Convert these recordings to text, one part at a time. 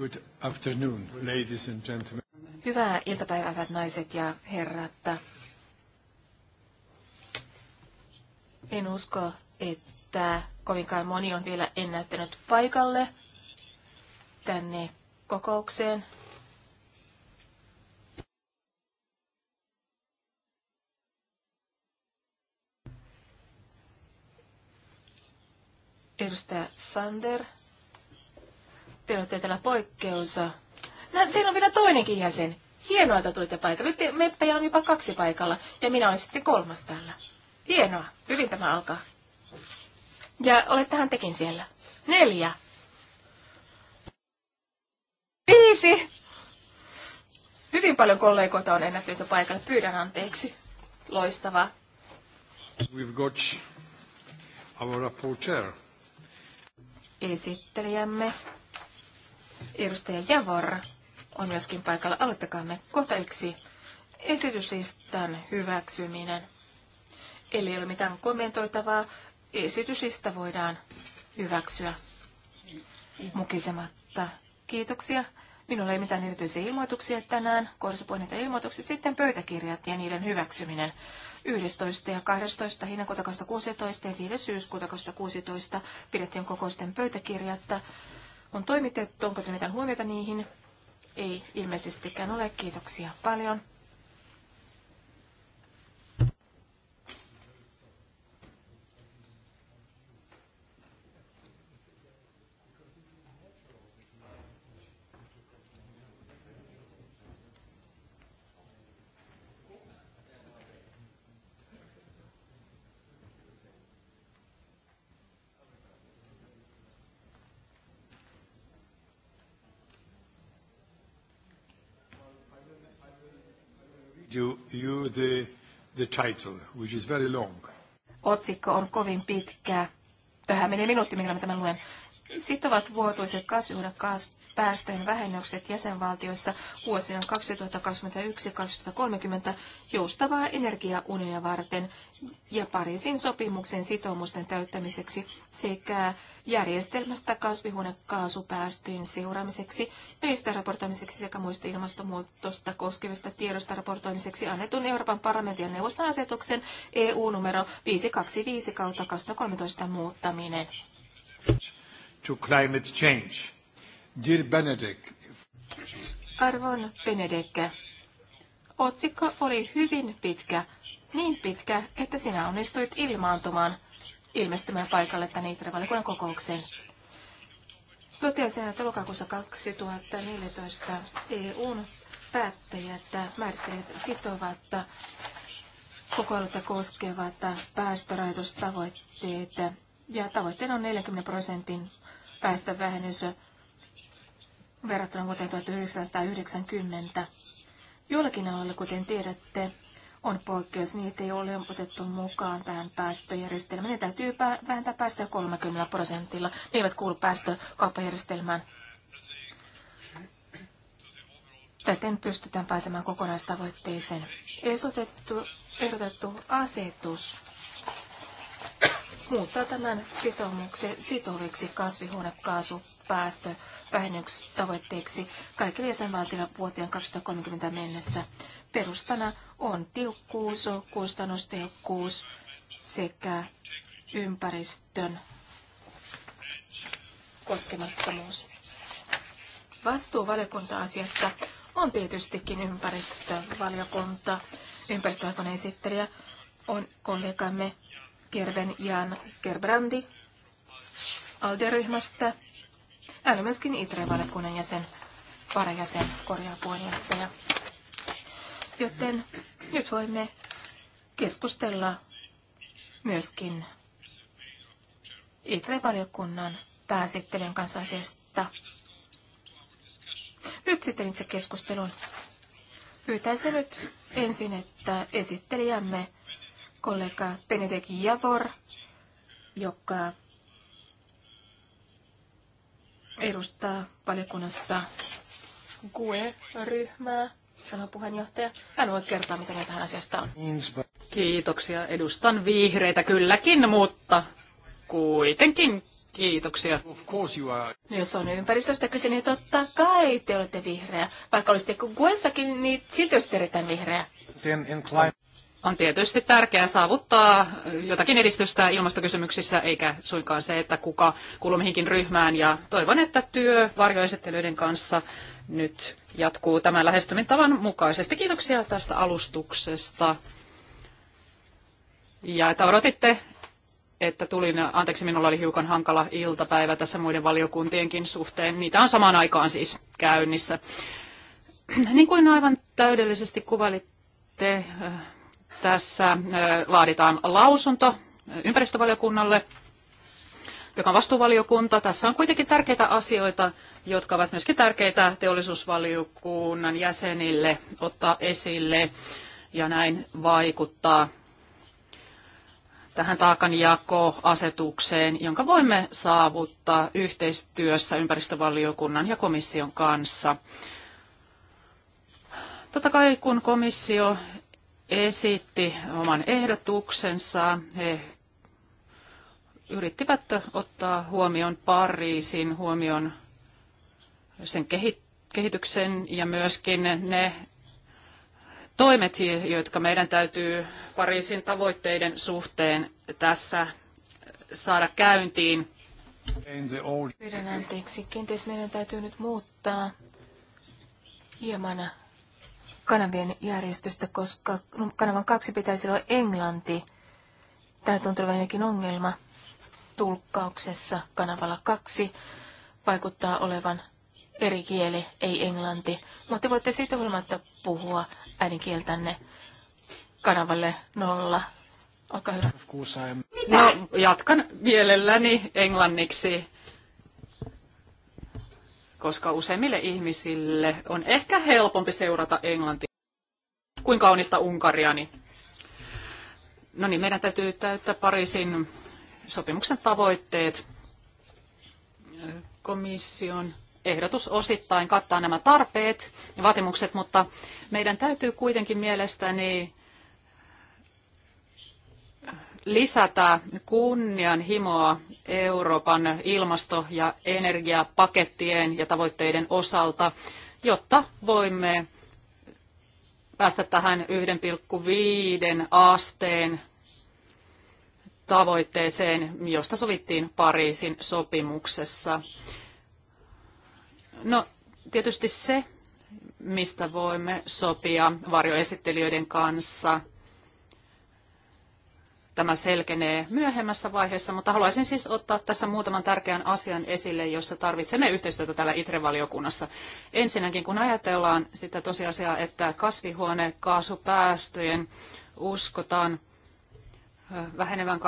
Good afternoon, ladies and gentlemen. Hyvää iltapäivää, hyvät naiset ja herrat. En usko, että kovinkaan moni on vielä ennättänyt paikalle tänne kokoukseen. Edustaja Sander te olette täällä poikkeus. No, siinä on vielä toinenkin jäsen. Hienoa, että tulitte paikalle. Nyt meppejä on jopa kaksi paikalla ja minä olen sitten kolmas täällä. Hienoa. Hyvin tämä alkaa. Ja olettehan tekin siellä. Neljä. Viisi. Hyvin paljon kollegoita on ennättynyt paikalle. Pyydän anteeksi. Loistavaa. We've got our rapporteur. Esittelijämme Edustaja Javor on myöskin paikalla. Aloittakaamme kohta yksi. Esityslistan hyväksyminen. Eli ei ole mitään kommentoitavaa. Esityslista voidaan hyväksyä mukisematta. Kiitoksia. Minulla ei mitään erityisiä ilmoituksia tänään. Korsopuolinta ilmoitukset, sitten pöytäkirjat ja niiden hyväksyminen. 11. ja 12. heinäkuuta 2016 ja 5. syyskuuta 2016 pidettiin kokousten pöytäkirjatta on toimitettu. Onko teillä mitään huomiota niihin? Ei ilmeisestikään ole. Kiitoksia paljon. you the, the title, which is very long. Otsikko on kovin pitkä. Tähän menee minuutti, minkä mä tämän luen. Sitovat vuotuiset kasvihuonekaasut päästöjen vähennykset jäsenvaltioissa vuosina 2021-2030 joustavaa energiaunia varten ja Pariisin sopimuksen sitoumusten täyttämiseksi sekä järjestelmästä kasvihuonekaasupäästöjen seuraamiseksi, meistä raportoimiseksi sekä muista ilmastonmuutosta koskevista tiedosta raportoimiseksi annetun Euroopan parlamentin ja neuvoston asetuksen EU-numero 525 kautta 2013 muuttaminen. To climate change. Dear Benedek. Arvon Benedek, otsikko oli hyvin pitkä, niin pitkä, että sinä onnistuit ilmaantumaan ilmestymään paikalle tänne Itävaliokunnan kokoukseen. Totesin, että lokakuussa 2014 EUn päättäjät määrittelivät sitovat kokoiluta koskevat päästörajoitustavoitteet. Ja tavoitteena on 40 prosentin päästövähennys verrattuna vuoteen 1990. Joillakin aloilla, kuten tiedätte, on poikkeus. Niitä ei ole otettu mukaan tähän päästöjärjestelmään. Ne täytyy vähentää päästöjä 30 prosentilla. Ne eivät kuulu päästökauppajärjestelmään. Täten pystytään pääsemään kokonaistavoitteeseen. Esotettu, ehdotettu asetus muuttaa tämän sitoviksi kasvihuonekaasupäästövähennystavoitteeksi kaikille jäsenvaltioille vuoteen 2030 mennessä. Perustana on tiukkuus, kustannustehokkuus sekä ympäristön koskemattomuus. Vastuuvaliokunta-asiassa on tietystikin ympäristövaliokunta. Ympäristövaliokunnan esittelijä on kollegamme Kerben Jan Gerbrandi alderyhmästä, Hän on myöskin ITRE-valiokunnan jäsen, varajäsen, korjaa Joten nyt voimme keskustella myöskin ITRE-valiokunnan pääsittelijän kanssa asiasta. Nyt sitten itse keskustelun. Pyytäisin nyt ensin, että esittelijämme kollega Benedek Javor, joka edustaa valiokunnassa GUE-ryhmää, sanoi puheenjohtaja. Hän voi kertoa, mitä meillä tähän asiasta on. Kiitoksia. Edustan vihreitä kylläkin, mutta kuitenkin Kiitoksia. Jos on ympäristöstä kyse, niin totta kai te olette vihreä. Vaikka olisitte Guessakin, niin silti olisitte erittäin vihreä on tietysti tärkeää saavuttaa jotakin edistystä ilmastokysymyksissä, eikä suinkaan se, että kuka kuuluu mihinkin ryhmään. Ja toivon, että työ varjoesittelyiden kanssa nyt jatkuu tämän lähestymintavan mukaisesti. Kiitoksia tästä alustuksesta. Ja että odotitte, että tulin, anteeksi minulla oli hiukan hankala iltapäivä tässä muiden valiokuntienkin suhteen. Niitä on samaan aikaan siis käynnissä. Niin kuin aivan täydellisesti kuvailitte, tässä laaditaan lausunto ympäristövaliokunnalle, joka on vastuuvaliokunta. Tässä on kuitenkin tärkeitä asioita, jotka ovat myöskin tärkeitä teollisuusvaliokunnan jäsenille ottaa esille ja näin vaikuttaa tähän taakanjakoasetukseen, jonka voimme saavuttaa yhteistyössä ympäristövaliokunnan ja komission kanssa. Totta kai kun komissio esitti oman ehdotuksensa. He yrittivät ottaa huomioon Pariisin, huomioon sen kehityksen ja myöskin ne toimet, jotka meidän täytyy Pariisin tavoitteiden suhteen tässä saada käyntiin. Pyydän anteeksi. Kenties meidän täytyy nyt muuttaa hieman kanavien järjestystä, koska kanavan kaksi pitäisi olla englanti. Tämä tuntuu ainakin ongelma tulkkauksessa kanavalla kaksi vaikuttaa olevan eri kieli, ei englanti, mutta voitte siitä huolimatta puhua äidinkieltänne kanavalle nolla. Olkaa hyvä. No, jatkan mielelläni englanniksi koska useimmille ihmisille on ehkä helpompi seurata englantia kuin kaunista Unkaria. Niin. No niin, meidän täytyy täyttää Pariisin sopimuksen tavoitteet. Komission ehdotus osittain kattaa nämä tarpeet ja vaatimukset, mutta meidän täytyy kuitenkin mielestäni lisätä kunnianhimoa Euroopan ilmasto- ja energiapakettien ja tavoitteiden osalta, jotta voimme päästä tähän 1,5 asteen tavoitteeseen, josta sovittiin Pariisin sopimuksessa. No, tietysti se, mistä voimme sopia varjoesittelijöiden kanssa – tämä selkenee myöhemmässä vaiheessa, mutta haluaisin siis ottaa tässä muutaman tärkeän asian esille, jossa tarvitsemme yhteistyötä täällä ITRE-valiokunnassa. Ensinnäkin, kun ajatellaan sitä tosiasiaa, että kasvihuonekaasupäästöjen uskotaan vähenevän 2016-2020,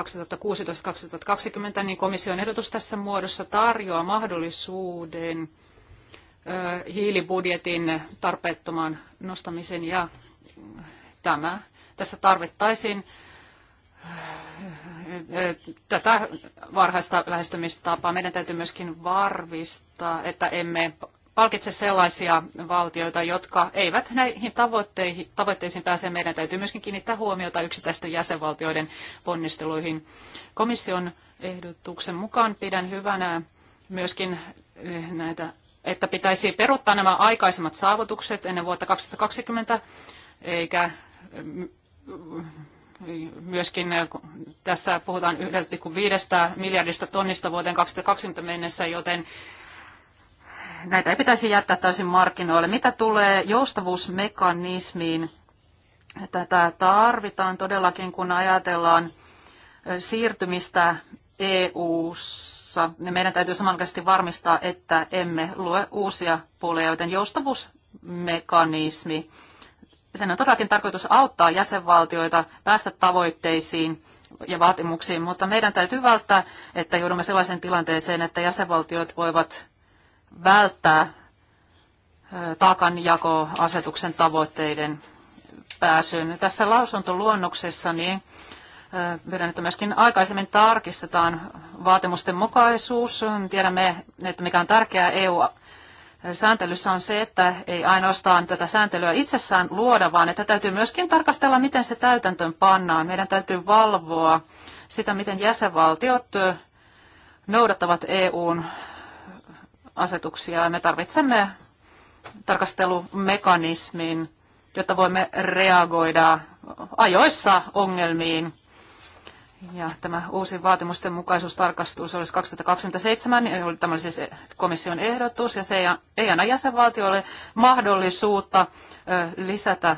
niin komission ehdotus tässä muodossa tarjoaa mahdollisuuden hiilibudjetin tarpeettoman nostamisen ja tämä. Tässä tarvittaisiin tätä varhaista lähestymistapaa meidän täytyy myöskin varmistaa, että emme palkitse sellaisia valtioita, jotka eivät näihin tavoitteisiin pääse. Meidän täytyy myöskin kiinnittää huomiota yksittäisten jäsenvaltioiden ponnisteluihin. Komission ehdotuksen mukaan pidän hyvänä myöskin eh, näitä, että pitäisi peruuttaa nämä aikaisemmat saavutukset ennen vuotta 2020, eikä mm, myöskin eh, tässä puhutaan 1,5 miljardista tonnista vuoteen 2020 mennessä, joten näitä ei pitäisi jättää täysin markkinoille. Mitä tulee joustavuusmekanismiin, tätä tarvitaan todellakin, kun ajatellaan eh, siirtymistä EU-ssa. Meidän täytyy samankaisesti varmistaa, että emme lue uusia puoleja, joten joustavuusmekanismi sen on todellakin tarkoitus auttaa jäsenvaltioita päästä tavoitteisiin ja vaatimuksiin, mutta meidän täytyy välttää, että joudumme sellaiseen tilanteeseen, että jäsenvaltiot voivat välttää taakanjakoasetuksen tavoitteiden pääsyn. Tässä lausuntoluonnoksessa niin pyydän, että myöskin aikaisemmin tarkistetaan vaatimusten mukaisuus. Tiedämme, että mikä on tärkeää EU sääntelyssä on se, että ei ainoastaan tätä sääntelyä itsessään luoda, vaan että täytyy myöskin tarkastella, miten se täytäntöön pannaan. Meidän täytyy valvoa sitä, miten jäsenvaltiot noudattavat EUn asetuksia. Me tarvitsemme tarkastelumekanismin, jotta voimme reagoida ajoissa ongelmiin ja tämä uusi vaatimusten mukaisuustarkastus olisi 2027, niin tämä oli siis komission ehdotus, ja se ei, ei anna jäsenvaltioille mahdollisuutta lisätä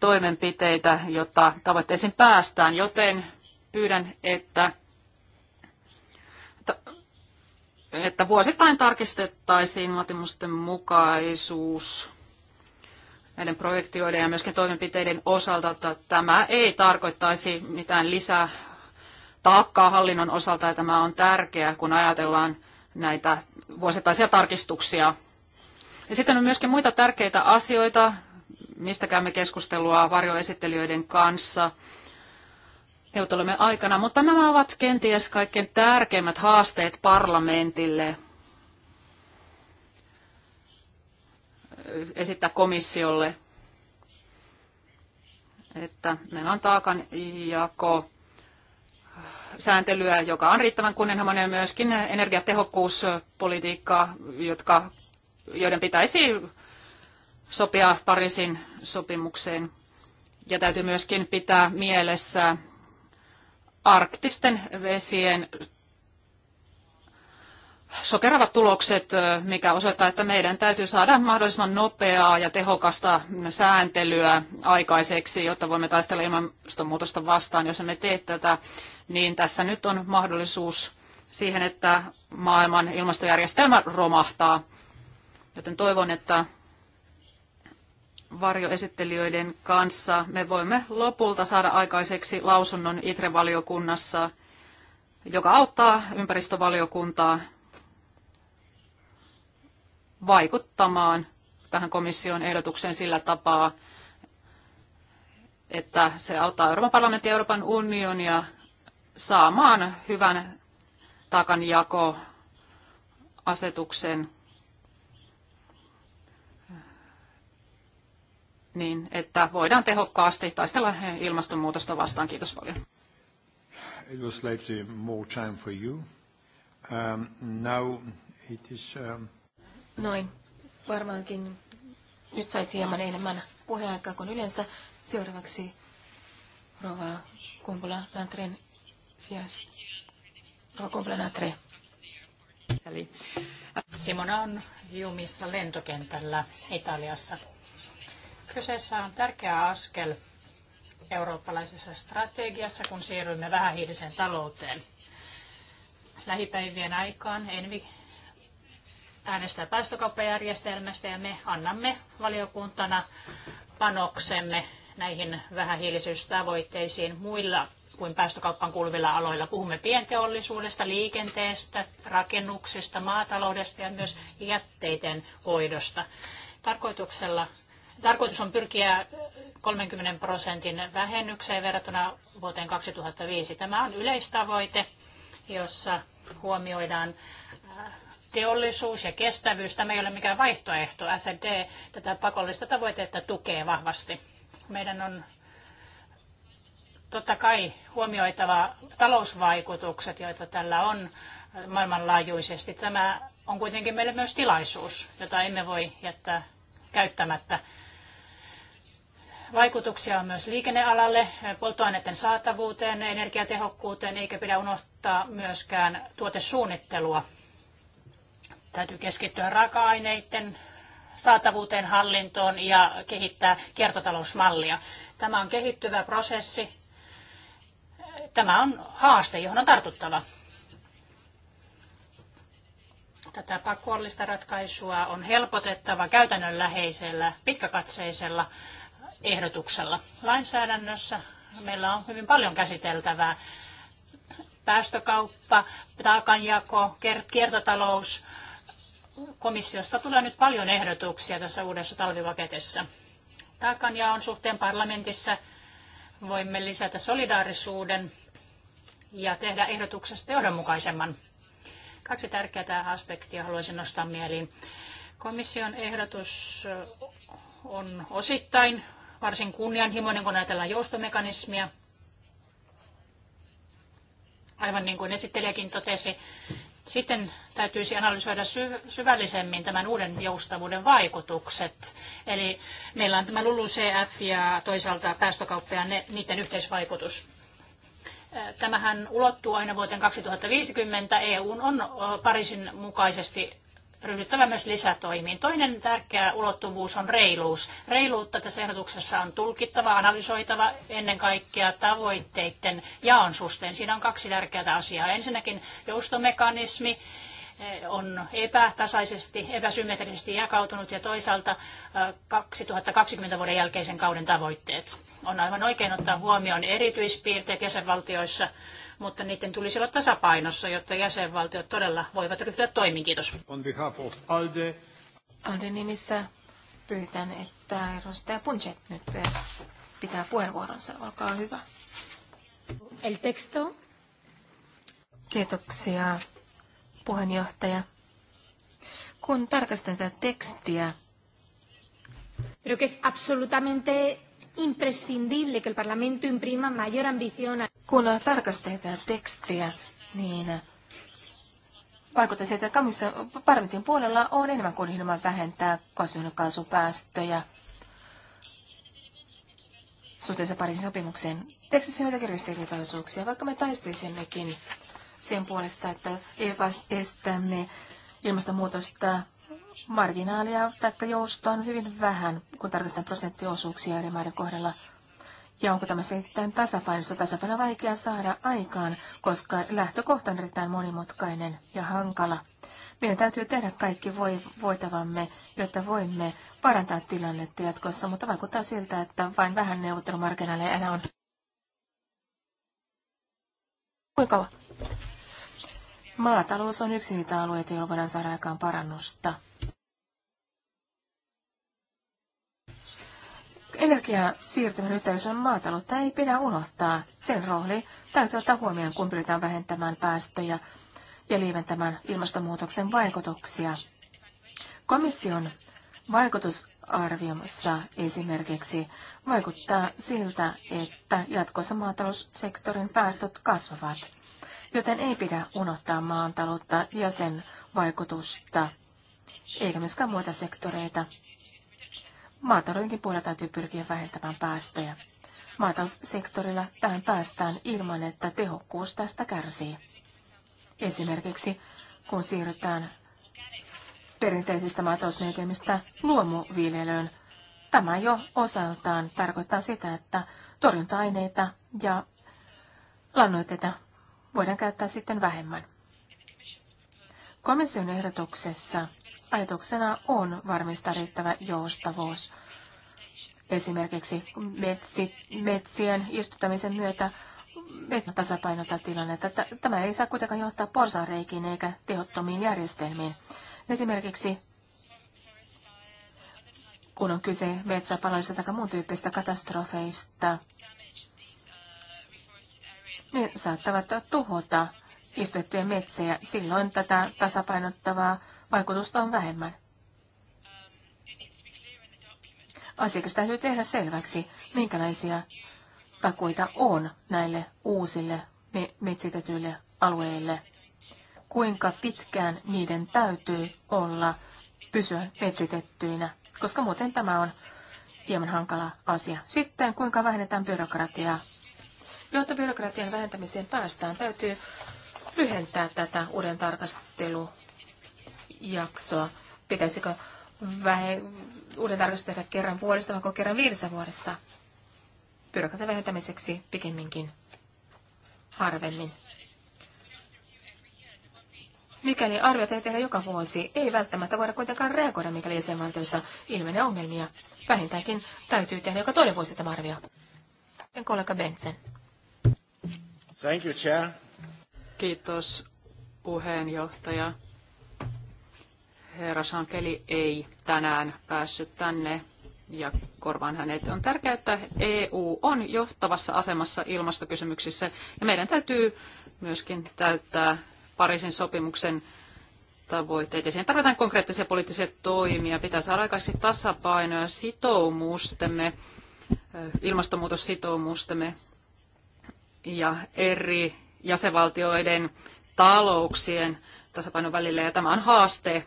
toimenpiteitä, jotta tavoitteisiin päästään, joten pyydän, että, että vuosittain tarkistettaisiin vaatimusten mukaisuus näiden projektioiden ja myöskin toimenpiteiden osalta, että tämä ei tarkoittaisi mitään lisää taakkaa hallinnon osalta, ja tämä on tärkeää, kun ajatellaan näitä vuosittaisia tarkistuksia. Ja sitten on myöskin muita tärkeitä asioita, mistä käymme keskustelua varjoesittelijöiden kanssa neuvottelumme aikana, mutta nämä ovat kenties kaikkein tärkeimmät haasteet parlamentille esittää komissiolle, että meillä on taakanjako sääntelyä, joka on riittävän kunnianhimoinen ja myöskin energiatehokkuuspolitiikkaa, jotka, joiden pitäisi sopia Pariisin sopimukseen. Ja täytyy myöskin pitää mielessä arktisten vesien sokeravat tulokset, mikä osoittaa, että meidän täytyy saada mahdollisimman nopeaa ja tehokasta sääntelyä aikaiseksi, jotta voimme taistella ilmastonmuutosta vastaan. Jos emme tee tätä, niin tässä nyt on mahdollisuus siihen, että maailman ilmastojärjestelmä romahtaa. Joten toivon, että varjoesittelijöiden kanssa me voimme lopulta saada aikaiseksi lausunnon ITRE-valiokunnassa, joka auttaa ympäristövaliokuntaa vaikuttamaan tähän komission ehdotukseen sillä tapaa, että se auttaa Euroopan parlamentin ja Euroopan unionia saamaan hyvän taakanjakoasetuksen niin, että voidaan tehokkaasti taistella ilmastonmuutosta vastaan. Kiitos paljon. It was more time for you. Um, now it is um, Noin. Varmaankin nyt sait hieman enemmän puheaikaa kuin yleensä. Seuraavaksi Rova Kumpula Natren sijais. Rova Kumpula Natre. Eli Simona on jumissa lentokentällä Italiassa. Kyseessä on tärkeä askel eurooppalaisessa strategiassa, kun siirrymme vähähiiliseen talouteen. Lähipäivien aikaan Envi äänestää päästökauppajärjestelmästä ja me annamme valiokuntana panoksemme näihin vähähiilisyystavoitteisiin muilla kuin päästökauppaan kuuluvilla aloilla. Puhumme pienteollisuudesta, liikenteestä, rakennuksista, maataloudesta ja myös jätteiden hoidosta. Tarkoituksella Tarkoitus on pyrkiä 30 prosentin vähennykseen verrattuna vuoteen 2005. Tämä on yleistavoite, jossa huomioidaan teollisuus ja kestävyys, tämä ei ole mikään vaihtoehto. SD tätä pakollista tavoitetta tukee vahvasti. Meidän on totta kai huomioitava talousvaikutukset, joita tällä on maailmanlaajuisesti. Tämä on kuitenkin meille myös tilaisuus, jota emme voi jättää käyttämättä. Vaikutuksia on myös liikennealalle, polttoaineiden saatavuuteen, energiatehokkuuteen, eikä pidä unohtaa myöskään tuotesuunnittelua. Täytyy keskittyä raaka-aineiden saatavuuteen hallintoon ja kehittää kiertotalousmallia. Tämä on kehittyvä prosessi. Tämä on haaste, johon on tartuttava. Tätä pakollista ratkaisua on helpotettava käytännönläheisellä, pitkäkatseisella ehdotuksella. Lainsäädännössä meillä on hyvin paljon käsiteltävää. Päästökauppa, taakanjako, kiertotalous, komissiosta tulee nyt paljon ehdotuksia tässä uudessa talvipaketissa. Taakanjaon suhteen parlamentissa voimme lisätä solidaarisuuden ja tehdä ehdotuksesta johdonmukaisemman. Kaksi tärkeää aspektia haluaisin nostaa mieliin. Komission ehdotus on osittain varsin kunnianhimoinen, kun ajatellaan joustomekanismia. Aivan niin kuin esittelijäkin totesi, sitten täytyisi analysoida syvällisemmin tämän uuden joustavuuden vaikutukset. Eli meillä on tämä LULUCF ja toisaalta päästökauppa ja ne, niiden yhteisvaikutus. Tämähän ulottuu aina vuoteen 2050. EU on Pariisin mukaisesti ryhdyttävä myös lisätoimiin. Toinen tärkeä ulottuvuus on reiluus. Reiluutta tässä ehdotuksessa on tulkittava, analysoitava ennen kaikkea tavoitteiden jaon suhteen. Siinä on kaksi tärkeää asiaa. Ensinnäkin joustomekanismi eh, on epätasaisesti, epäsymmetrisesti jakautunut ja toisaalta 2020 eh, vuoden jälkeisen kauden tavoitteet. On aivan oikein ottaa huomioon erityispiirteet jäsenvaltioissa mutta niiden tulisi olla tasapainossa, jotta jäsenvaltiot todella voivat ryhtyä toimiin. Kiitos. On behalf of ALDE. ALDE nimissä pyytän, että edustaja Punchet nyt pitää puheenvuoronsa. Olkaa hyvä. El texto. Kiitoksia, puheenjohtaja. Kun tarkastan tätä tekstiä, Creo que es absolutamente imprescindible que el Parlamento imprima mayor ambición. Kun tarkastetaan tekstiä, niin vaikuttaa se, että komissio parlamentin puolella on enemmän kuin ilman vähentää kasvihuonekaasupäästöjä suhteessa Pariisin sopimukseen. Tekstissä on joitakin ristiriitaisuuksia, vaikka me taistelisimmekin sen puolesta, että estämme ilmastonmuutosta marginaalia tai joustoa on hyvin vähän, kun tarkastetaan prosenttiosuuksia eri maiden kohdalla. Ja onko tämä sitten tasapainossa? Tasapaino vaikea saada aikaan, koska lähtökohta on erittäin monimutkainen ja hankala. Meidän täytyy tehdä kaikki voi, voitavamme, jotta voimme parantaa tilannetta jatkossa, mutta vaikuttaa siltä, että vain vähän neuvottelumarginaaleja enää on. Kuinka Maatalous on yksi niitä alueita, joilla voidaan saada aikaan parannusta. Energiasiirtymän yhteydessä on maataloutta ei pidä unohtaa. Sen rooli täytyy ottaa huomioon, kun pyritään vähentämään päästöjä ja lieventämään ilmastonmuutoksen vaikutuksia. Komission vaikutusarvioissa esimerkiksi vaikuttaa siltä, että jatkossa maataloussektorin päästöt kasvavat joten ei pidä unohtaa maantaloutta ja sen vaikutusta, eikä myöskään muita sektoreita. Maataloudenkin puolella täytyy pyrkiä vähentämään päästöjä. Maataloussektorilla tähän päästään ilman, että tehokkuus tästä kärsii. Esimerkiksi kun siirrytään perinteisistä maatalousmenetelmistä luomuviljelyyn, tämä jo osaltaan tarkoittaa sitä, että torjunta-aineita ja lannoitteita voidaan käyttää sitten vähemmän. Komission ehdotuksessa ajatuksena on varmistaa riittävä joustavuus. Esimerkiksi metsi, metsien istuttamisen myötä metsän tasapainota tilannetta. Tämä ei saa kuitenkaan johtaa porsareikiin eikä tehottomiin järjestelmiin. Esimerkiksi kun on kyse metsäpaloista tai muun tyyppisistä katastrofeista, ne saattavat tuhota istuttuja metsiä. Silloin tätä tasapainottavaa vaikutusta on vähemmän. Asiakas täytyy tehdä selväksi, minkälaisia takuita on näille uusille me- metsitetyille alueille. Kuinka pitkään niiden täytyy olla pysyä metsitettyinä, koska muuten tämä on hieman hankala asia. Sitten kuinka vähennetään byrokratiaa. Jotta byrokratian vähentämiseen päästään, täytyy lyhentää tätä uuden tarkastelujaksoa. Pitäisikö vähe- uuden tarkastelun tehdä kerran vuodessa vai kerran viidessä vuodessa? Byrokratian vähentämiseksi pikemminkin harvemmin. Mikäli arviota ei tehdä joka vuosi, ei välttämättä voida kuitenkaan reagoida, mikäli jäsenvaltiossa ilmenee ongelmia. Vähintäänkin täytyy tehdä joka toinen vuosi tämä arvio. Kollega Bentsen. Thank you, Chair. Kiitos puheenjohtaja. Herra Sankeli ei tänään päässyt tänne ja korvaan hänet. On tärkeää, että EU on johtavassa asemassa ilmastokysymyksissä ja meidän täytyy myöskin täyttää Pariisin sopimuksen tavoitteet. Ja siihen tarvitaan konkreettisia poliittisia toimia. Pitää saada aikaiseksi tasapainoa sitoumustemme, ilmastonmuutossitoumustemme ja eri jäsenvaltioiden talouksien tasapainon välillä, ja tämä on haaste,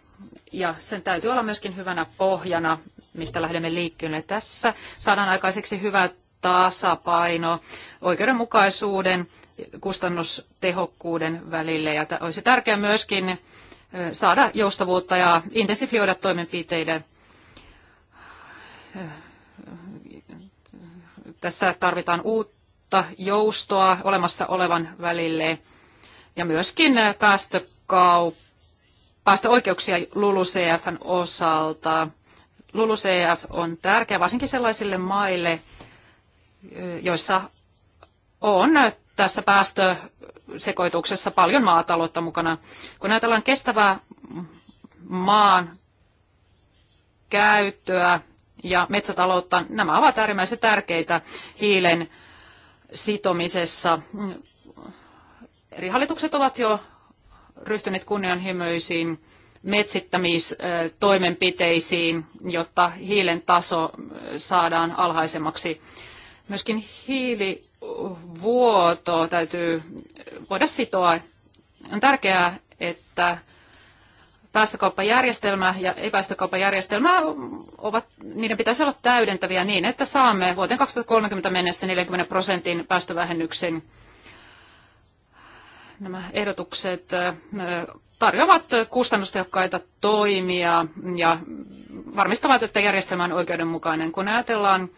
ja sen täytyy olla myöskin hyvänä pohjana, mistä lähdemme liikkeelle. Tässä saadaan aikaiseksi hyvä tasapaino oikeudenmukaisuuden, kustannustehokkuuden välille, ja olisi tärkeää myöskin saada joustavuutta ja intensifioida toimenpiteiden tässä tarvitaan uutta uutta joustoa olemassa olevan välille ja myöskin äh, päästökauppaa päästöoikeuksia LULUCFn osalta. LULUCF on tärkeä varsinkin sellaisille maille, äh, joissa on äh, tässä päästösekoituksessa paljon maataloutta mukana. Kun ajatellaan kestävää maan käyttöä ja metsätaloutta, nämä ovat äärimmäisen tärkeitä hiilen sitomisessa. Eri hallitukset ovat jo ryhtyneet kunnianhimoisiin metsittämistoimenpiteisiin, jotta hiilen taso saadaan alhaisemmaksi. Myöskin hiilivuoto täytyy voida sitoa. On tärkeää, että päästökauppajärjestelmä ja ei-päästökauppajärjestelmä ovat, niiden pitäisi olla täydentäviä niin, että saamme vuoteen 2030 mennessä 40 prosentin päästövähennyksen. Nämä ehdotukset tarjoavat kustannustehokkaita toimia ja varmistavat, että järjestelmä on oikeudenmukainen. Kun ajatellaan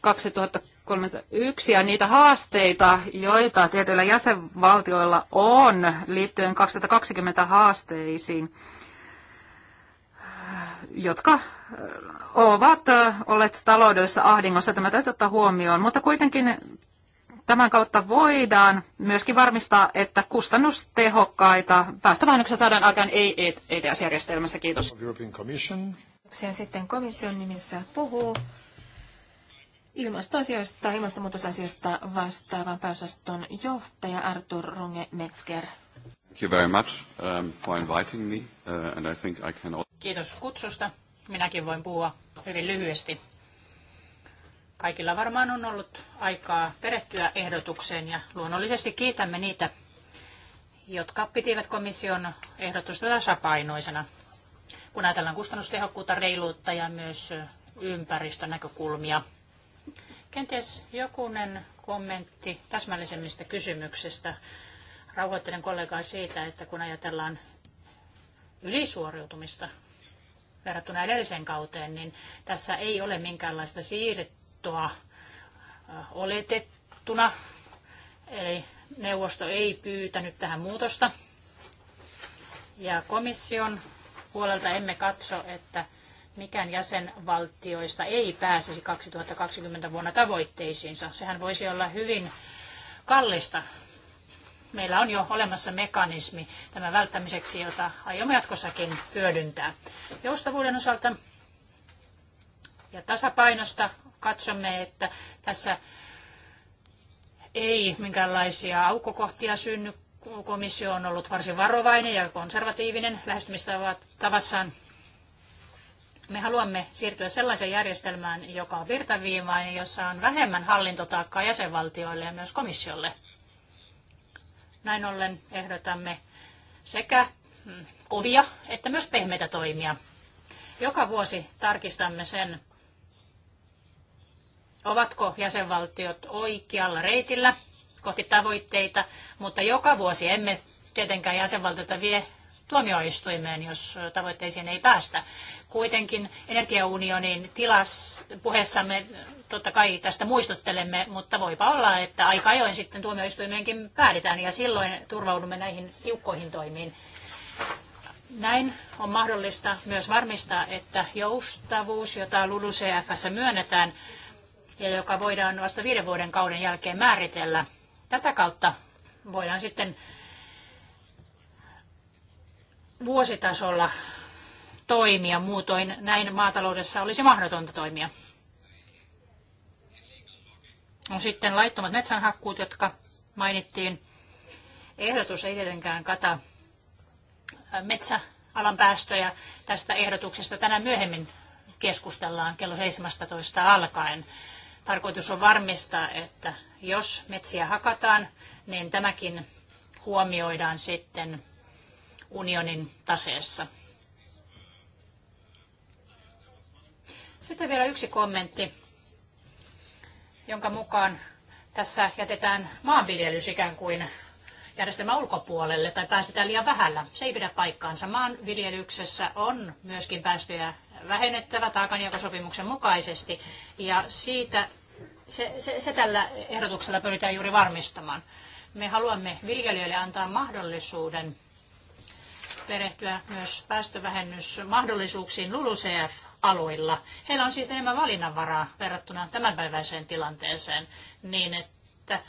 2031 ja niitä haasteita, joita tietyillä jäsenvaltioilla on liittyen 2020 haasteisiin, jotka ovat olleet taloudellisessa ahdingossa. Tämä täytyy ottaa huomioon, mutta kuitenkin tämän kautta voidaan myöskin varmistaa, että kustannustehokkaita päästövähennyksiä saadaan aikaan ei ETS-järjestelmässä. Kiitos. Sen Sitten komission nimissä puhuu ilmastoasioista, ilmastonmuutosasiasta vastaavan pääosaston johtaja Artur Runge Metzger. Thank you very much um, for inviting me, uh, and I think I can... Kiitos kutsusta. Minäkin voin puhua hyvin lyhyesti. Kaikilla varmaan on ollut aikaa perehtyä ehdotukseen ja luonnollisesti kiitämme niitä, jotka pitivät komission ehdotusta tasapainoisena, kun ajatellaan kustannustehokkuutta, reiluutta ja myös ympäristönäkökulmia. näkökulmia Kenties jokunen kommentti täsmällisemmistä kysymyksistä. Rauhoittelen kollegaa siitä, että kun ajatellaan ylisuoriutumista verrattuna edelliseen kauteen, niin tässä ei ole minkäänlaista siirtoa äh, oletettuna. Eli neuvosto ei pyytänyt tähän muutosta. Ja komission puolelta emme katso, että mikään jäsenvaltioista ei pääsisi 2020 vuonna tavoitteisiinsa. Sehän voisi olla hyvin kallista. Meillä on jo olemassa mekanismi tämän välttämiseksi, jota aiomme jatkossakin hyödyntää. Joustavuuden osalta ja tasapainosta katsomme, että tässä ei minkäänlaisia aukkokohtia synny. Komissio on ollut varsin varovainen ja konservatiivinen lähestymistavassaan me haluamme siirtyä sellaiseen järjestelmään, joka on virtaviivainen, jossa on vähemmän hallintotaakkaa jäsenvaltioille ja myös komissiolle. Näin ollen ehdotamme sekä mm, kovia että myös pehmeitä toimia. Joka vuosi tarkistamme sen, ovatko jäsenvaltiot oikealla reitillä kohti tavoitteita, mutta joka vuosi emme tietenkään jäsenvaltioita vie tuomioistuimeen, jos tavoitteisiin ei päästä. Kuitenkin energiaunionin tilas puheessamme totta kai tästä muistuttelemme, mutta voipa olla, että aika ajoin sitten tuomioistuimeenkin päädytään ja silloin turvaudumme näihin tiukkoihin toimiin. Näin on mahdollista myös varmistaa, että joustavuus, jota LULUCFssä myönnetään ja joka voidaan vasta viiden vuoden kauden jälkeen määritellä, tätä kautta voidaan sitten vuositasolla toimia, muutoin näin maataloudessa olisi mahdotonta toimia. On sitten laittomat metsänhakkuut, jotka mainittiin. Ehdotus ei tietenkään kata metsäalan päästöjä. Tästä ehdotuksesta tänään myöhemmin keskustellaan kello 17 alkaen. Tarkoitus on varmistaa, että jos metsiä hakataan, niin tämäkin huomioidaan sitten unionin taseessa. Sitten vielä yksi kommentti, jonka mukaan tässä jätetään maanviljelys ikään kuin järjestelmän ulkopuolelle tai päästetään liian vähällä. Se ei pidä paikkaansa. Maanviljelyksessä on myöskin päästöjä vähennettävä taakanjakosopimuksen mukaisesti ja siitä se, se, se tällä ehdotuksella pyritään juuri varmistamaan. Me haluamme viljelijöille antaa mahdollisuuden perehtyä myös päästövähennysmahdollisuuksiin LULUCF-alueilla. Heillä on siis enemmän valinnanvaraa verrattuna tämänpäiväiseen tilanteeseen niin, että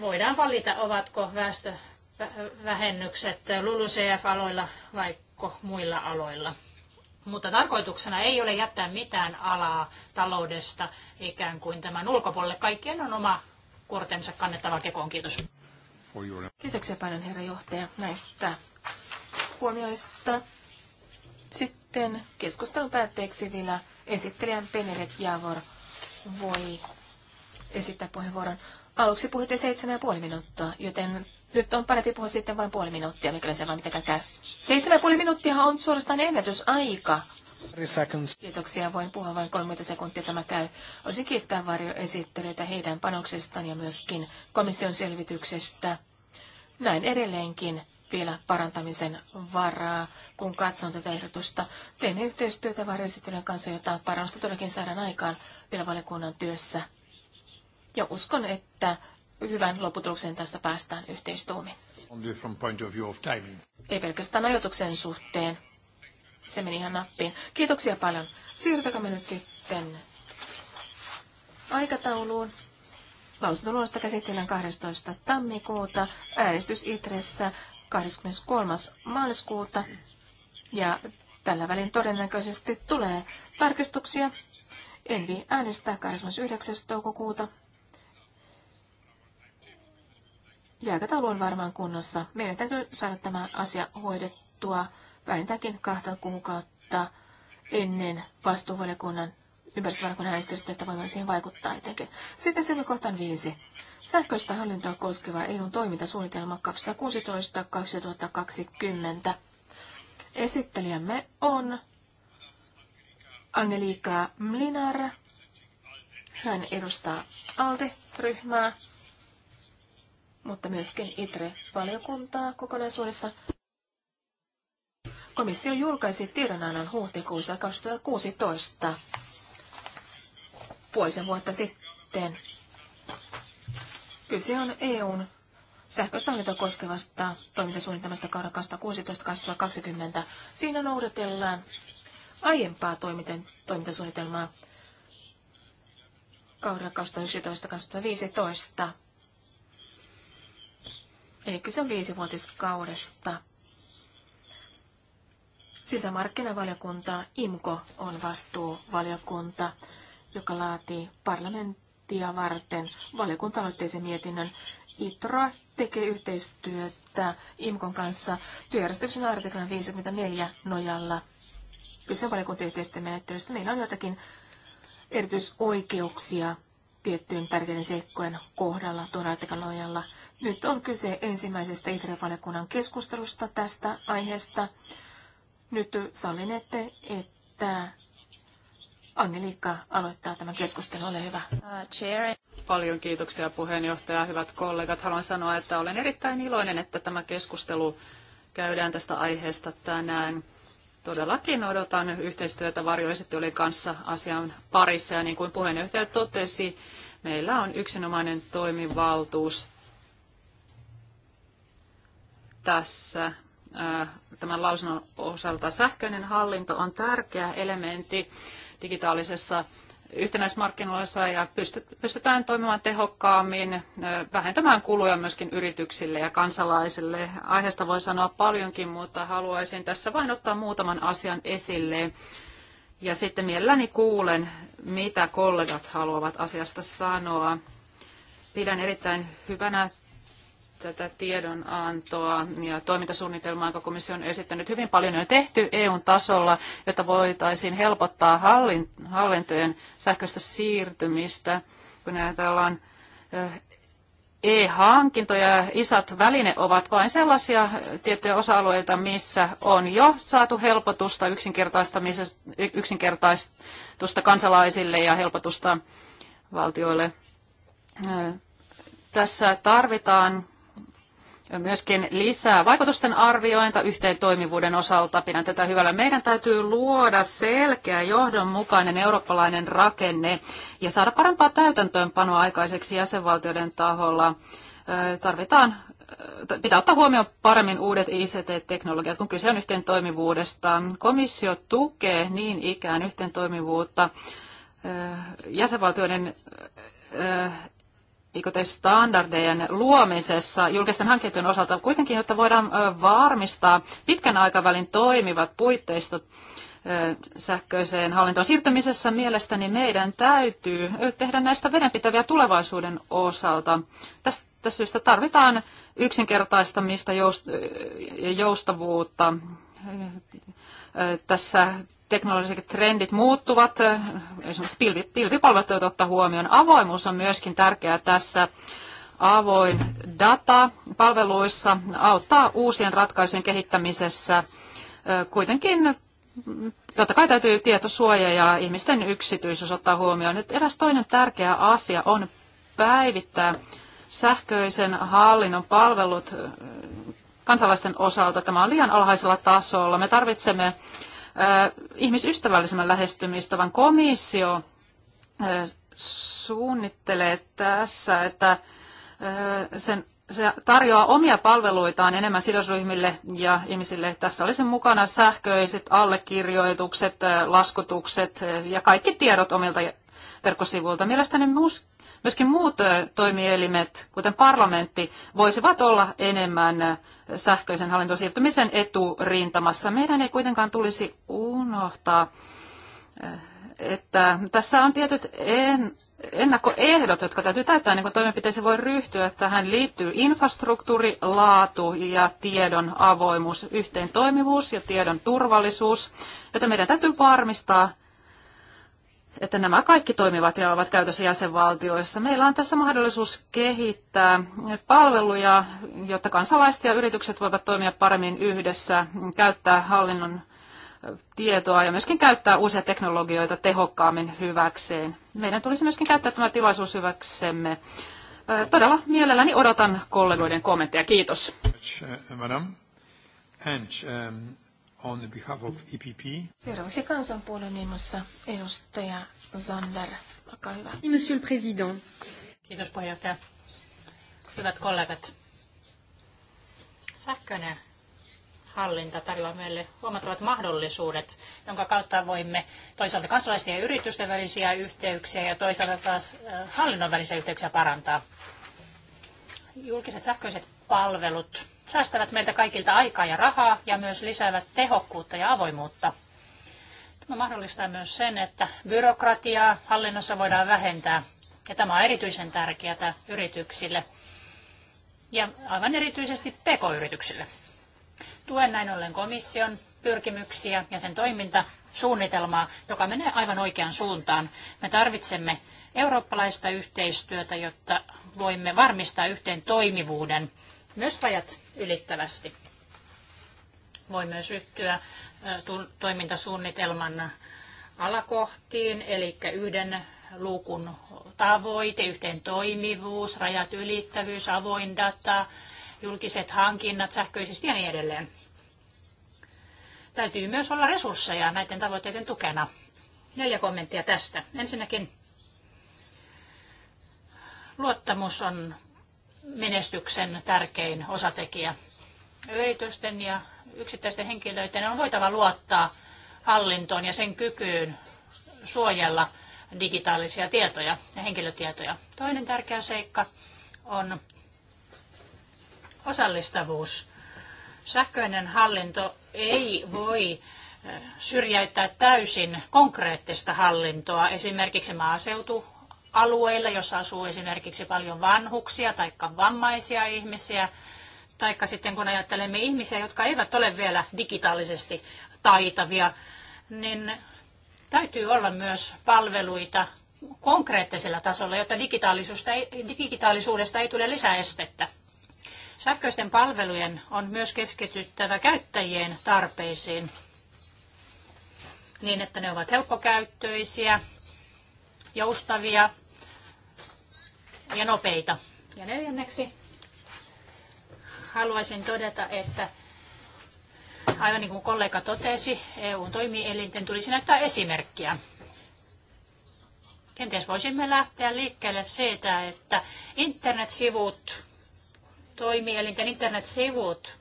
voidaan valita, ovatko väestövähennykset LULUCF-aloilla vai muilla aloilla. Mutta tarkoituksena ei ole jättää mitään alaa taloudesta ikään kuin tämän ulkopuolelle. Kaikkien on oma kortensa kannettava kekoon. Kiitos. Kiitoksia paljon herra johtaja näistä huomioista. Sitten keskustelun päätteeksi vielä esittelijän Benedek Javor voi esittää puheenvuoron. Aluksi puhutte seitsemän ja puoli minuuttia, joten nyt on parempi puhua sitten vain puoli minuuttia, mikäli se vaan mitenkään käy. Seitsemän ja puoli minuuttia on suorastaan ennätysaika. Kiitoksia, voin puhua vain 30 sekuntia tämä käy. Olisin kiittää varjoesittelyitä heidän panoksestaan ja myöskin komission selvityksestä. Näin edelleenkin vielä parantamisen varaa, kun katson tätä ehdotusta. Teemme yhteistyötä varjoesittelyjen kanssa, jota parannusta todellakin saadaan aikaan vielä valiokunnan työssä. Ja uskon, että hyvän lopputuloksen tästä päästään yhteistuumin. Ei pelkästään ajoituksen suhteen. Se meni ihan nappiin. Kiitoksia paljon. Siirtykäämme nyt sitten aikatauluun. Lausuntoluonnosta käsitellään 12. tammikuuta äänestys Itressä 23. maaliskuuta ja tällä välin todennäköisesti tulee tarkistuksia. Envi äänestää 29. toukokuuta. Jääkätalu on varmaan kunnossa. Meidän täytyy saada tämä asia hoidettua vähintäänkin kahta kuukautta ennen vastuuvaliokunnan ympäristövaliokunnan äänestystä, että voimme siihen vaikuttaa jotenkin. Sitten siirrymme kohtaan viisi. Sähköistä hallintoa koskeva EUn toimintasuunnitelma 2016-2020. Esittelijämme on Angelika Mlinar. Hän edustaa ALDE-ryhmää, mutta myöskin ITRE-valiokuntaa kokonaisuudessa. Komissio julkaisi tiedonannon huhtikuussa 2016 puolisen vuotta sitten. Kyse on EUn sähköistä koskevasta toimintasuunnitelmasta 2016-2020. Siinä noudatellaan aiempaa toimintasuunnitelmaa kaudella 2011-2015. Eli kyse on viisivuotiskaudesta. Sisämarkkinavaliokunta IMKO on vastuuvaliokunta joka laatii parlamenttia varten valiokunta-aloitteisen mietinnön. ITRA tekee yhteistyötä IMKon kanssa työjärjestyksen artiklan 54 nojalla. Kyse on yhteistyömenettelystä. Meillä on joitakin erityisoikeuksia tiettyyn tärkeiden seikkojen kohdalla tuon artiklan nojalla. Nyt on kyse ensimmäisestä ITRE-valiokunnan keskustelusta tästä aiheesta. Nyt sallinette, että Angelika aloittaa tämän keskustelun, ole hyvä. Paljon kiitoksia puheenjohtaja, hyvät kollegat. Haluan sanoa, että olen erittäin iloinen, että tämä keskustelu käydään tästä aiheesta tänään. Todellakin odotan yhteistyötä varjoesittelyjen kanssa asian parissa ja niin kuin puheenjohtaja totesi, meillä on yksinomainen toimivaltuus tässä tämän lausunnon osalta. Sähköinen hallinto on tärkeä elementti digitaalisessa yhtenäismarkkinoissa ja pystytään toimimaan tehokkaammin, vähentämään kuluja myöskin yrityksille ja kansalaisille. Aiheesta voi sanoa paljonkin, mutta haluaisin tässä vain ottaa muutaman asian esille. Ja sitten mielelläni kuulen, mitä kollegat haluavat asiasta sanoa. Pidän erittäin hyvänä tätä tiedonantoa ja toimintasuunnitelmaa, jonka komissio on esittänyt. Hyvin paljon on tehty EUn tasolla, jotta voitaisiin helpottaa hallintojen sähköistä siirtymistä, kun ajatellaan e-hankinto ja isat väline ovat vain sellaisia tiettyjä osa-alueita, missä on jo saatu helpotusta yksinkertaistusta kansalaisille ja helpotusta valtioille. Tässä tarvitaan myöskin lisää vaikutusten arviointa yhteen toimivuuden osalta. Pidän tätä hyvällä. Meidän täytyy luoda selkeä, johdonmukainen eurooppalainen rakenne ja saada parempaa täytäntöönpanoa aikaiseksi jäsenvaltioiden taholla. Tarvitaan pitää ottaa huomioon paremmin uudet ICT-teknologiat, kun kyse on yhteen toimivuudesta. Komissio tukee niin ikään yhteen toimivuutta jäsenvaltioiden IKT-standardejen luomisessa julkisten hankintojen osalta kuitenkin, jotta voidaan varmistaa pitkän aikavälin toimivat puitteistot sähköiseen hallintoon siirtymisessä mielestäni meidän täytyy tehdä näistä vedenpitäviä tulevaisuuden osalta. Tästä syystä tarvitaan yksinkertaistamista ja joustavuutta. Tässä teknologiset trendit muuttuvat, esimerkiksi pilvi, pilvipalvelut täytyy ottaa huomioon. Avoimuus on myöskin tärkeää tässä. Avoin data palveluissa auttaa uusien ratkaisujen kehittämisessä. Kuitenkin totta kai täytyy tietosuoja ja ihmisten yksityisyys ottaa huomioon. Nyt eräs toinen tärkeä asia on päivittää sähköisen hallinnon palvelut kansalaisten osalta. Tämä on liian alhaisella tasolla. Me tarvitsemme ihmisystävällisemmän lähestymistavan. Komissio suunnittelee tässä, että sen se tarjoaa omia palveluitaan enemmän sidosryhmille ja ihmisille. Tässä olisi mukana sähköiset allekirjoitukset, laskutukset ja kaikki tiedot omilta verkkosivuilta. Mielestäni myöskin muut toimielimet, kuten parlamentti, voisivat olla enemmän sähköisen hallintosiirtymisen eturintamassa. Meidän ei kuitenkaan tulisi unohtaa, että tässä on tietyt en, ennakkoehdot, jotka täytyy täyttää ennen niin kuin toimenpiteisiin voi ryhtyä. Tähän liittyy infrastruktuuri, laatu ja tiedon avoimuus, yhteen toimivuus ja tiedon turvallisuus, joten meidän täytyy varmistaa, että nämä kaikki toimivat ja ovat käytössä jäsenvaltioissa. Meillä on tässä mahdollisuus kehittää palveluja, jotta kansalaiset ja yritykset voivat toimia paremmin yhdessä, käyttää hallinnon tietoa ja myöskin käyttää uusia teknologioita tehokkaammin hyväkseen. Meidän tulisi myöskin käyttää tämä tilaisuus hyväksemme. Todella mielelläni odotan kollegoiden kommentteja. Kiitos. And, um on behalf of EPP. Seuraavaksi kansanpuolen nimessä edustaja Zander. Olkaa hyvä. Monsieur le Président. Kiitos puheenjohtaja. Hyvät kollegat. Sähköinen hallinta tarjoaa meille huomattavat mahdollisuudet, jonka kautta voimme toisaalta kansalaisten ja yritysten välisiä yhteyksiä ja toisaalta taas äh, hallinnon välisiä yhteyksiä parantaa. Julkiset sähköiset palvelut säästävät meiltä kaikilta aikaa ja rahaa ja myös lisäävät tehokkuutta ja avoimuutta. Tämä mahdollistaa myös sen, että byrokratiaa hallinnossa voidaan vähentää. Ja tämä on erityisen tärkeää yrityksille ja aivan erityisesti pekoyrityksille. Tuen näin ollen komission pyrkimyksiä ja sen toimintasuunnitelmaa, joka menee aivan oikeaan suuntaan. Me tarvitsemme eurooppalaista yhteistyötä, jotta voimme varmistaa yhteen toimivuuden myös vajat ylittävästi. Voi myös yhtyä toimintasuunnitelman alakohtiin, eli yhden luukun tavoite, yhteen toimivuus, rajat ylittävyys, avoin data, julkiset hankinnat sähköisesti ja niin edelleen. Täytyy myös olla resursseja näiden tavoitteiden tukena. Neljä kommenttia tästä. Ensinnäkin luottamus on menestyksen tärkein osatekijä. Yritysten ja yksittäisten henkilöiden on voitava luottaa hallintoon ja sen kykyyn suojella digitaalisia tietoja ja henkilötietoja. Toinen tärkeä seikka on osallistavuus. Sähköinen hallinto ei voi eh, syrjäyttää täysin konkreettista hallintoa, esimerkiksi maaseutu, alueilla, jossa asuu esimerkiksi paljon vanhuksia tai vammaisia ihmisiä, taikka sitten kun ajattelemme ihmisiä, jotka eivät ole vielä digitaalisesti taitavia, niin täytyy olla myös palveluita konkreettisella tasolla, jotta digitaalisuudesta ei, digitaalisuudesta ei tule lisäestettä. Sähköisten palvelujen on myös keskityttävä käyttäjien tarpeisiin niin, että ne ovat helppokäyttöisiä, joustavia ja nopeita. Ja neljänneksi haluaisin todeta, että aivan niin kuin kollega totesi, EUn toimielinten tulisi näyttää esimerkkiä. Kenties voisimme lähteä liikkeelle siitä, että internetsivut, toimielinten internetsivut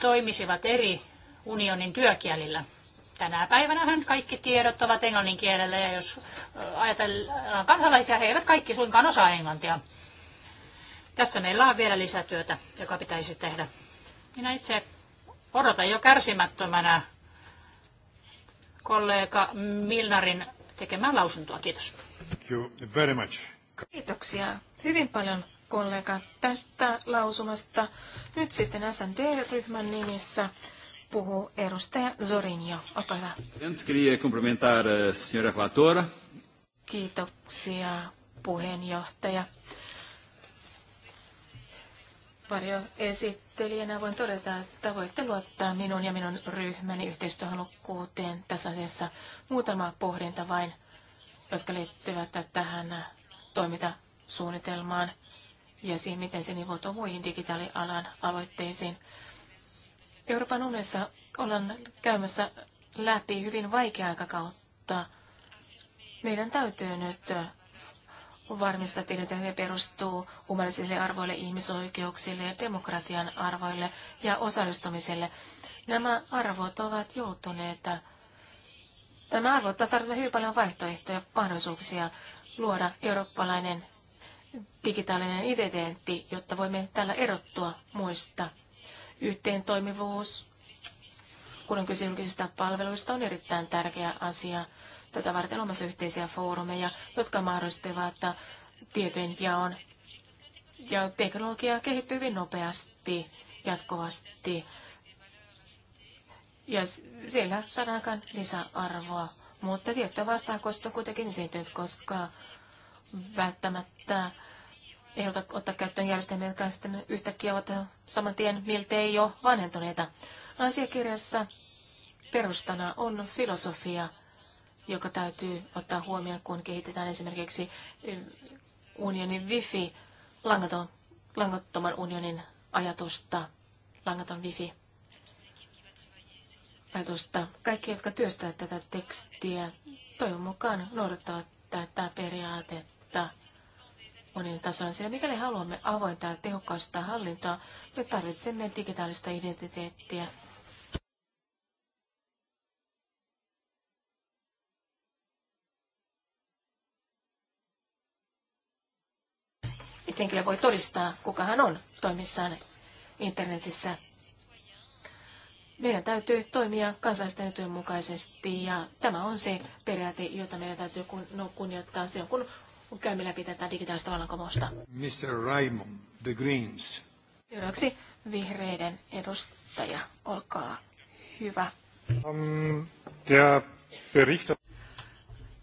toimisivat eri unionin työkielillä – Tänä päivänähän kaikki tiedot ovat englannin kielellä ja jos äh, ajatellaan kansalaisia, he eivät kaikki suinkaan osaa englantia. Tässä meillä on vielä lisätyötä, joka pitäisi tehdä. Minä itse odotan jo kärsimättömänä kollega Milnarin tekemään lausuntoa. Kiitos. Thank you very much. Kiitoksia hyvin paljon kollega tästä lausumasta. Nyt sitten SND-ryhmän nimissä puhuu edustaja Zorinio. Olkaa hyvä. Kiitoksia puheenjohtaja. Varjo esittelijänä voin todeta, että voitte luottaa minun ja minun ryhmäni yhteistyöhalukkuuteen tässä asiassa. Muutama pohdinta vain, jotka liittyvät tähän toimintasuunnitelmaan ja siihen, miten se nivoutuu muihin digitaalialan aloitteisiin. Euroopan unessa ollaan käymässä läpi hyvin vaikeaa aikakautta. Meidän täytyy nyt varmistaa, että ne perustuu humanistisille arvoille, ihmisoikeuksille ja demokratian arvoille ja osallistumiselle. Nämä arvot ovat joutuneet. Tämä arvo tarvitsee hyvin paljon vaihtoehtoja, mahdollisuuksia luoda eurooppalainen digitaalinen identiteetti, jotta voimme tällä erottua muista toimivuus, kun on kyse julkisista palveluista, on erittäin tärkeä asia. Tätä varten olemassa yhteisiä foorumeja, jotka mahdollistavat tietojen jaon. Ja teknologia kehittyy hyvin nopeasti, jatkuvasti. Ja siellä saadaan lisäarvoa. Mutta tiettyä vastaakosto on kuitenkin esiintynyt, koska välttämättä ei haluta ottaa käyttöön järjestelmiä, jotka sitten yhtäkkiä ovat saman tien miltei jo vanhentuneita. Asiakirjassa perustana on filosofia, joka täytyy ottaa huomioon, kun kehitetään esimerkiksi eh, unionin wifi, langaton, langattoman unionin ajatusta, langaton wifi ajatusta. Kaikki, jotka työstävät tätä tekstiä, toivon mukaan noudattavat tätä periaatetta monilla tasolla, sillä mikäli haluamme avointa ja hallintoa, me tarvitsemme digitaalista identiteettiä. henkilö voi todistaa, kuka hän on toimissaan internetissä. Meidän täytyy toimia kansallisten etujen mukaisesti ja tämä on se periaate, jota meidän täytyy no, kunnioittaa silloin, kun kun käymme läpi tätä digitaalista vallankumousta. Mr. Raimond, The Greens. Seuraavaksi vihreiden edustaja, olkaa hyvä. Um, der Bericht...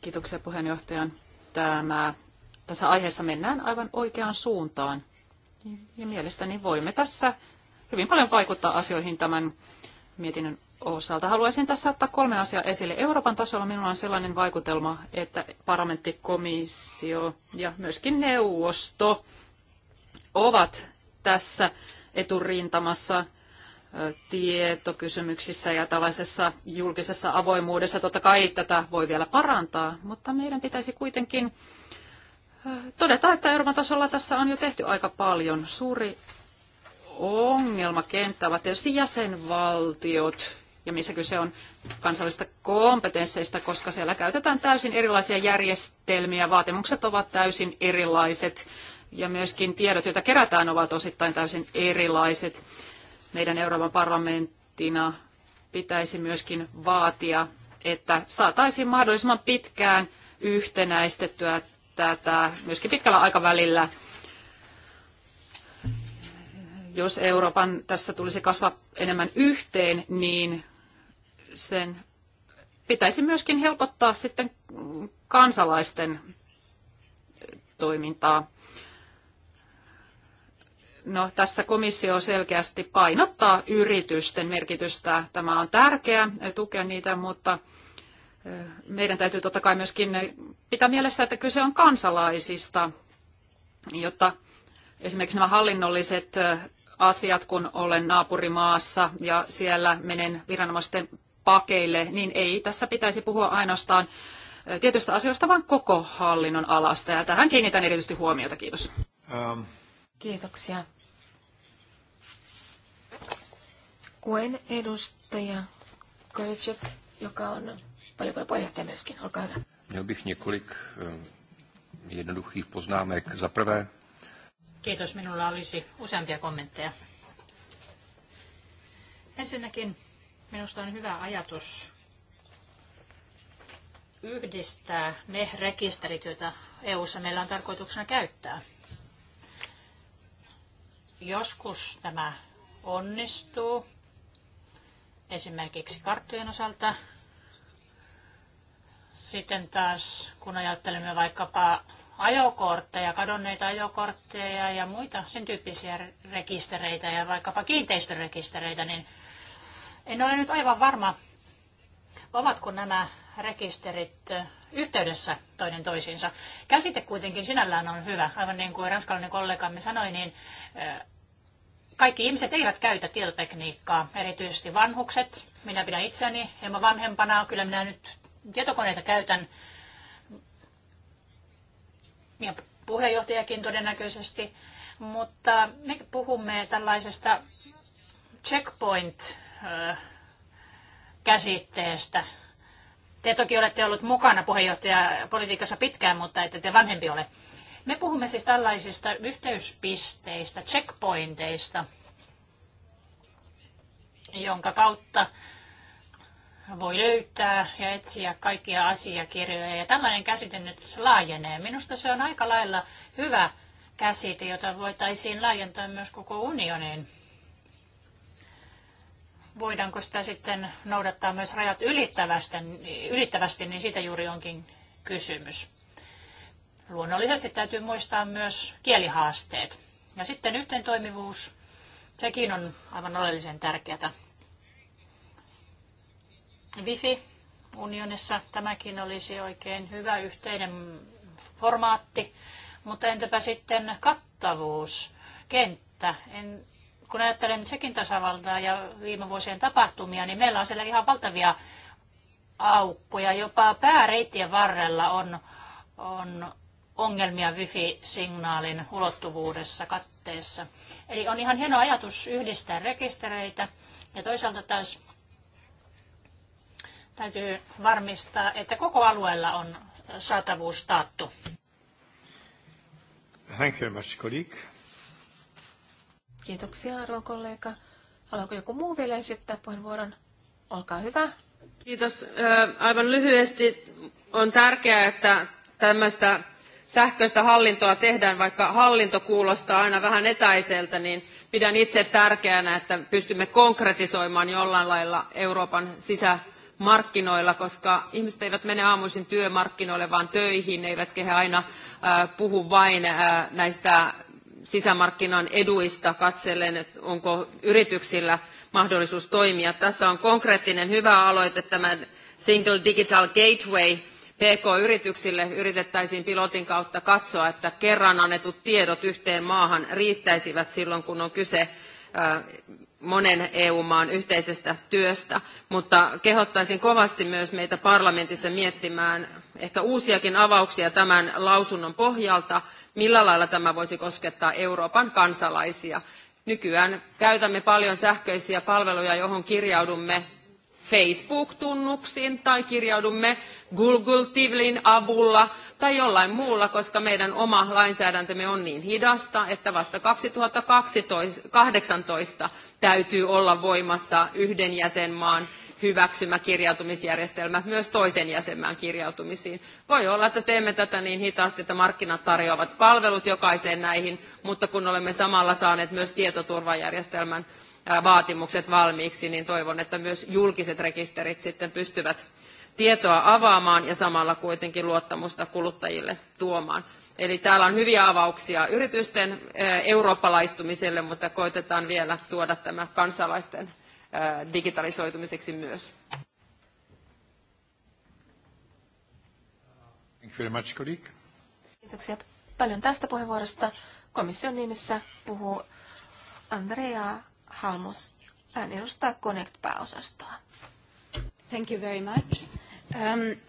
Kiitoksia puheenjohtajan. Tämä, tässä aiheessa mennään aivan oikeaan suuntaan. Ja mielestäni voimme tässä hyvin paljon vaikuttaa asioihin tämän mietinnön osalta. Haluaisin tässä ottaa kolme asiaa esille. Euroopan tasolla minulla on sellainen vaikutelma, että parlamenttikomissio ja myöskin neuvosto ovat tässä eturintamassa tietokysymyksissä ja tällaisessa julkisessa avoimuudessa. Totta kai tätä voi vielä parantaa, mutta meidän pitäisi kuitenkin todeta, että Euroopan tasolla tässä on jo tehty aika paljon. Suuri ongelmakenttä ovat tietysti jäsenvaltiot, ja missä kyse on kansallisista kompetensseista, koska siellä käytetään täysin erilaisia järjestelmiä, vaatimukset ovat täysin erilaiset ja myöskin tiedot, joita kerätään, ovat osittain täysin erilaiset. Meidän Euroopan parlamenttina pitäisi myöskin vaatia, että saataisiin mahdollisimman pitkään yhtenäistettyä tätä myöskin pitkällä aikavälillä jos Euroopan tässä tulisi kasvaa enemmän yhteen, niin sen pitäisi myöskin helpottaa sitten kansalaisten eh, toimintaa. No, tässä komissio selkeästi painottaa yritysten merkitystä. Tämä on tärkeää eh, tukea niitä, mutta eh, meidän täytyy totta kai myöskin pitää mielessä, että kyse on kansalaisista, jotta esimerkiksi nämä hallinnolliset asiat, kun olen naapurimaassa ja siellä menen viranomaisten pakeille, niin ei tässä pitäisi puhua ainoastaan tietystä asioista, vaan koko hallinnon alasta. Ja tähän kiinnitän erityisesti huomiota. Kiitos. Um. Kiitoksia. Kuen edustaja Kolicek, joka on paljon puheenjohtaja myöskin. Olkaa hyvä. Měl bych několik jednoduchých poznámek. Za prvé. Kiitos. Minulla olisi useampia kommentteja. Ensinnäkin Minusta on hyvä ajatus yhdistää ne rekisterit, joita EU:ssa meillä on tarkoituksena käyttää. Joskus tämä onnistuu, esimerkiksi karttojen osalta. Sitten taas, kun ajattelemme vaikkapa ajokortteja, kadonneita ajokortteja ja muita sen tyyppisiä rekistereitä ja vaikkapa kiinteistörekistereitä, niin en ole nyt aivan varma, ovatko nämä rekisterit yhteydessä toinen toisiinsa. Käsite kuitenkin sinällään on hyvä. Aivan niin kuin ranskalainen kollegamme sanoi, niin kaikki ihmiset eivät käytä tietotekniikkaa, erityisesti vanhukset. Minä pidän itseäni hieman vanhempana, kyllä minä nyt tietokoneita käytän. Ja puheenjohtajakin todennäköisesti. Mutta me puhumme tällaisesta checkpoint käsitteestä. Te toki olette ollut mukana politiikassa pitkään, mutta ette te vanhempi ole. Me puhumme siis tällaisista yhteyspisteistä, checkpointeista, jonka kautta voi löytää ja etsiä kaikkia asiakirjoja. Ja tällainen käsite nyt laajenee. Minusta se on aika lailla hyvä käsite, jota voitaisiin laajentaa myös koko unioniin voidaanko sitä sitten noudattaa myös rajat ylittävästi, niin siitä juuri onkin kysymys. Luonnollisesti täytyy muistaa myös kielihaasteet. Ja sitten yhteen toimivuus, sekin on aivan oleellisen tärkeää. Wifi unionissa tämäkin olisi oikein hyvä yhteinen formaatti, mutta entäpä sitten kattavuus, kenttä, en kun ajattelen Tsekin tasavaltaa ja viime vuosien tapahtumia, niin meillä on siellä ihan valtavia aukkoja. Jopa pääreittien varrella on, on ongelmia wifi-signaalin ulottuvuudessa, katteessa. Eli on ihan hieno ajatus yhdistää rekistereitä ja toisaalta taas täytyy varmistaa, että koko alueella on saatavuus taattu. Thank you very much, colleague. Kiitoksia, arvon kollega. Haluaako joku muu vielä esittää puheenvuoron? Olkaa hyvä. Kiitos. Aivan lyhyesti on tärkeää, että tämmöistä sähköistä hallintoa tehdään, vaikka hallinto kuulostaa aina vähän etäiseltä, niin pidän itse tärkeänä, että pystymme konkretisoimaan jollain lailla Euroopan sisämarkkinoilla, koska ihmiset eivät mene aamuisin työmarkkinoille vaan töihin, eivätkä he aina puhu vain näistä sisämarkkinan eduista katsellen, onko yrityksillä mahdollisuus toimia. Tässä on konkreettinen hyvä aloite tämä Single Digital Gateway PK-yrityksille yritettäisiin pilotin kautta katsoa, että kerran annetut tiedot yhteen maahan riittäisivät silloin, kun on kyse monen EU-maan yhteisestä työstä, mutta kehottaisin kovasti myös meitä parlamentissa miettimään ehkä uusiakin avauksia tämän lausunnon pohjalta millä lailla tämä voisi koskettaa Euroopan kansalaisia. Nykyään käytämme paljon sähköisiä palveluja, johon kirjaudumme Facebook-tunnuksiin tai kirjaudumme Google Tivlin avulla tai jollain muulla, koska meidän oma lainsäädäntömme on niin hidasta, että vasta 2018 täytyy olla voimassa yhden jäsenmaan hyväksymä kirjautumisjärjestelmä myös toisen jäsenmään kirjautumisiin. Voi olla, että teemme tätä niin hitaasti, että markkinat tarjoavat palvelut jokaiseen näihin, mutta kun olemme samalla saaneet myös tietoturvajärjestelmän vaatimukset valmiiksi, niin toivon, että myös julkiset rekisterit sitten pystyvät tietoa avaamaan ja samalla kuitenkin luottamusta kuluttajille tuomaan. Eli täällä on hyviä avauksia yritysten eurooppalaistumiselle, mutta koitetaan vielä tuoda tämä kansalaisten digitalisoitumiseksi myös. Kiitoksia paljon tästä puheenvuorosta. Komission nimissä puhuu Andrea Halmus. Hän edustaa Connect-pääosastoa. Thank you very much. Um,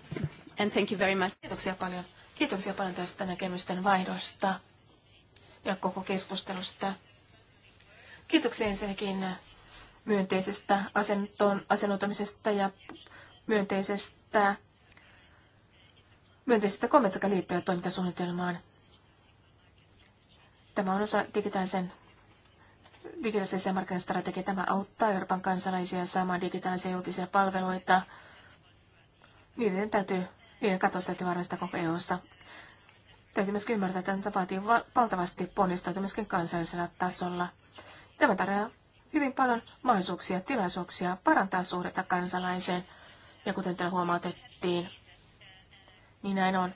and thank you very much. Kiitoksia paljon. Kiitoksia paljon tästä näkemysten vaihdosta ja koko keskustelusta. Kiitoksia ensinnäkin myönteisestä asennoitumisesta ja myönteisestä, myönteisestä kommentista liittyen toimintasuunnitelmaan. Tämä on osa digitaalisen digitaalisen markkinastrategia. Tämä auttaa Euroopan kansalaisia saamaan digitaalisia julkisia palveluita. Niiden täytyy, niiden katosta täytyy varmistaa koko EU-ssa. Täytyy myöskin ymmärtää, että tämä vaatii valtavasti ponnistautumiskin kansallisella tasolla. Tämä tarjoaa hyvin paljon mahdollisuuksia, tilaisuuksia parantaa suhdetta kansalaiseen. Ja kuten täällä huomautettiin, niin näin on.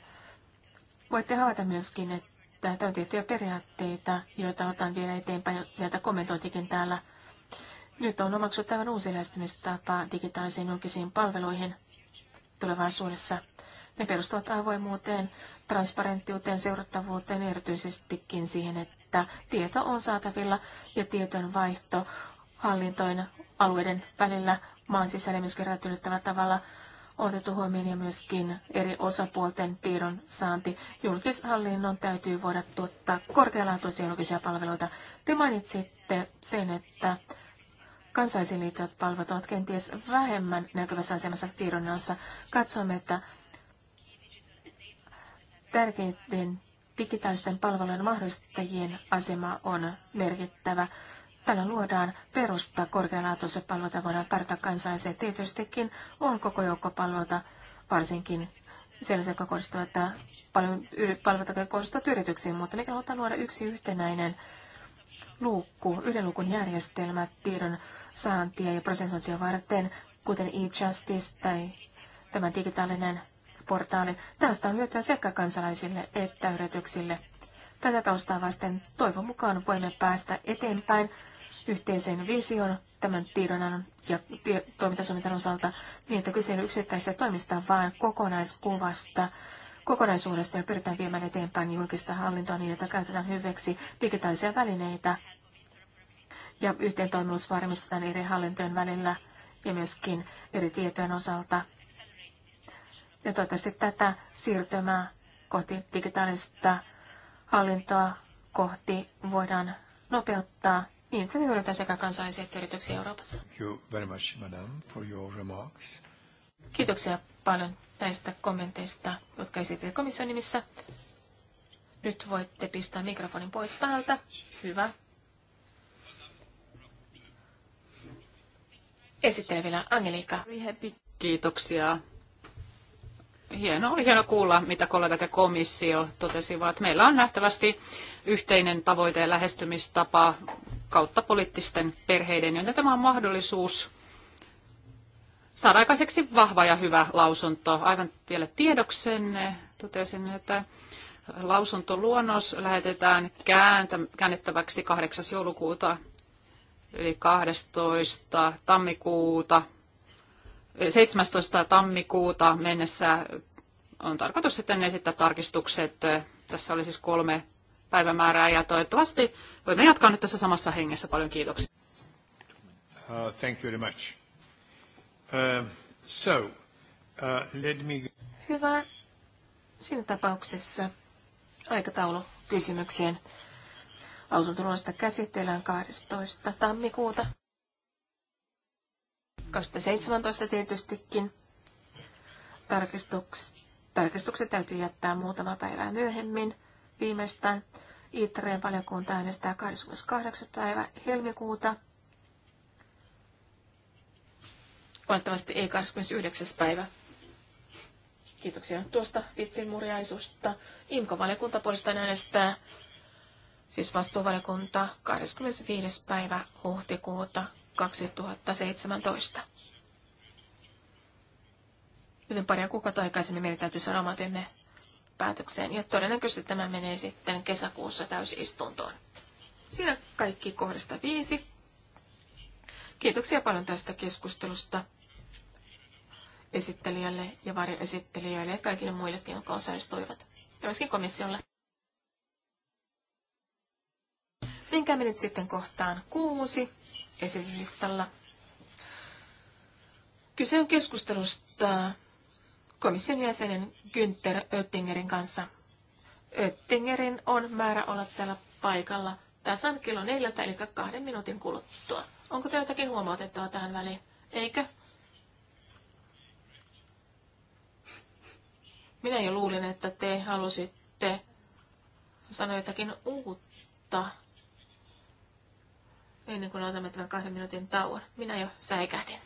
Voitte havaita myöskin, että on tiettyjä periaatteita, joita otan vielä eteenpäin, joita kommentoitikin täällä. Nyt on aivan uusi lähestymistapa digitaalisiin julkisiin palveluihin tulevaisuudessa. Ne perustuvat avoimuuteen, transparenttiuteen, seurattavuuteen, erityisestikin siihen, että että tieto on saatavilla ja tietojen vaihto hallintojen alueiden välillä maan sisällä myös räätyydyttävällä tavalla otettu huomioon ja myöskin eri osapuolten tiedon saanti. Julkishallinnon täytyy voida tuottaa korkealaatuisia julkisia palveluita. Te mainitsitte sen, että kansaisiin liittyvät palvelut ovat kenties vähemmän näkyvässä asemassa tiedonannossa. Katsomme, että tärkeiden digitaalisten palvelujen mahdollistajien asema on merkittävä. Tällä luodaan perusta korkealaatuisen palveluita voidaan tarjota kansalaiseen. Tietystikin on koko joukko palveluita, varsinkin sellaisia, jotka kohdistuvat paljon palveluita kohdistuvat yrityksiin, mutta mikä halutaan luoda yksi yhtenäinen luukku, yhden luukun järjestelmä tiedon saantia ja prosessointia varten, kuten e-justice tai tämä digitaalinen portaali. Tästä on hyötyä sekä kansalaisille että yrityksille. Tätä taustaa vasten toivon mukaan voimme päästä eteenpäin yhteiseen vision tämän tiedonannon ja toimintasuunnitelman osalta niin, että kyse ei yksittäisistä toimista, vaan kokonaiskuvasta, kokonaisuudesta ja pyritään viemään eteenpäin julkista hallintoa niin, että käytetään hyväksi digitaalisia välineitä ja yhteentoimivuus varmistetaan eri hallintojen välillä ja myöskin eri tietojen osalta ja toivottavasti tätä siirtymää kohti digitaalista hallintoa kohti voidaan nopeuttaa niin, että se hyödyntää sekä kansalaiset että yrityksiä Euroopassa. Thank you very much, madam, for your remarks. Kiitoksia paljon näistä kommenteista, jotka esitit komission nimissä. Nyt voitte pistää mikrofonin pois päältä. Hyvä. Esittele vielä Angelika. Kiitoksia hieno, oli hieno kuulla, mitä kollegat ja komissio totesivat. Meillä on nähtävästi yhteinen tavoite ja lähestymistapa kautta poliittisten perheiden, joten tämä on mahdollisuus saada aikaiseksi vahva ja hyvä lausunto. Aivan vielä tiedoksenne totesin, että lausuntoluonnos lähetetään kääntä, käännettäväksi 8. joulukuuta, eli 12. tammikuuta 17. tammikuuta mennessä on tarkoitus sitten esittää tarkistukset. Tässä oli siis kolme päivämäärää ja toivottavasti voimme jatkaa nyt tässä samassa hengessä. Paljon kiitoksia. Uh, thank you very much. Uh, so, uh, let me... Hyvä. Siinä tapauksessa aikataulu kysymykseen. Lausuntoluonnosta käsitellään 12. tammikuuta. 2017 tietystikin. Tarkistuks, tarkistukset täytyy jättää muutama päivää myöhemmin viimeistään. Itreen valiokunta äänestää 28. päivä helmikuuta. Valitettavasti ei 29. päivä. Kiitoksia tuosta vitsinmurjaisusta. IMKO-valiokunta puolestaan äänestää, siis vastuuvaliokunta, 25. päivä huhtikuuta 2017. Joten paria kuukautta aikaisemmin meidän täytyy saada oma työmme päätökseen. Ja todennäköisesti tämä menee sitten kesäkuussa täysistuntoon. Siinä kaikki kohdasta viisi. Kiitoksia paljon tästä keskustelusta esittelijälle ja varjoesittelijöille ja kaikille muillekin, jotka osallistuivat. Ja myöskin komissiolle. Minkä me nyt sitten kohtaan kuusi esityslistalla. Kyse on keskustelusta komission jäsenen Günther Oettingerin kanssa. Oettingerin on määrä olla täällä paikalla tasan kello neljältä, eli kahden minuutin kuluttua. Onko teillä jotakin huomautettavaa tähän väliin? Eikö? Minä jo luulin, että te halusitte sanoa jotakin uutta ennen kuin otamme tämän kahden minuutin tauon. Minä jo säikähdin.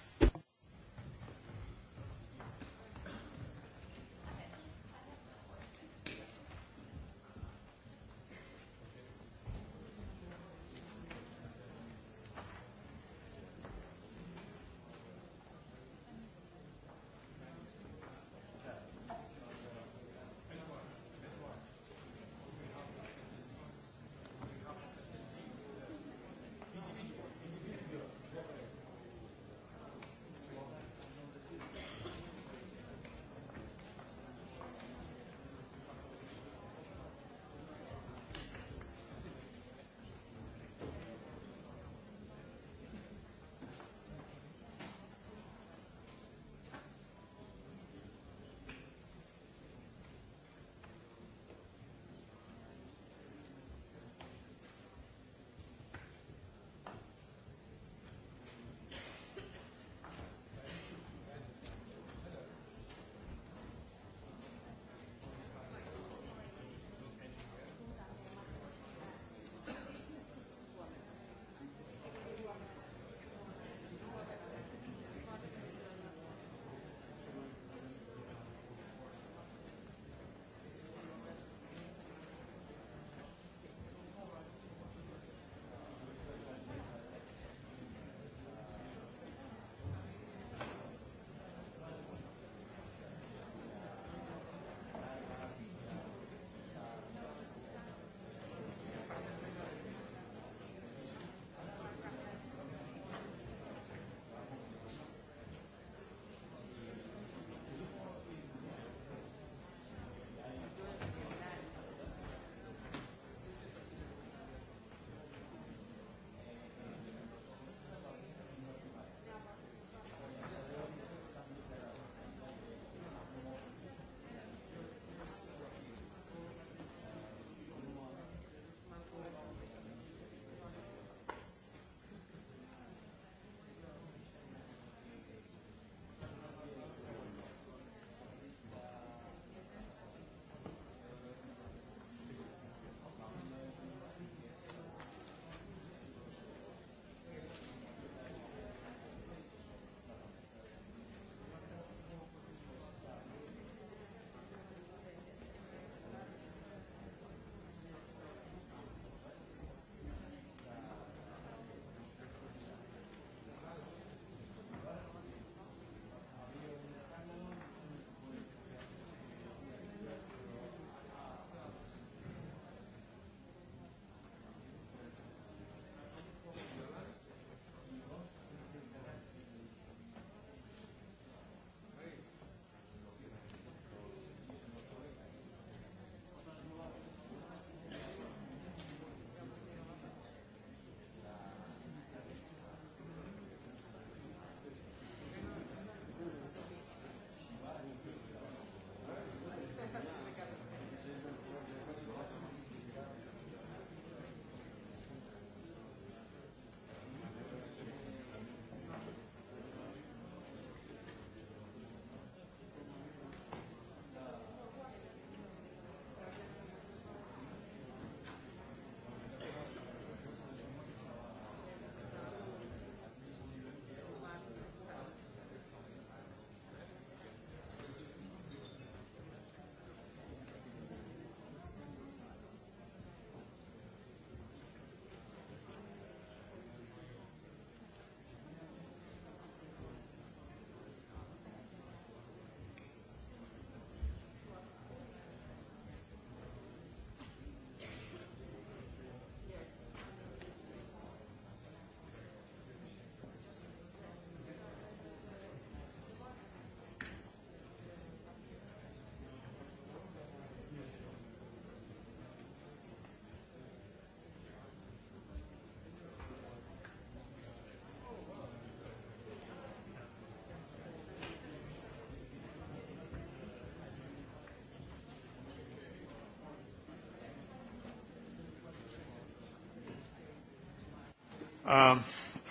Um,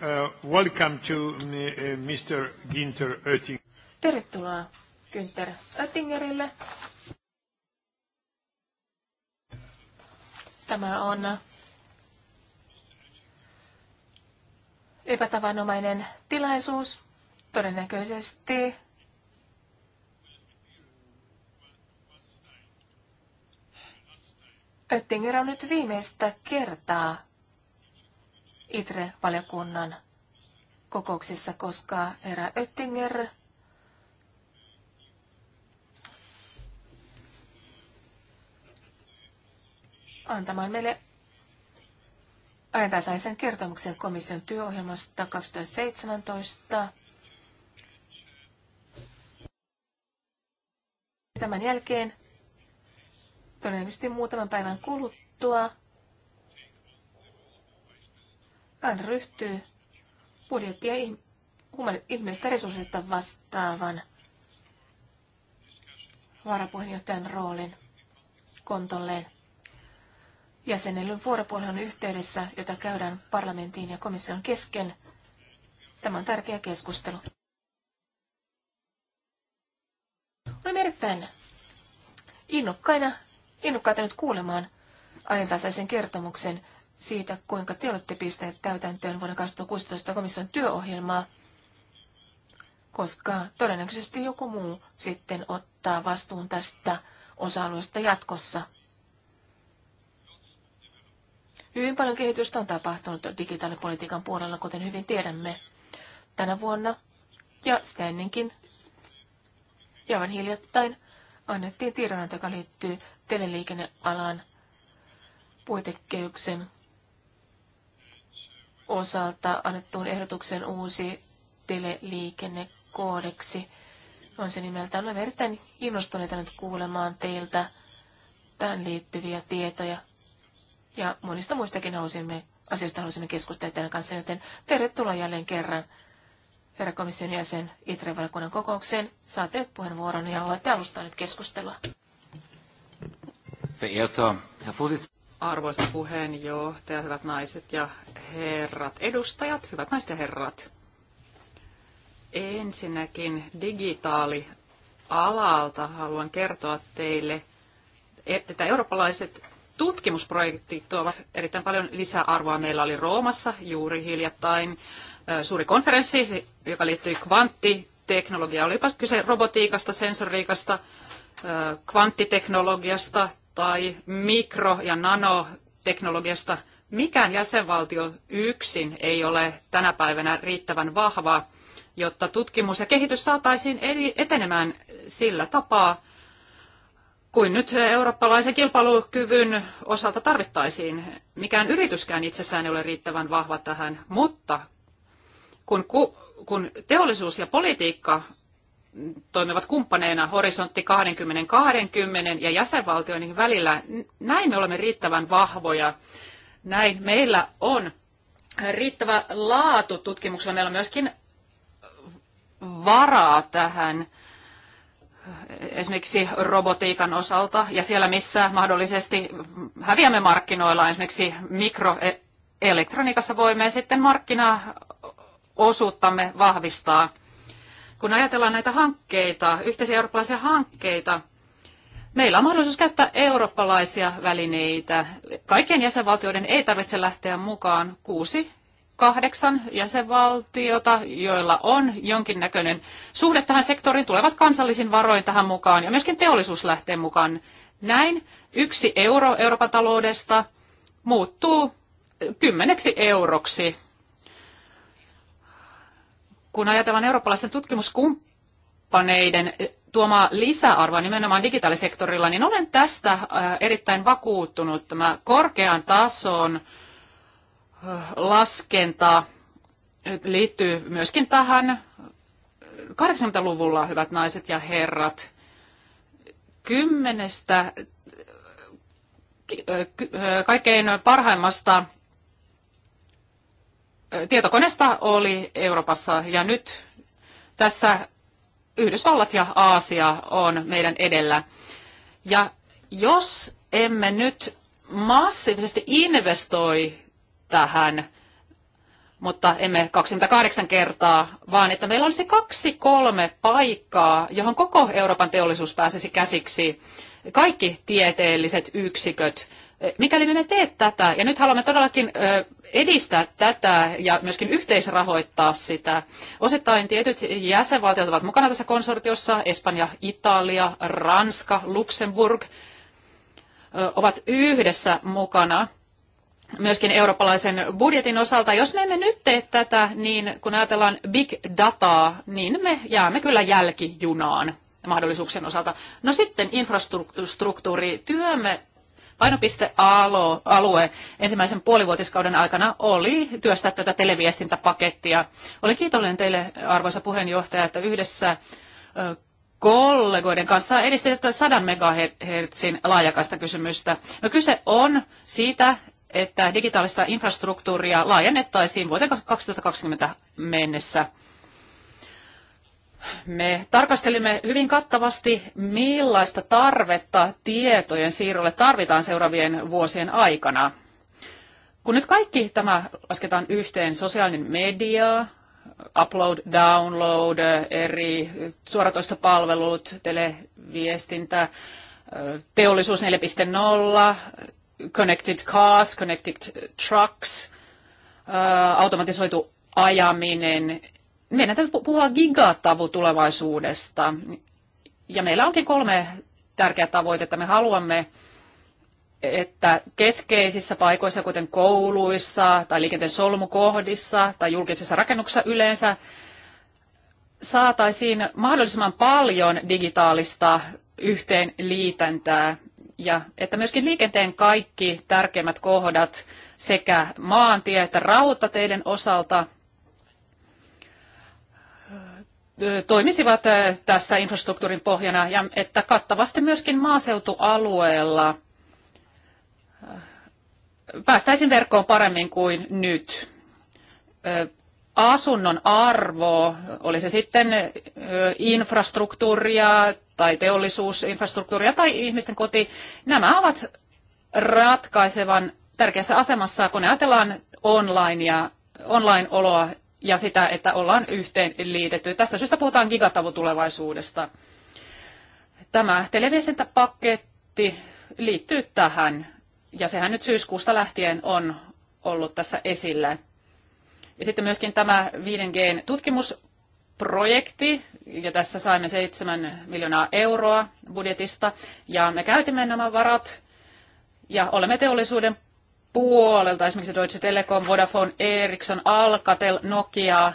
uh, welcome to Mr. Uh, Günther Oettinger. Tervetuloa Günther Oettingerille. Tämä on epätavanomainen tilaisuus. Todennäköisesti Oettinger on nyt viimeistä kertaa ITRE-valiokunnan kokouksissa, koska herra Oettinger antamaan meille ajantasaisen kertomuksen komission työohjelmasta 2017. Tämän jälkeen todennäköisesti muutaman päivän kuluttua hän ryhtyy ja ihmisten resursseista vastaavan varapuheenjohtajan roolin kontolleen. Jäsenellyn vuoropuhelun yhteydessä, jota käydään parlamentin ja komission kesken, tämä on tärkeä keskustelu. Olen erittäin innokkaina, innokkaita nyt kuulemaan ajantasaisen kertomuksen siitä, kuinka te olette pistäneet täytäntöön vuonna 2016 komission työohjelmaa, koska todennäköisesti joku muu sitten ottaa vastuun tästä osa-alueesta jatkossa. Hyvin paljon kehitystä on tapahtunut digitaalipolitiikan puolella, kuten hyvin tiedämme tänä vuonna ja sitä ennenkin. Ja aivan hiljattain annettiin tiedonanto, joka liittyy teleliikennealan puitekehyksen osalta annettuun ehdotuksen uusi teleliikennekoodeksi. On se nimeltään. Olen erittäin innostuneita nyt kuulemaan teiltä tähän liittyviä tietoja. Ja monista muistakin halusimme, asioista halusimme keskustella teidän kanssa, joten tervetuloa jälleen kerran herra komission jäsen Itren valiokunnan kokoukseen. Saatte nyt puheenvuoron ja olette alustaneet keskustelua. Verehrter Herr Vorsitzender, Arvoisa puheenjohtaja, hyvät naiset ja herrat, edustajat, hyvät naiset ja herrat. Ensinnäkin digitaalialalta haluan kertoa teille, että eurooppalaiset tutkimusprojektit tuovat erittäin paljon lisäarvoa. Meillä oli Roomassa juuri hiljattain suuri konferenssi, joka liittyi kvanttiteknologiaan. Olipa kyse robotiikasta, sensoriikasta, kvanttiteknologiasta, tai mikro- ja nanoteknologiasta mikään jäsenvaltio yksin ei ole tänä päivänä riittävän vahva, jotta tutkimus ja kehitys saataisiin etenemään sillä tapaa, kuin nyt eurooppalaisen kilpailukyvyn osalta tarvittaisiin. Mikään yrityskään itsessään ei ole riittävän vahva tähän, mutta kun, kun teollisuus ja politiikka toimivat kumppaneina horisontti 20-20 ja jäsenvaltioiden välillä. Näin me olemme riittävän vahvoja. Näin meillä on riittävä laatu tutkimuksella. Meillä on myöskin varaa tähän esimerkiksi robotiikan osalta ja siellä, missä mahdollisesti häviämme markkinoilla, esimerkiksi mikroelektroniikassa voimme sitten markkinaosuuttamme vahvistaa kun ajatellaan näitä hankkeita, yhteisiä eurooppalaisia hankkeita, meillä on mahdollisuus käyttää eurooppalaisia välineitä. Kaikkien jäsenvaltioiden ei tarvitse lähteä mukaan. Kuusi, kahdeksan jäsenvaltiota, joilla on jonkinnäköinen suhde tähän sektoriin, tulevat kansallisin varoin tähän mukaan ja myöskin teollisuus lähtee mukaan. Näin yksi euro Euroopan taloudesta muuttuu kymmeneksi euroksi kun ajatellaan eurooppalaisten tutkimuskumppaneiden eh, tuomaa lisäarvoa nimenomaan digitaalisektorilla, niin olen tästä eh, erittäin vakuuttunut. Tämä korkean tason eh, laskenta liittyy myöskin tähän 80-luvulla, hyvät naiset ja herrat, kymmenestä kaikkein parhaimmasta tietokoneesta oli Euroopassa ja nyt tässä Yhdysvallat ja Aasia on meidän edellä. Ja jos emme nyt massiivisesti investoi tähän, mutta emme 28 kertaa, vaan että meillä olisi kaksi kolme paikkaa, johon koko Euroopan teollisuus pääsisi käsiksi, kaikki tieteelliset yksiköt – mikäli me teet tätä, ja nyt haluamme todellakin edistää tätä ja myöskin yhteisrahoittaa sitä. Osittain tietyt jäsenvaltiot ovat mukana tässä konsortiossa, Espanja, Italia, Ranska, Luxemburg ovat yhdessä mukana myöskin eurooppalaisen budjetin osalta. Jos me emme nyt tee tätä, niin kun ajatellaan big dataa, niin me jäämme kyllä jälkijunaan mahdollisuuksien osalta. No sitten infrastruktuuri. Painopistealue ensimmäisen puolivuotiskauden aikana oli työstää tätä televiestintäpakettia. Olen kiitollinen teille, arvoisa puheenjohtaja, että yhdessä kollegoiden kanssa edistetään 100 megahertsin laajakaista kysymystä. No kyse on siitä, että digitaalista infrastruktuuria laajennettaisiin vuoteen 2020 mennessä. Me tarkastelimme hyvin kattavasti, millaista tarvetta tietojen siirrolle tarvitaan seuraavien vuosien aikana. Kun nyt kaikki tämä lasketaan yhteen, sosiaalinen media, upload, download, eri suoratoistopalvelut, televiestintä, teollisuus 4.0, connected cars, connected trucks, automatisoitu ajaminen, meidän täytyy puhua gigatavu tulevaisuudesta. Ja meillä onkin kolme tärkeää tavoitetta. Me haluamme, että keskeisissä paikoissa, kuten kouluissa tai liikenteen solmukohdissa tai julkisissa rakennuksissa yleensä, saataisiin mahdollisimman paljon digitaalista yhteenliitäntää ja että myöskin liikenteen kaikki tärkeimmät kohdat sekä maantie- että rautateiden osalta – toimisivat tässä infrastruktuurin pohjana ja että kattavasti myöskin maaseutualueella päästäisiin verkkoon paremmin kuin nyt. Asunnon arvo, oli se sitten infrastruktuuria tai teollisuusinfrastruktuuria tai ihmisten koti, nämä ovat ratkaisevan tärkeässä asemassa, kun ajatellaan online ja online-oloa ja sitä, että ollaan yhteen liitetty. Tästä syystä puhutaan gigatavutulevaisuudesta. Tämä televisiintäpaketti liittyy tähän, ja sehän nyt syyskuusta lähtien on ollut tässä esillä. Ja sitten myöskin tämä 5 g tutkimusprojekti, ja tässä saimme 7 miljoonaa euroa budjetista, ja me käytimme nämä varat, ja olemme teollisuuden puolelta, esimerkiksi Deutsche Telekom, Vodafone, Ericsson, Alcatel, Nokia,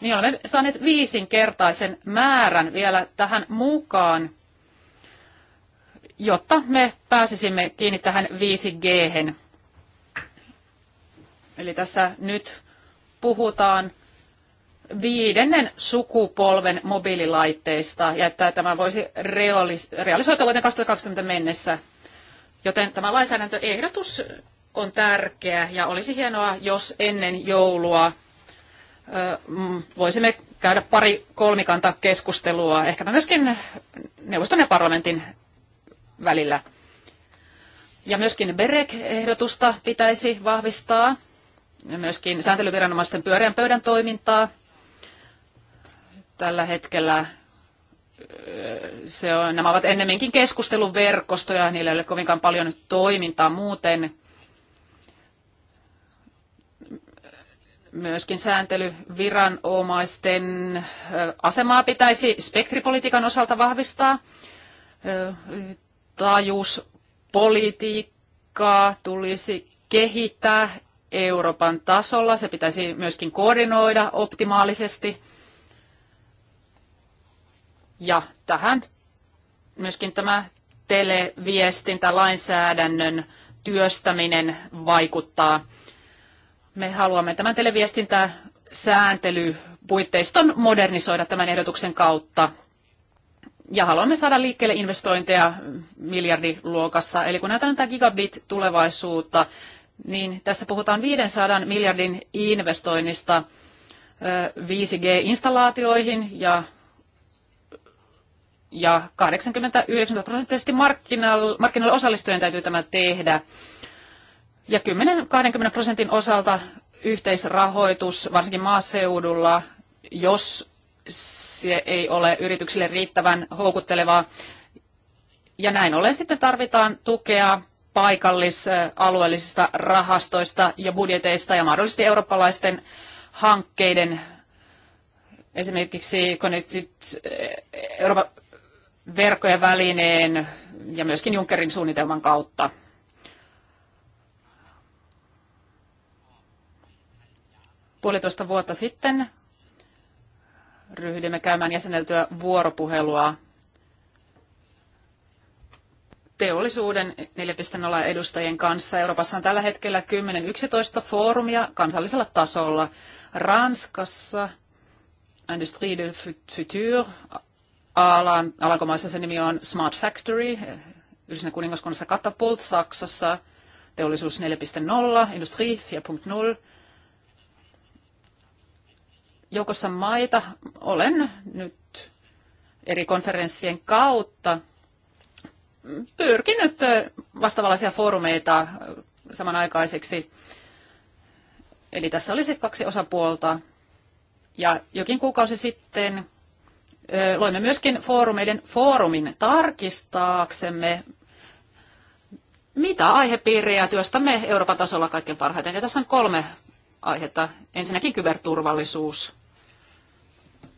niin olemme saaneet viisinkertaisen määrän vielä tähän mukaan, jotta me pääsisimme kiinni tähän 5G. -hen. Eli tässä nyt puhutaan viidennen sukupolven mobiililaitteista ja että tämä voisi realis- realisoitua vuoteen 2020 mennessä. Joten tämä lainsäädäntöehdotus on tärkeä ja olisi hienoa, jos ennen joulua mm, voisimme käydä pari kolmikanta keskustelua, ehkä myöskin neuvoston ja parlamentin välillä. Ja myöskin BEREC-ehdotusta pitäisi vahvistaa, ja myöskin sääntelyviranomaisten pyöreän pöydän toimintaa. Tällä hetkellä se on, nämä ovat ennemminkin keskusteluverkostoja, niillä ei ole kovinkaan paljon toimintaa muuten myöskin sääntelyviranomaisten asemaa pitäisi spektripolitiikan osalta vahvistaa. Taajuuspolitiikkaa tulisi kehittää Euroopan tasolla. Se pitäisi myöskin koordinoida optimaalisesti. Ja tähän myöskin tämä televiestintä lainsäädännön työstäminen vaikuttaa. Me haluamme tämän televiestintä puitteiston modernisoida tämän ehdotuksen kautta. Ja haluamme saada liikkeelle investointeja miljardiluokassa. Eli kun näytetään tätä gigabit-tulevaisuutta, niin tässä puhutaan 500 miljardin investoinnista 5G-installaatioihin ja ja 80-90 prosenttisesti markkinoille osallistujien täytyy tämä tehdä. Ja 10-20 prosentin osalta yhteisrahoitus, varsinkin maaseudulla, jos se ei ole yrityksille riittävän houkuttelevaa. Ja näin ollen sitten tarvitaan tukea paikallis-alueellisista rahastoista ja budjeteista ja mahdollisesti eurooppalaisten hankkeiden, esimerkiksi Connected Euroopan verkkojen välineen ja myöskin Junckerin suunnitelman kautta. Puolitoista vuotta sitten ryhdymme käymään jäseneltyä vuoropuhelua teollisuuden 4.0 edustajien kanssa. Euroopassa on tällä hetkellä 10-11 foorumia kansallisella tasolla. Ranskassa Industrie de Futur, alan, alankomaissa se nimi on Smart Factory, Yhdessä kuningaskunnassa Katapult, Saksassa teollisuus 4.0, Industrie 4.0, joukossa maita olen nyt eri konferenssien kautta pyrkinyt vastaavanlaisia foorumeita samanaikaiseksi. Eli tässä olisi kaksi osapuolta. Ja jokin kuukausi sitten loimme myöskin foorumeiden foorumin tarkistaaksemme, mitä aihepiirejä työstämme Euroopan tasolla kaikkein parhaiten. Ja tässä on kolme aihetta. Ensinnäkin kyberturvallisuus.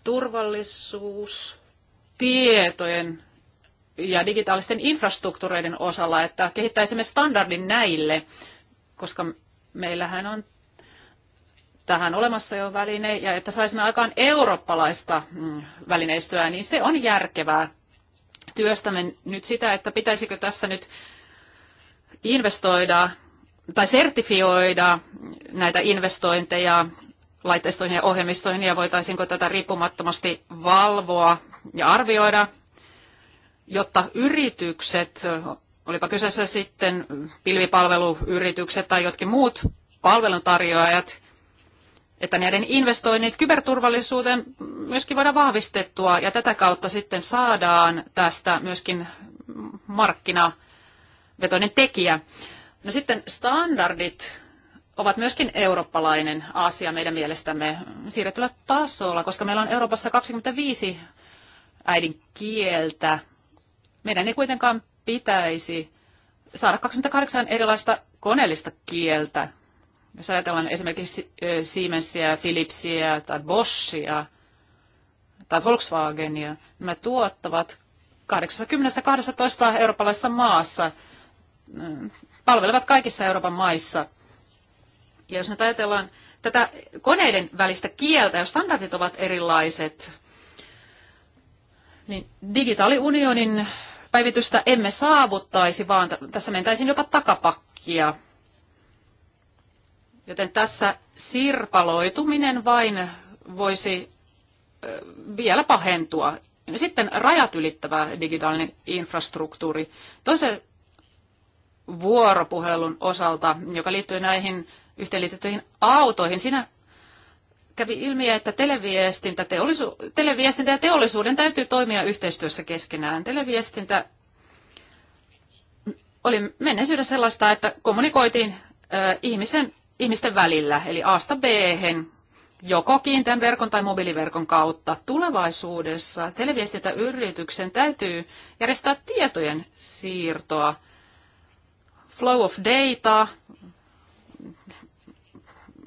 Turvallisuus tietojen ja digitaalisten infrastruktuureiden osalla, että kehittäisimme standardin näille, koska meillähän on tähän olemassa jo väline, ja että saisimme aikaan eurooppalaista mm, välineistöä, niin se on järkevää. Työstämme nyt sitä, että pitäisikö tässä nyt investoida tai sertifioida näitä investointeja laitteistoihin ja ohjelmistoihin ja voitaisiinko tätä riippumattomasti valvoa ja arvioida, jotta yritykset, olipa kyseessä sitten pilvipalveluyritykset tai jotkin muut palveluntarjoajat, että näiden investoinnit kyberturvallisuuteen myöskin voidaan vahvistettua ja tätä kautta sitten saadaan tästä myöskin markkinavetoinen tekijä. No sitten standardit ovat myöskin eurooppalainen asia meidän mielestämme siirrettyllä tasolla, koska meillä on Euroopassa 25 äidinkieltä. Meidän ei kuitenkaan pitäisi saada 28 erilaista koneellista kieltä. Jos ajatellaan esimerkiksi Siemensia, Philipsia tai Boschia tai Volkswagenia, nämä tuottavat 80-12 eurooppalaisessa maassa palvelevat kaikissa Euroopan maissa. Ja jos nyt ajatellaan tätä koneiden välistä kieltä, jos standardit ovat erilaiset, niin digitaaliunionin päivitystä emme saavuttaisi, vaan tässä mentäisiin jopa takapakkia. Joten tässä sirpaloituminen vain voisi vielä pahentua. Sitten rajat ylittävä digitaalinen infrastruktuuri. Toise, vuoropuhelun osalta, joka liittyy näihin yhteenliitettyihin autoihin. Siinä kävi ilmi, että televiestintä, teollisu, televiestintä ja teollisuuden täytyy toimia yhteistyössä keskenään. Televiestintä oli menneisyydessä sellaista, että kommunikoitiin ö, ihmisen, ihmisten välillä, eli A-sta b joko kiinteän verkon tai mobiiliverkon kautta. Tulevaisuudessa televiestintäyrityksen täytyy järjestää tietojen siirtoa – flow of data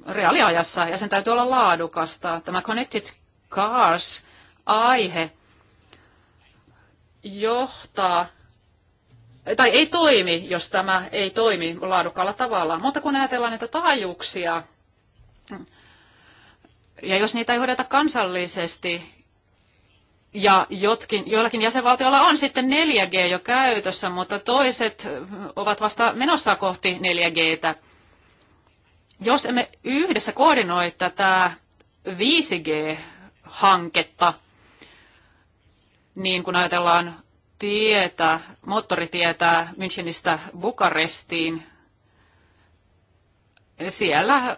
reaaliajassa ja sen täytyy olla laadukasta. Tämä Connected Cars-aihe johtaa tai ei toimi, jos tämä ei toimi laadukkaalla tavalla. Mutta kun ajatellaan näitä taajuuksia, ja jos niitä ei hoideta kansallisesti, ja jotkin, joillakin jäsenvaltioilla on sitten 4G jo käytössä, mutta toiset ovat vasta menossa kohti 4Gtä. Jos emme yhdessä koordinoi tätä 5G-hanketta, niin kun ajatellaan tietä, moottoritietä Münchenistä Bukarestiin, siellä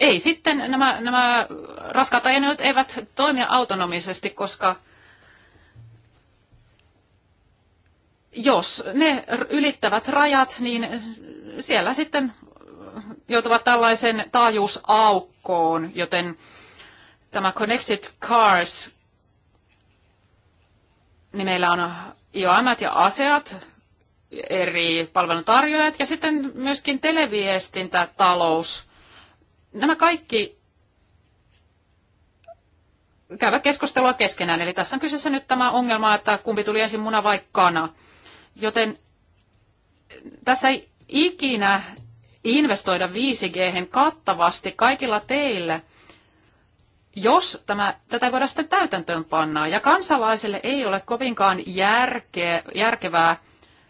ei sitten nämä, nämä raskaat ajoneuvot eivät toimia autonomisesti, koska jos ne ylittävät rajat, niin siellä sitten joutuvat tällaisen taajuusaukkoon, joten tämä Connected Cars, niin meillä on IOM ja aseat, eri palveluntarjoajat ja sitten myöskin televiestintätalous Nämä kaikki käyvät keskustelua keskenään. Eli tässä on kyseessä nyt tämä ongelma, että kumpi tuli ensin muna vai kana. Joten tässä ei ikinä investoida 5G kattavasti kaikilla teillä, jos tämä, tätä ei voida sitten täytäntöön pannaa. Ja kansalaiselle ei ole kovinkaan järkeä, järkevää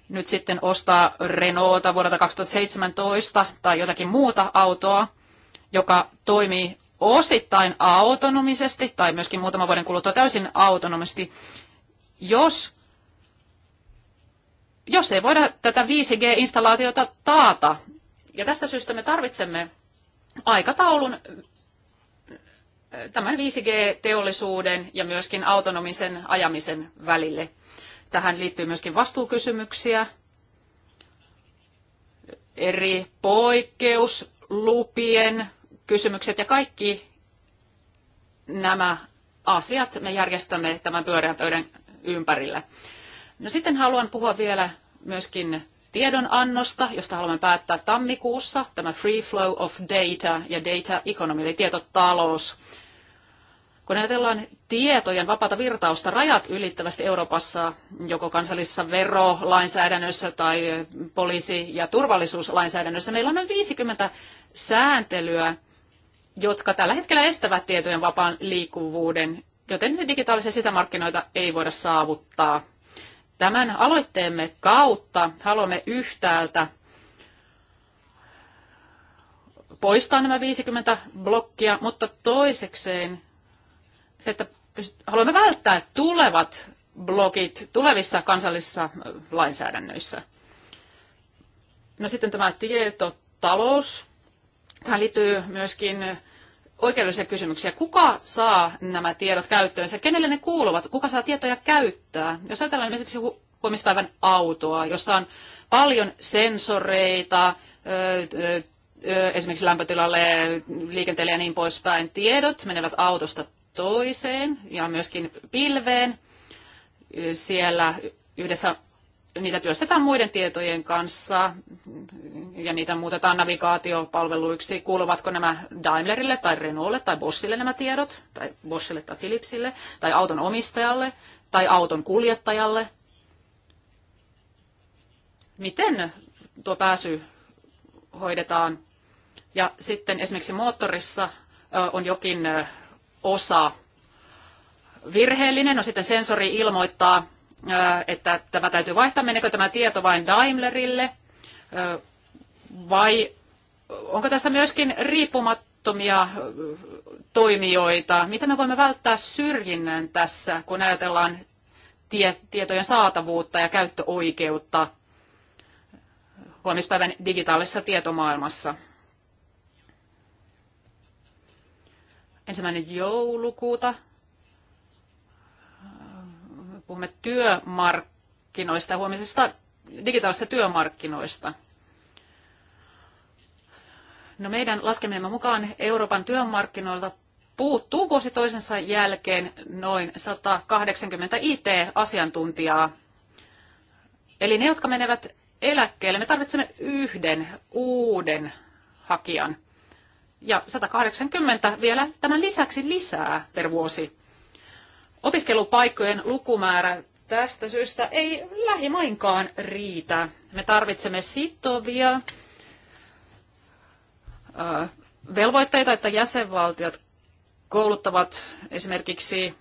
nyt sitten ostaa Renaulta vuodelta 2017 tai jotakin muuta autoa, joka toimii osittain autonomisesti tai myöskin muutaman vuoden kuluttua täysin autonomisesti, jos, jos ei voida tätä 5G-installaatiota taata. Ja tästä syystä me tarvitsemme aikataulun tämän 5G-teollisuuden ja myöskin autonomisen ajamisen välille. Tähän liittyy myöskin vastuukysymyksiä, eri poikkeuslupien kysymykset ja kaikki nämä asiat me järjestämme tämän pyöreän pöydän ympärillä. No sitten haluan puhua vielä myöskin tiedonannosta, josta haluamme päättää tammikuussa, tämä Free Flow of Data ja Data Economy, eli tietotalous. Kun ajatellaan tietojen vapaata virtausta rajat ylittävästi Euroopassa, joko kansallisessa verolainsäädännössä tai poliisi- ja turvallisuuslainsäädännössä, meillä on noin 50 sääntelyä, jotka tällä hetkellä estävät tietojen vapaan liikkuvuuden, joten digitaalisia sisämarkkinoita ei voida saavuttaa. Tämän aloitteemme kautta haluamme yhtäältä poistaa nämä 50 blokkia, mutta toisekseen se, että haluamme välttää tulevat blokit tulevissa kansallisissa äh, lainsäädännöissä. No sitten tämä tietotalous. Tähän liittyy myöskin oikeudellisia kysymyksiä. Kuka saa nämä tiedot käyttöönsä? Kenelle ne kuuluvat? Kuka saa tietoja käyttää? Jos ajatellaan esimerkiksi huomispäivän autoa, jossa on paljon sensoreita, esimerkiksi lämpötilalle, liikenteelle ja niin poispäin, tiedot menevät autosta toiseen ja myöskin pilveen. Siellä yhdessä niitä työstetään muiden tietojen kanssa ja niitä muutetaan navigaatiopalveluiksi. Kuuluvatko nämä Daimlerille tai Renaultille tai Bossille nämä tiedot, tai Bossille tai Philipsille, tai auton omistajalle, tai auton kuljettajalle? Miten tuo pääsy hoidetaan? Ja sitten esimerkiksi moottorissa on jokin osa virheellinen, no sitten sensori ilmoittaa että tämä täytyy vaihtaa, menekö tämä tieto vain Daimlerille vai onko tässä myöskin riippumattomia toimijoita? Mitä me voimme välttää syrjinnän tässä, kun ajatellaan tietojen saatavuutta ja käyttöoikeutta huomispäivän digitaalisessa tietomaailmassa? Ensimmäinen joulukuuta puhumme työmarkkinoista, huomisesta digitaalisista työmarkkinoista. No meidän laskemiemme mukaan Euroopan työmarkkinoilta puuttuu vuosi toisensa jälkeen noin 180 IT-asiantuntijaa. Eli ne, jotka menevät eläkkeelle, me tarvitsemme yhden uuden hakijan. Ja 180 vielä tämän lisäksi lisää per vuosi. Opiskelupaikkojen lukumäärä tästä syystä ei lähimainkaan riitä. Me tarvitsemme sitovia velvoitteita, että jäsenvaltiot kouluttavat esimerkiksi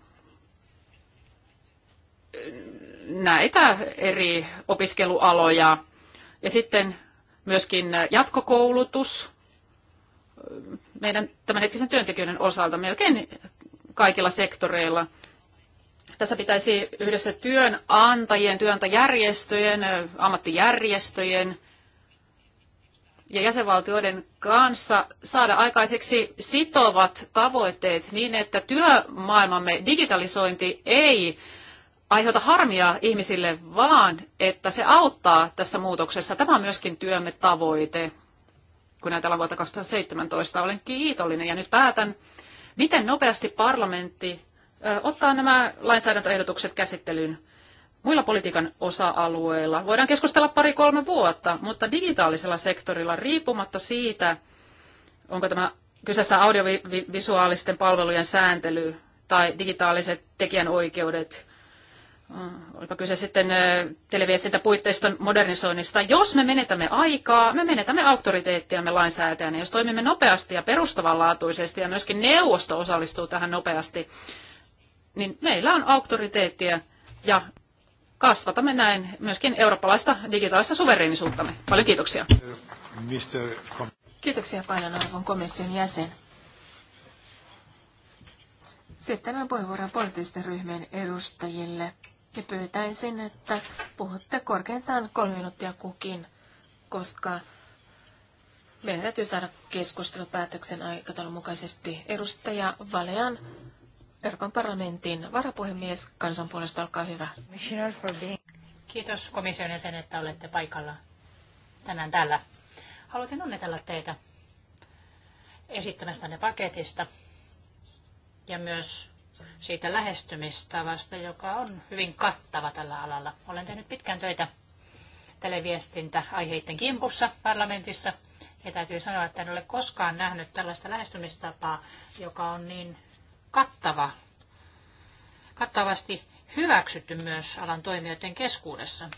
näitä eri opiskelualoja ja sitten myöskin jatkokoulutus meidän tämän työntekijöiden osalta melkein kaikilla sektoreilla – tässä pitäisi yhdessä työnantajien, työnantajärjestöjen, ammattijärjestöjen ja jäsenvaltioiden kanssa saada aikaiseksi sitovat tavoitteet niin, että työmaailmamme digitalisointi ei aiheuta harmia ihmisille, vaan että se auttaa tässä muutoksessa. Tämä on myöskin työmme tavoite, kun ajatellaan vuotta 2017. Olen kiitollinen ja nyt päätän, miten nopeasti parlamentti ottaa nämä lainsäädäntöehdotukset käsittelyyn muilla politiikan osa-alueilla. Voidaan keskustella pari-kolme vuotta, mutta digitaalisella sektorilla riippumatta siitä, onko tämä kyseessä audiovisuaalisten palvelujen sääntely tai digitaaliset tekijänoikeudet, olipa kyse sitten televiestintäpuitteiston modernisoinnista. Jos me menetämme aikaa, me menetämme auktoriteettiamme lainsäätäjänä. Jos toimimme nopeasti ja perustavanlaatuisesti ja myöskin neuvosto osallistuu tähän nopeasti, niin meillä on auktoriteettia ja kasvatamme näin myöskin eurooppalaista digitaalista suvereenisuuttamme. Paljon kiitoksia. Kiitoksia paljon arvon komission jäsen. Sitten on puheenvuoro poliittisten ryhmien edustajille ja pyytäisin, että puhutte korkeintaan kolme minuuttia kukin, koska meidän täytyy saada keskustelupäätöksen päätöksen aikataulun mukaisesti. Edustaja Valean Euroopan parlamentin varapuhemies kansan puolesta, olkaa hyvä. Kiitos komission jäsen, että olette paikalla tänään täällä. Haluaisin onnitella teitä esittämästänne paketista ja myös siitä lähestymistavasta, joka on hyvin kattava tällä alalla. Olen tehnyt pitkään töitä televiestintä aiheiden kimpussa parlamentissa ja täytyy sanoa, että en ole koskaan nähnyt tällaista lähestymistapaa, joka on niin kattava, kattavasti hyväksytty myös alan toimijoiden keskuudessa.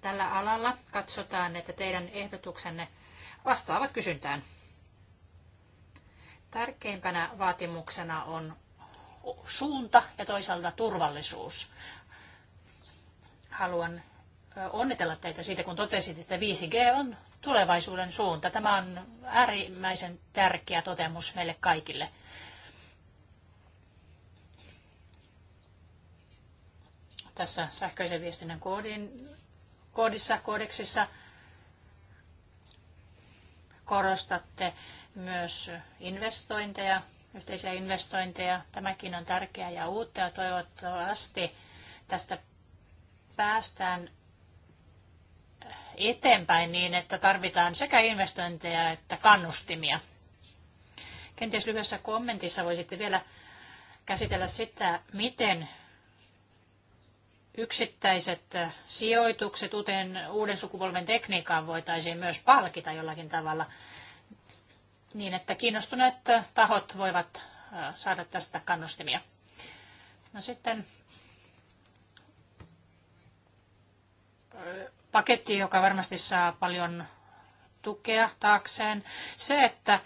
Tällä alalla katsotaan, että teidän ehdotuksenne vastaavat kysyntään. Tärkeimpänä vaatimuksena on suunta ja toisaalta turvallisuus. Haluan onnitella teitä siitä, kun totesit, että 5G on tulevaisuuden suunta. Tämä on äärimmäisen tärkeä totemus meille kaikille. Tässä sähköisen viestinnän koodin, koodissa, koodeksissa korostatte myös investointeja, yhteisiä investointeja. Tämäkin on tärkeää ja uutta ja toivottavasti tästä päästään eteenpäin niin, että tarvitaan sekä investointeja että kannustimia. Kenties lyhyessä kommentissa voisitte vielä käsitellä sitä, miten yksittäiset sijoitukset uuteen, uuden sukupolven tekniikkaan voitaisiin myös palkita jollakin tavalla niin, että kiinnostuneet tahot voivat saada tästä kannustimia. No sitten paketti, joka varmasti saa paljon tukea taakseen. Se, että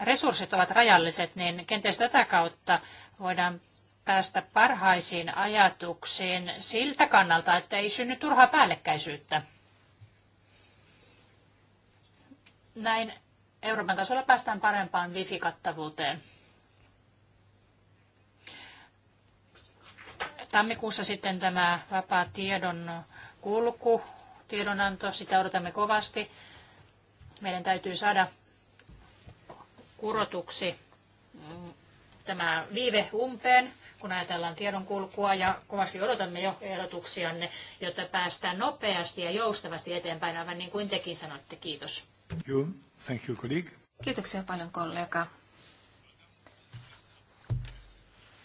resurssit ovat rajalliset, niin kenties tätä kautta voidaan päästä parhaisiin ajatuksiin siltä kannalta, että ei synny turhaa päällekkäisyyttä. Näin Euroopan tasolla päästään parempaan wifi-kattavuuteen. Tammikuussa sitten tämä vapaa tiedon kulku, tiedonanto, sitä odotamme kovasti. Meidän täytyy saada kurotuksi mm, tämä viive umpeen, kun ajatellaan tiedonkulkua ja kovasti odotamme jo ehdotuksianne, jotta päästään nopeasti ja joustavasti eteenpäin, aivan niin kuin tekin sanoitte. Kiitos. Thank you, colleague. Kiitoksia paljon kollega.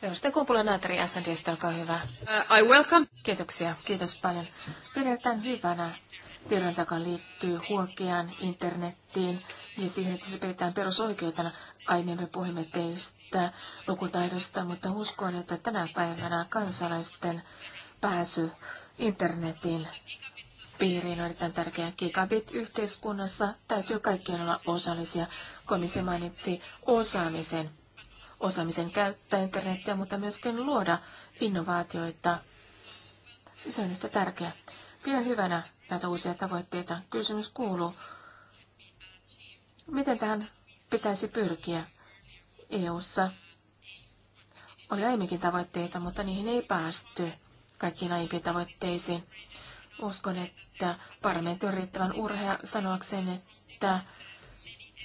Edustaja Kumpula Naatari SNDstä, olkaa hyvä. Uh, I welcome. Kiitoksia, kiitos paljon. Pidetään hyvänä tiedon takaa liittyy huokeaan internettiin ja siihen, että se pidetään perusoikeutena. Aiemmin me puhuimme teistä lukutaidosta, mutta uskon, että tänä päivänä kansalaisten pääsy internetin piiriin on erittäin tärkeä. Gigabit-yhteiskunnassa täytyy kaikkien olla osallisia. Komissio mainitsi osaamisen osaamisen käyttää internetiä, mutta myöskin luoda innovaatioita. Se on yhtä tärkeää. Pidän hyvänä näitä uusia tavoitteita. Kysymys kuuluu, miten tähän pitäisi pyrkiä EU-ssa? Oli aiemminkin tavoitteita, mutta niihin ei päästy kaikkiin aiempiin tavoitteisiin. Uskon, että parlamentti on riittävän urhea sanoakseen, että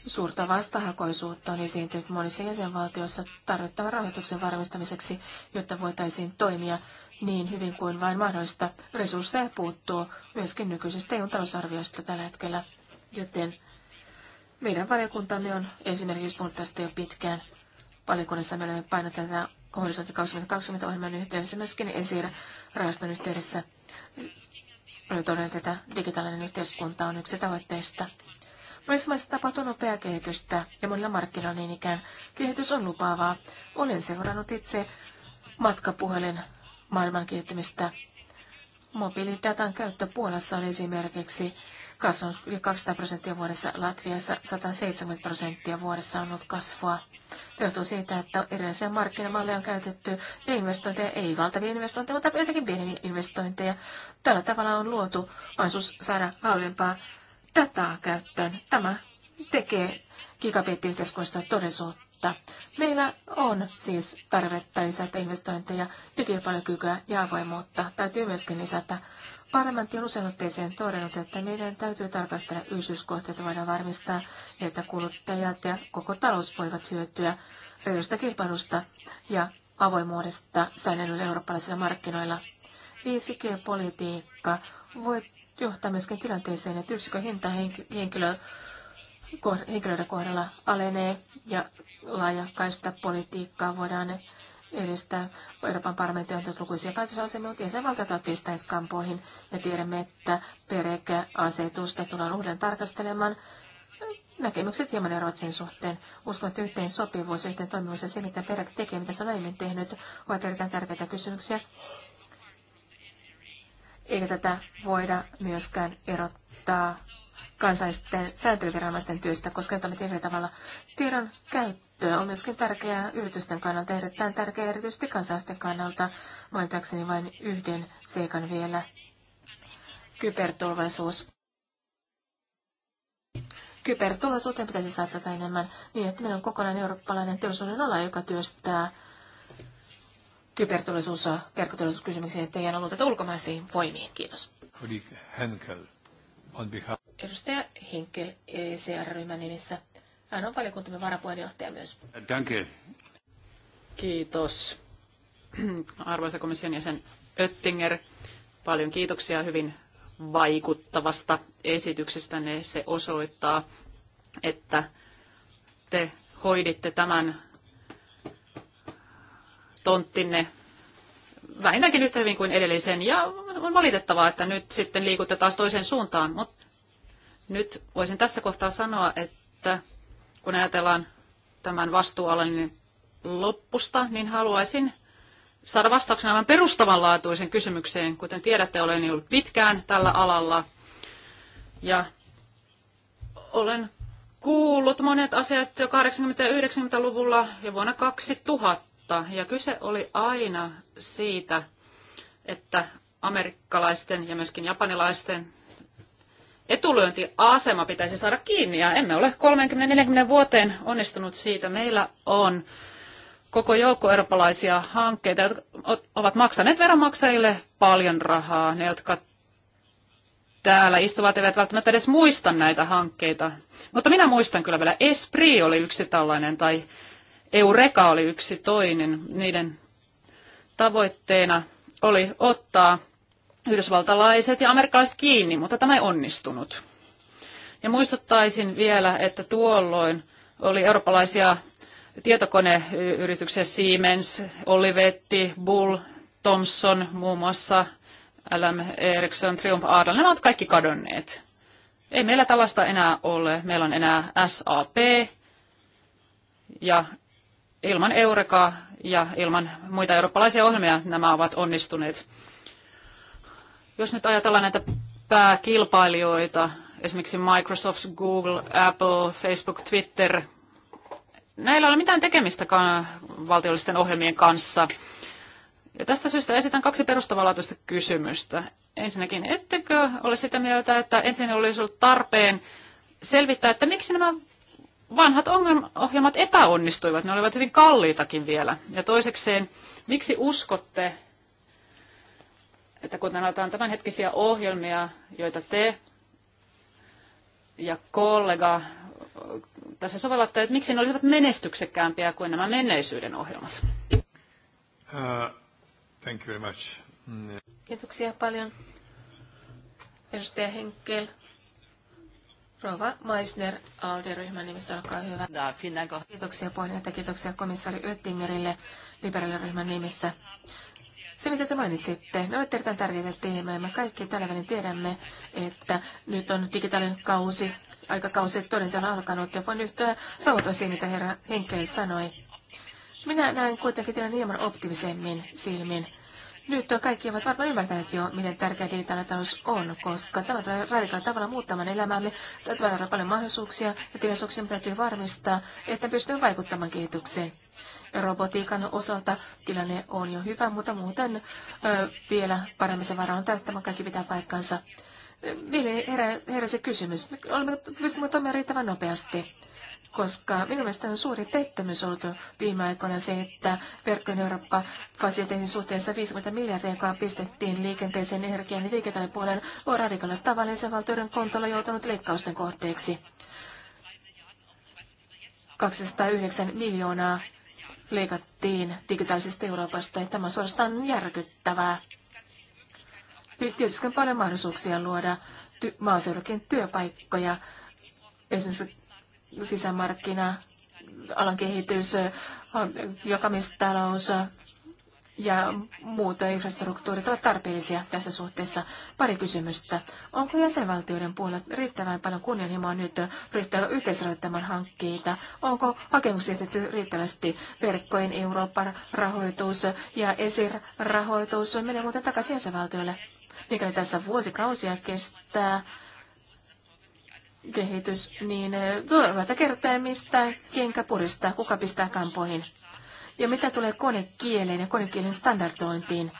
Suurta vastahakoisuutta on esiintynyt monissa jäsenvaltioissa tarvittavan rahoituksen varmistamiseksi, jotta voitaisiin toimia niin hyvin kuin vain mahdollista. Resursseja puuttuu myöskin nykyisestä eu talousarviosta tällä hetkellä, joten meidän valiokuntamme on esimerkiksi puhunut tästä jo pitkään. Valiokunnassa me olemme tätä horisontti 2020 ohjelman yhteydessä, myöskin ESIR-rahaston yhteydessä. Olemme todenneet, että digitaalinen yhteiskunta on yksi tavoitteista. Monissa tapahtuu nopeaa kehitystä ja monilla markkinoilla niin ikään kehitys on lupaavaa. Olen seurannut itse matkapuhelin maailman kehittymistä. Mobiilidatan käyttö Puolassa oli esimerkiksi kasvanut yli 200 prosenttia vuodessa, Latviassa 170 prosenttia vuodessa on ollut kasvua. Johtuu siitä, että erilaisia markkinamalleja on käytetty ja investointeja, ei valtavia investointeja, mutta jotenkin pieniä investointeja. Tällä tavalla on luotu mahdollisuus saada halvempaa dataa käyttöön. Tämä tekee gigabiittiyhteiskunnasta todellisuutta. Meillä on siis tarvetta lisätä investointeja ja ja avoimuutta. Täytyy myöskin lisätä. Parlamentti on usein otteeseen todennut, että meidän täytyy tarkastella että voidaan varmistaa, että kuluttajat ja koko talous voivat hyötyä reilusta kilpailusta ja avoimuudesta säännellyillä eurooppalaisilla markkinoilla. 5G-politiikka voi johtaa myöskin tilanteeseen, että yksikön hinta henkilö, henkilöiden kohdalla alenee ja laajakaista politiikkaa voidaan edistää. Euroopan parlamentti on lukuisia päätösasemia, mutta jäsenvaltiot ovat pistäneet kampoihin ja tiedämme, että perekäasetusta tullaan uuden tarkastelemaan. Näkemykset hieman eroavat sen suhteen. Uskon, että yhteen sopivuus, yhteen toimivuus ja se, mitä perä tekee, mitä se on aiemmin tehnyt, ovat erittäin tärkeitä kysymyksiä eikä tätä voida myöskään erottaa kansallisten sääntelyviranomaisten työstä, koska tämä tietyllä tavalla tiedon käyttö on myöskin tärkeää yritysten kannalta, erittäin tärkeää erityisesti kansalaisten kannalta, mainitakseni vain yhden seikan vielä, kyberturvallisuus. Kyberturvallisuuteen pitäisi satsata enemmän niin, että meillä on kokonainen eurooppalainen teollisuuden ala, joka työstää kyberturvallisuus- ja verkkoturvallisuuskysymyksiin, ettei jää luoteta ulkomaisiin voimiin. Kiitos. Henkel, on behalf... Edustaja Henkel ECR-ryhmän nimissä. Hän on valiokuntamme varapuheenjohtaja myös. Danke. Kiitos. Arvoisa komission jäsen Öttinger, paljon kiitoksia hyvin vaikuttavasta esityksestänne. Se osoittaa, että te hoiditte tämän tonttinne vähintäänkin yhtä hyvin kuin edellisen. Ja on valitettavaa, että nyt sitten liikutte taas toiseen suuntaan. Mutta nyt voisin tässä kohtaa sanoa, että kun ajatellaan tämän vastuualan loppusta, niin haluaisin saada vastauksen aivan perustavanlaatuisen kysymykseen. Kuten tiedätte, olen ollut pitkään tällä alalla ja olen kuullut monet asiat jo 80- ja 90-luvulla ja vuonna 2000 kautta. Ja kyse oli aina siitä, että amerikkalaisten ja myöskin japanilaisten etulyöntiasema pitäisi saada kiinni. Ja emme ole 30-40 vuoteen onnistunut siitä. Meillä on koko joukko eurooppalaisia hankkeita, jotka ovat maksaneet veronmaksajille paljon rahaa. Ne, jotka täällä istuvat, eivät välttämättä edes muista näitä hankkeita. Mutta minä muistan kyllä vielä, Esprit oli yksi tällainen, tai eu oli yksi toinen. Niiden tavoitteena oli ottaa yhdysvaltalaiset ja amerikkalaiset kiinni, mutta tämä ei onnistunut. Ja muistuttaisin vielä, että tuolloin oli eurooppalaisia tietokoneyrityksiä Siemens, Olivetti, Bull, Thomson muun muassa, LM Ericsson, Triumph Adel, nämä ovat kaikki kadonneet. Ei meillä tällaista enää ole. Meillä on enää SAP ja ilman Eurekaa ja ilman muita eurooppalaisia ohjelmia nämä ovat onnistuneet. Jos nyt ajatellaan näitä pääkilpailijoita, esimerkiksi Microsoft, Google, Apple, Facebook, Twitter, näillä ei ole mitään tekemistä valtiollisten ohjelmien kanssa. Ja tästä syystä esitän kaksi perustavanlaatuista kysymystä. Ensinnäkin, ettekö ole sitä mieltä, että ensin olisi ollut tarpeen selvittää, että miksi nämä vanhat ohjelmat epäonnistuivat, ne olivat hyvin kalliitakin vielä. Ja toisekseen, miksi uskotte, että kun otetaan tämänhetkisiä ohjelmia, joita te ja kollega tässä sovellatte, että miksi ne olisivat menestyksekkäämpiä kuin nämä menneisyyden ohjelmat? Uh, thank you very much. Mm. Kiitoksia paljon. Edustaja Henkel. Rova Meisner ALDE-ryhmän nimissä, olkaa hyvä. Kiitoksia puheenjohtaja, kiitoksia komissaari Oettingerille liberaaliryhmän nimissä. Se, mitä te mainitsitte, ne ovat erittäin tärkeitä teemoja. Me kaikki tällä välin tiedämme, että nyt on digitaalinen kausi, aikakausi todennäköisesti on alkanut ja voin yhtyä savutavasti mitä herra Henkel sanoi. Minä näen kuitenkin teidän hieman optimisemmin silmin. Nyt kaikki ovat varmaan ymmärtäneet jo, miten tärkeä digitaalitalous on, koska tämä tulee radikaalilla tavalla muuttamaan elämäämme. Tämä on paljon mahdollisuuksia ja tilaisuuksia, täytyy varmistaa, että pystyy vaikuttamaan kehitykseen. Robotiikan osalta tilanne on jo hyvä, mutta muuten ö, vielä paremmin varaa on täyttämään kaikki pitää paikkansa. Mieli herää, kysymys, olemme pystymme toimimaan riittävän nopeasti koska minun mielestäni on suuri pettymys ollut viime aikoina se, että verkkojen Eurooppa fasiliteetin suhteessa 50 miljardia, joka pistettiin liikenteeseen energian ja liikenteen puolen, on radikalle tavallisen valtioiden kontolla joutunut leikkausten kohteeksi. 209 miljoonaa leikattiin digitaalisesta Euroopasta, ja tämä on suorastaan järkyttävää. Nyt tietysti on paljon mahdollisuuksia luoda ty- maaseudukin työpaikkoja, esimerkiksi sisämarkkina, alan kehitys, jakamistalous ja muut infrastruktuurit ovat tarpeellisia tässä suhteessa. Pari kysymystä. Onko jäsenvaltioiden puolella riittävän paljon kunnianhimoa nyt ryhtyä yhteisrahoittamaan hankkeita? Onko hakemus jätetty riittävästi verkkojen Euroopan rahoitus ja ESIR-rahoitus menee muuten takaisin jäsenvaltioille? Mikäli tässä vuosikausia kestää, kehitys, niin eh, tulevalta kertaa, mistä kenkä puristaa, kuka pistää kampoihin. Ja mitä tulee konekieleen ja konekielen standardointiin,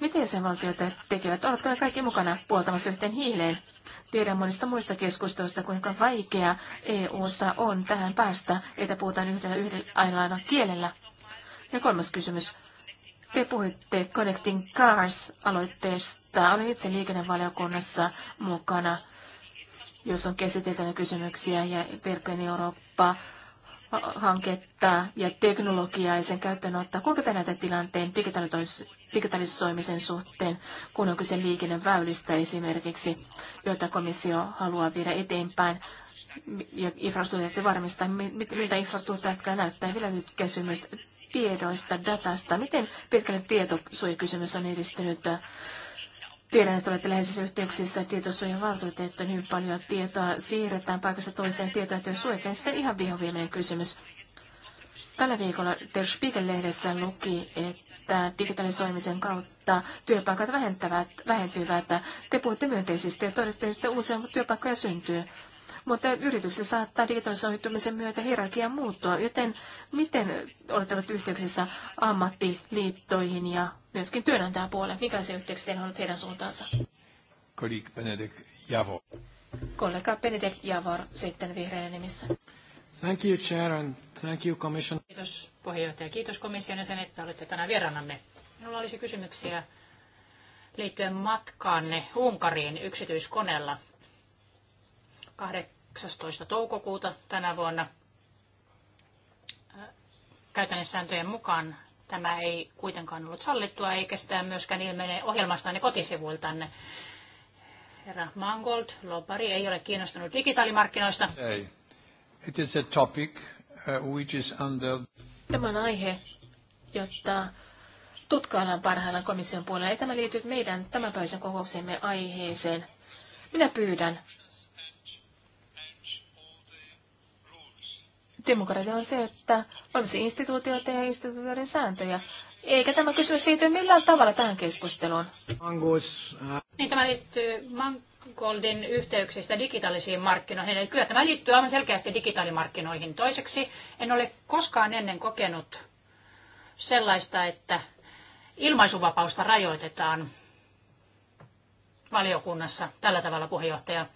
miten sen valtioita tekevät? Oletko ne kaikki mukana puoltamassa yhteen hiileen? Tiedän monista muista keskustelusta kuinka vaikea EU:ssa on tähän päästä, että puhutaan yhdellä, yhdellä ainoana kielellä. Ja kolmas kysymys. Te puhuitte Connecting Cars-aloitteesta. Olen itse liikennevaliokunnassa mukana jos on käsiteltävä kysymyksiä ja verkkojen Eurooppa hanketta ja teknologiaa ja sen käyttöönottoa. Kuinka te näitä tilanteen digitalisoimisen suhteen, kun on kyse liikenneväylistä esimerkiksi, joita komissio haluaa viedä eteenpäin ja infrastruktuurit varmistaa, miltä infrastruktuurit näyttää. Vielä nyt kysymys tiedoista, datasta. Miten pitkälle tietosuojakysymys on edistynyt Tiedän, että olette läheisissä yhteyksissä että niin paljon tietoa siirretään paikasta toiseen tietoa, että suojataan niin sitten ihan vihoviimeinen kysymys. Tällä viikolla Der Spiegel-lehdessä luki, että digitalisoimisen kautta työpaikat vähentävät, vähentyvät. Te puhutte myönteisesti ja todette, että uusia työpaikkoja syntyy mutta yrityksessä saattaa digitalisoitumisen myötä hierarkia muuttua, joten miten olette olleet yhteyksissä ammattiliittoihin ja myöskin Mikä se yhteyksiä teillä on ollut heidän suuntaansa? Kolik Benedek Javor. Kollega Benedek Javor sitten vihreän nimissä. Thank you, Chair, and thank you, Commission. Kiitos puheenjohtaja. Kiitos komission jäsen, että olette tänään vierannamme. Minulla olisi kysymyksiä liittyen matkaanne Unkariin yksityiskoneella. 18. toukokuuta tänä vuonna. Käytännössääntöjen mukaan tämä ei kuitenkaan ollut sallittua, eikä sitä myöskään ilmene ohjelmastanne kotisivuiltanne. Herra Mangold, Lopari ei ole kiinnostunut digitaalimarkkinoista. Ei. It is a topic uh, which is under... Tämä on aihe, jotta tutkaillaan parhaillaan komission puolella. Ei tämä liity meidän tämänpäiväisen kokouksemme aiheeseen. Minä pyydän, Demokratia on se, että on se instituutioita ja instituutioiden sääntöjä. Eikä tämä kysymys liity millään tavalla tähän keskusteluun. äh. Niin tämä liittyy Mangoldin yhteyksistä digitaalisiin markkinoihin. Eli kyllä tämä liittyy aivan selkeästi digitaalimarkkinoihin. Toiseksi en ole koskaan ennen kokenut sellaista, että ilmaisuvapausta rajoitetaan valiokunnassa tällä tavalla puheenjohtaja.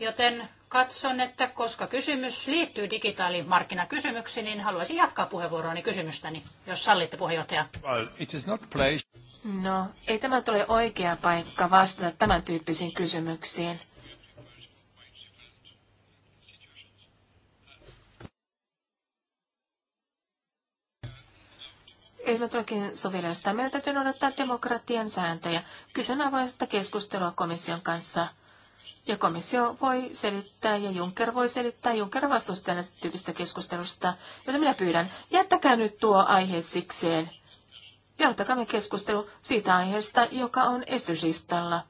Joten katson, että koska kysymys liittyy digitaalimarkkinakysymyksiin, niin haluaisin jatkaa puheenvuoroani kysymystäni, jos sallitte puheenjohtaja. Well, it is not place. No, ei tämä ole oikea paikka vastata tämän tyyppisiin kysymyksiin. Ei me oikein sovellista. Meidän täytyy noudattaa demokratian sääntöjä. Kysyn avoimesta keskustelua komission kanssa – ja komissio voi selittää ja Juncker voi selittää. Juncker vastustaa tästä tyyppistä keskustelusta, joten minä pyydän, jättäkää nyt tuo aihe sikseen. Ja me keskustelu siitä aiheesta, joka on estyslistalla.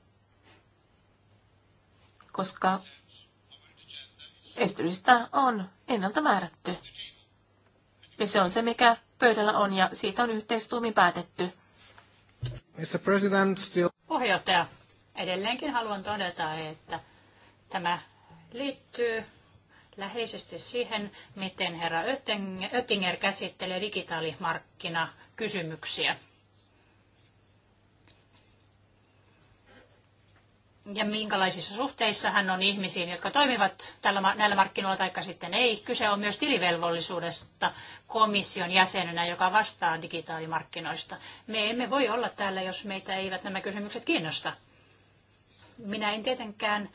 Koska estyslista on ennalta määrätty. Ja se on se, mikä pöydällä on, ja siitä on yhteistuumi päätetty. Mr. President, still... Puheenjohtaja, Edelleenkin haluan todeta, että tämä liittyy läheisesti siihen, miten herra Oettinger käsittelee digitaalimarkkinakysymyksiä. Ja minkälaisissa suhteissa hän on ihmisiin, jotka toimivat tällä, näillä markkinoilla tai sitten ei. Kyse on myös tilivelvollisuudesta komission jäsenenä, joka vastaa digitaalimarkkinoista. Me emme voi olla täällä, jos meitä eivät nämä kysymykset kiinnosta. Minä en tietenkään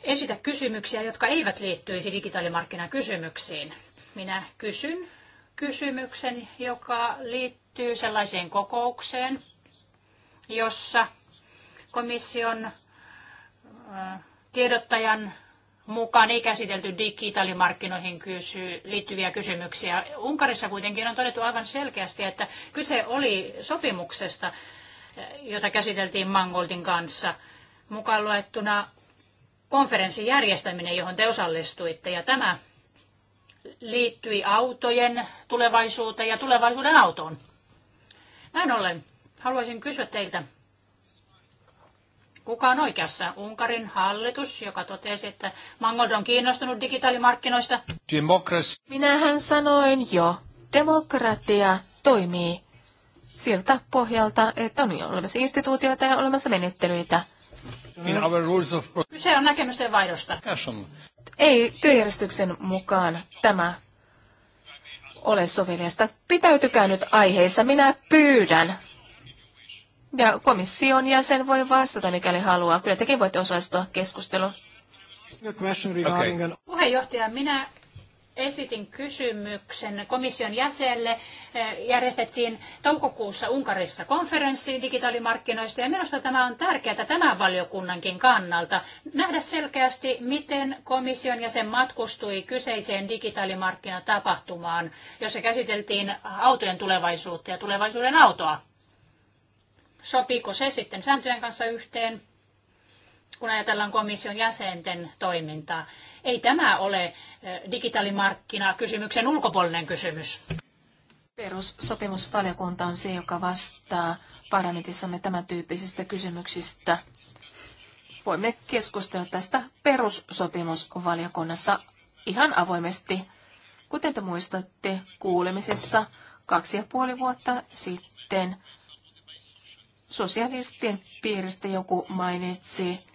esitä kysymyksiä, jotka eivät liittyisi digitaalimarkkinakysymyksiin. Minä kysyn kysymyksen, joka liittyy sellaiseen kokoukseen, jossa komission äh, tiedottajan mukaan ei käsitelty digitaalimarkkinoihin kysy- liittyviä kysymyksiä. Unkarissa kuitenkin on todettu aivan selkeästi, että kyse oli sopimuksesta, jota käsiteltiin Mangoldin kanssa, mukaan luettuna konferenssin järjestäminen, johon te osallistuitte. Ja tämä liittyi autojen tulevaisuuteen ja tulevaisuuden autoon. Näin ollen haluaisin kysyä teiltä, kuka on oikeassa? Unkarin hallitus, joka totesi, että Mangold on kiinnostunut digitaalimarkkinoista. Democracy. Minähän sanoin jo, demokratia toimii siltä pohjalta, että on olemassa instituutioita ja olemassa menettelyitä. Kyse on näkemysten vaihdosta. Ei työjärjestyksen mukaan tämä ole sovellista. Pitäytykää nyt aiheessa, minä pyydän. Ja komission jäsen voi vastata, mikäli haluaa. Kyllä tekin voitte osallistua keskusteluun. Okay. Puheenjohtaja, minä esitin kysymyksen komission jäsenelle. Järjestettiin toukokuussa Unkarissa konferenssi digitaalimarkkinoista ja minusta tämä on tärkeää tämän valiokunnankin kannalta nähdä selkeästi, miten komission jäsen matkustui kyseiseen digitaalimarkkinatapahtumaan, jossa käsiteltiin autojen tulevaisuutta ja tulevaisuuden autoa. Sopiiko se sitten sääntöjen kanssa yhteen, kun ajatellaan komission jäsenten toimintaa? Ei tämä ole eh, digitaalimarkkinakysymyksen ulkopuolinen kysymys. Perussopimusvaliokunta on se, joka vastaa parlamentissamme tämän tyyppisistä kysymyksistä. Voimme keskustella tästä perussopimusvaliokunnassa ihan avoimesti. Kuten te muistatte, kuulemisessa kaksi ja puoli vuotta sitten sosialistien piiristä joku mainitsi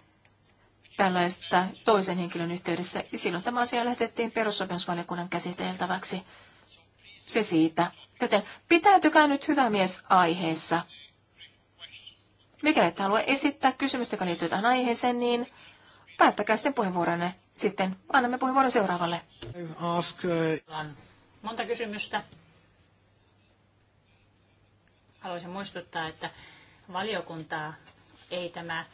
tällaista toisen henkilön yhteydessä. Silloin tämä asia lähetettiin perussopimusvaliokunnan käsiteltäväksi. Se siitä. Joten pitäytykää nyt hyvä mies aiheessa. Mikäli et halua esittää kysymystä, joka liittyy tähän aiheeseen, niin päättäkää sitten puheenvuoronne. Sitten annamme puheenvuoron seuraavalle. Ask, uh, Monta kysymystä. Haluaisin muistuttaa, että valiokuntaa ei tämä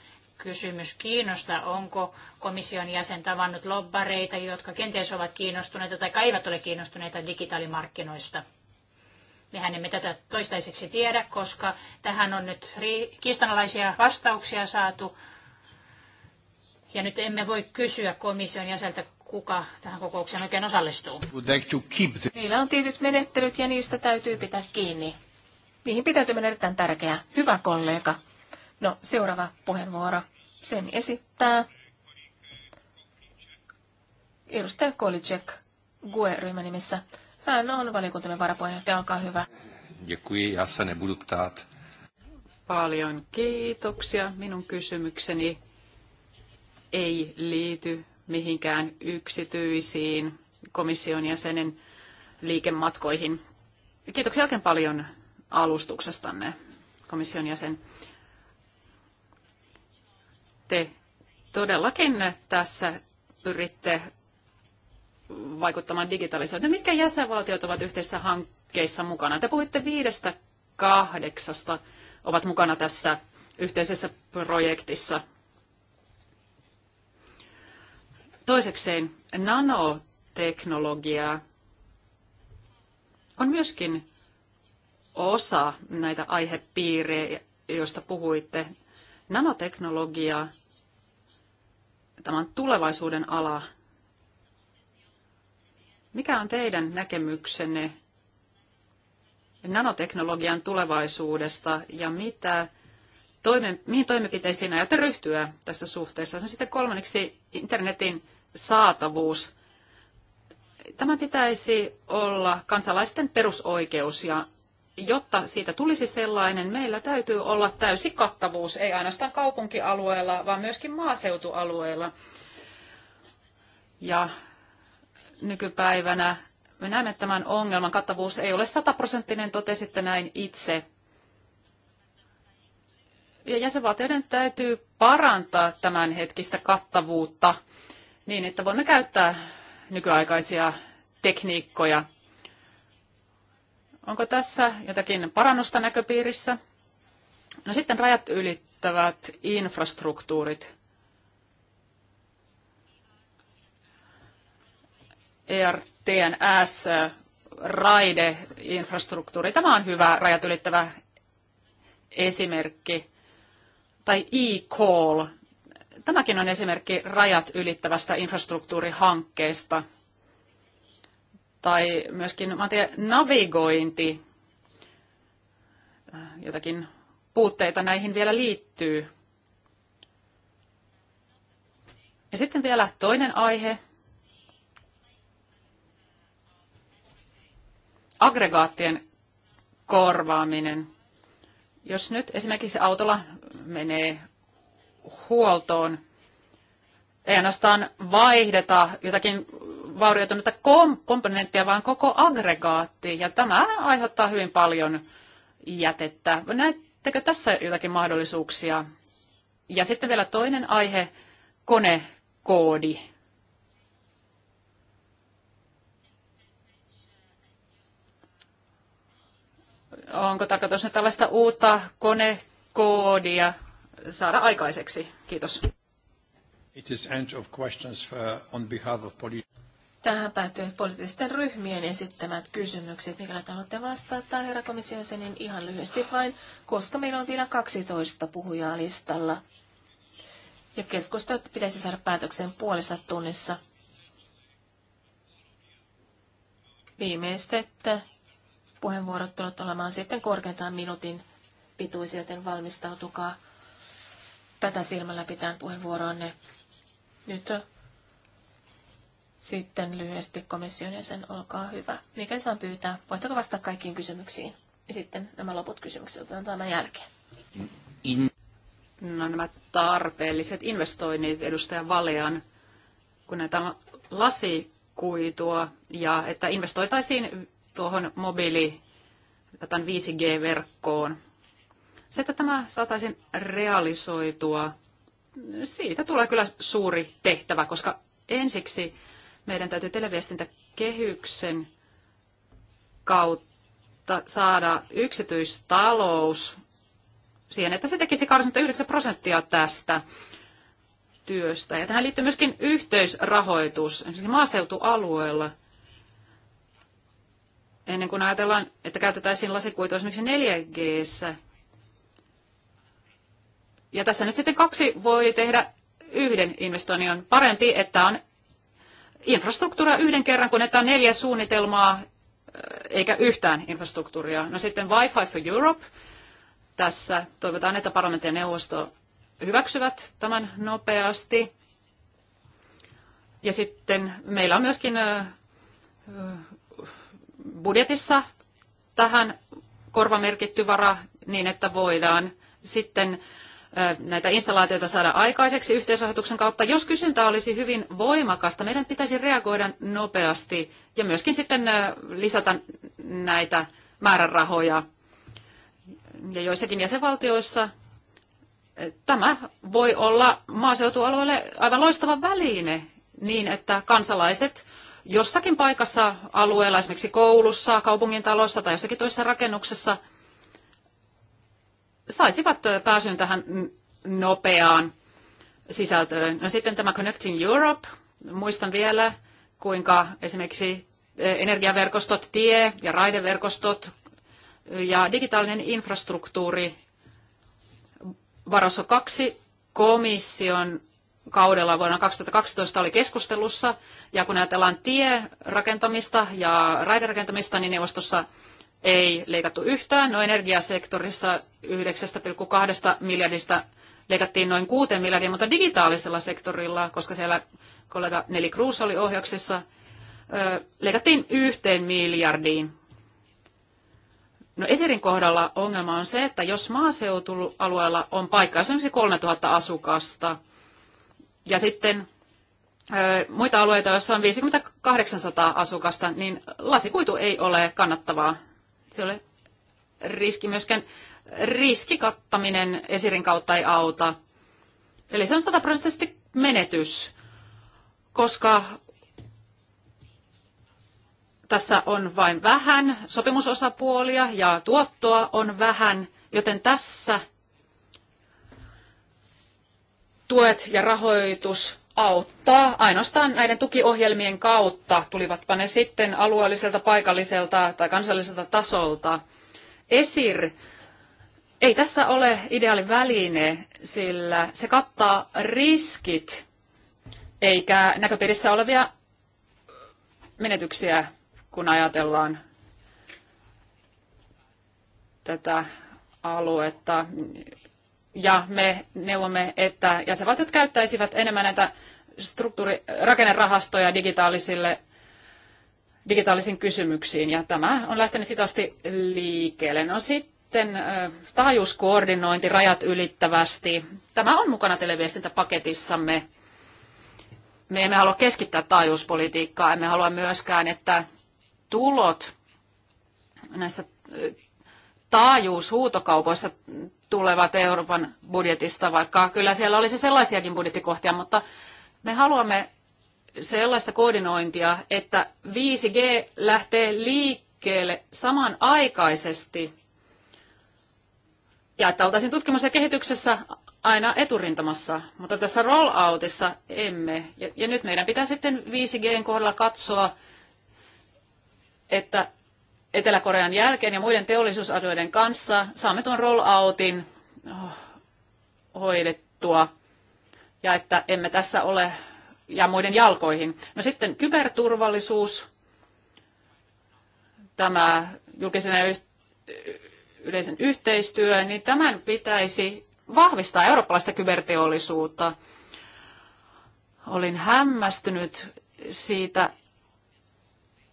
kysymys kiinnosta, Onko komission jäsen tavannut lobbareita, jotka kenties ovat kiinnostuneita tai eivät ole kiinnostuneita digitaalimarkkinoista? Mehän emme tätä toistaiseksi tiedä, koska tähän on nyt kiistanalaisia vastauksia saatu. Ja nyt emme voi kysyä komission jäseltä, kuka tähän kokoukseen oikein osallistuu. Meillä on tietyt menettelyt ja niistä täytyy pitää kiinni. Niihin pitäytyminen on erittäin tärkeää. Hyvä kollega. No, seuraava puheenvuoro. Sen esittää edustaja Kolicek GUE-ryhmän nimissä. Hän on valiokuntamme varapuheenjohtaja, olkaa hyvä. Děkuji, já ne nebudu Paljon kiitoksia. Minun kysymykseni ei liity mihinkään yksityisiin komission jäsenen liikematkoihin. Kiitoksia oikein paljon alustuksestanne, komission jäsen te todellakin tässä pyritte vaikuttamaan digitalisaatioon. Mitkä jäsenvaltiot ovat yhteisissä hankkeissa mukana? Te puhuitte viidestä kahdeksasta ovat mukana tässä yhteisessä projektissa. Toisekseen nanoteknologiaa on myöskin osa näitä aihepiirejä, joista puhuitte. Nanoteknologiaa tämän tulevaisuuden ala. Mikä on teidän näkemyksenne nanoteknologian tulevaisuudesta ja mitä toime, mihin toimenpiteisiin ajatte ryhtyä tässä suhteessa? Sitten kolmanneksi internetin saatavuus. Tämä pitäisi olla kansalaisten perusoikeus ja jotta siitä tulisi sellainen, meillä täytyy olla täysi kattavuus, ei ainoastaan kaupunkialueella, vaan myöskin maaseutualueella. Ja nykypäivänä me näemme tämän ongelman. Kattavuus ei ole sataprosenttinen, totesitte näin itse. Ja jäsenvaltioiden täytyy parantaa tämän hetkistä kattavuutta niin, että voimme käyttää nykyaikaisia tekniikkoja Onko tässä jotakin parannusta näköpiirissä? No sitten rajat ylittävät infrastruktuurit. ERTNS, infrastruktuuri. Tämä on hyvä rajat ylittävä esimerkki. Tai e-call. Tämäkin on esimerkki rajat ylittävästä infrastruktuurihankkeesta – tai myöskin tiedän, navigointi, äh, jotakin puutteita näihin vielä liittyy. Ja sitten vielä toinen aihe, aggregaattien korvaaminen. Jos nyt esimerkiksi autolla menee huoltoon, ei ainoastaan vaihdeta jotakin vaurioitunutta komponenttia, vaan koko aggregaatti. Ja tämä aiheuttaa hyvin paljon jätettä. Näettekö tässä jotakin mahdollisuuksia? Ja sitten vielä toinen aihe, konekoodi. Onko tarkoitus nyt tällaista uutta konekoodia saada aikaiseksi? Kiitos. It is end of questions on behalf of Tähän päättyy poliittisten ryhmien esittämät kysymykset. Mikäli haluatte vastata, herra komission niin ihan lyhyesti vain, koska meillä on vielä 12 puhujaa listalla. Ja keskustelut pitäisi saada päätökseen puolessa tunnissa. Viimeistettä puheenvuorot tulevat olemaan sitten korkeintaan minuutin pituisia, joten valmistautukaa tätä silmällä pitään puheenvuoroonne. Nyt sitten lyhyesti komission jäsen, olkaa hyvä. Mikä saan pyytää, voitteko vastata kaikkiin kysymyksiin? Ja sitten nämä loput kysymykset otetaan tämän jälkeen. In... No nämä tarpeelliset investoinnit, edustaja Valean, kun näitä lasikuitua ja että investoitaisiin tuohon mobiili 5G-verkkoon. Se, että tämä saataisiin realisoitua, siitä tulee kyllä suuri tehtävä, koska ensiksi meidän täytyy televiestintäkehyksen kautta saada yksityistalous siihen, että se tekisi 89 prosenttia tästä työstä. Ja tähän liittyy myöskin yhteisrahoitus, esimerkiksi maaseutualueella. Ennen kuin ajatellaan, että käytetään lasikuitua esimerkiksi 4 g Ja tässä nyt sitten kaksi voi tehdä yhden investoinnin. On parempi, että on infrastruktuuria yhden kerran, kun on neljä suunnitelmaa eikä yhtään infrastruktuuria. No sitten Wi-Fi for Europe. Tässä toivotaan, että parlamentin ja neuvosto hyväksyvät tämän nopeasti. Ja sitten meillä on myöskin budjetissa tähän korvamerkitty vara niin, että voidaan sitten näitä installaatioita saada aikaiseksi yhteisrahoituksen kautta. Jos kysyntä olisi hyvin voimakasta, meidän pitäisi reagoida nopeasti ja myöskin sitten lisätä näitä määrärahoja. Ja joissakin jäsenvaltioissa tämä voi olla maaseutualueelle aivan loistava väline niin, että kansalaiset jossakin paikassa alueella, esimerkiksi koulussa, kaupungin talossa tai jossakin toisessa rakennuksessa – saisivat pääsyn tähän nopeaan sisältöön. No sitten tämä Connecting Europe. Muistan vielä, kuinka esimerkiksi energiaverkostot, tie- ja raideverkostot ja digitaalinen infrastruktuuri varassa kaksi komission kaudella vuonna 2012 oli keskustelussa, ja kun ajatellaan tierakentamista ja raiderakentamista, niin neuvostossa ei leikattu yhtään. No energiasektorissa 9,2 miljardista leikattiin noin 6 miljardia, mutta digitaalisella sektorilla, koska siellä kollega Neli Cruz oli ohjauksessa, leikattiin yhteen miljardiin. No Esirin kohdalla ongelma on se, että jos maaseutualueella on paikka esimerkiksi 3000 asukasta ja sitten muita alueita, joissa on viisikymmentäkahdeksan 800 asukasta, niin lasikuitu ei ole kannattavaa se ole riski myöskään. Riskikattaminen esirin kautta ei auta. Eli se on sataprosenttisesti menetys, koska tässä on vain vähän sopimusosapuolia ja tuottoa on vähän, joten tässä tuet ja rahoitus auttaa ainoastaan näiden tukiohjelmien kautta, tulivatpa ne sitten alueelliselta, paikalliselta tai kansalliselta tasolta. ESIR ei tässä ole ideaali väline, sillä se kattaa riskit eikä näköpiirissä olevia menetyksiä, kun ajatellaan tätä aluetta ja me neuvomme, että jäsenvaltiot käyttäisivät enemmän näitä struktuuri- rakennerahastoja digitaalisille digitaalisiin kysymyksiin, ja tämä on lähtenyt hitaasti liikkeelle. No sitten taajuuskoordinointi rajat ylittävästi. Tämä on mukana televiestintäpaketissamme. Me emme halua keskittää taajuuspolitiikkaa, emme halua myöskään, että tulot näistä taajuushuutokaupoista tulevat Euroopan budjetista, vaikka kyllä siellä olisi sellaisiakin budjettikohtia, mutta me haluamme sellaista koordinointia, että 5G lähtee liikkeelle samanaikaisesti ja että oltaisiin tutkimus- ja kehityksessä aina eturintamassa, mutta tässä rolloutissa emme. Ja, ja nyt meidän pitää sitten 5Gn kohdalla katsoa, että Etelä-Korean jälkeen ja muiden teollisuusalueiden kanssa saamme tuon rolloutin oh, hoidettua ja että emme tässä ole ja muiden jalkoihin. No sitten kyberturvallisuus, tämä julkisen ja yleisen yhteistyö, niin tämän pitäisi vahvistaa eurooppalaista kyberteollisuutta. Olin hämmästynyt siitä,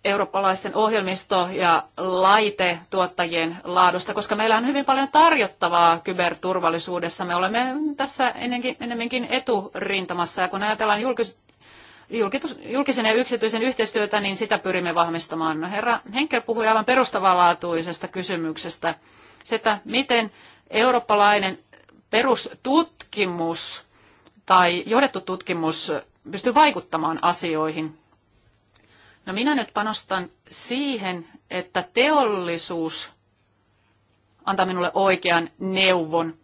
eurooppalaisten ohjelmisto- ja laitetuottajien laadusta, koska meillä on hyvin paljon tarjottavaa kyberturvallisuudessa. Me olemme tässä ennenkin, eturintamassa ja kun ajatellaan julkis, julkis, julkisen ja yksityisen yhteistyötä, niin sitä pyrimme vahvistamaan. No, herra Henkel puhui aivan perustavanlaatuisesta kysymyksestä, että miten eurooppalainen perustutkimus tai johdettu tutkimus pystyy vaikuttamaan asioihin No minä nyt panostan siihen, että teollisuus antaa minulle oikean neuvon.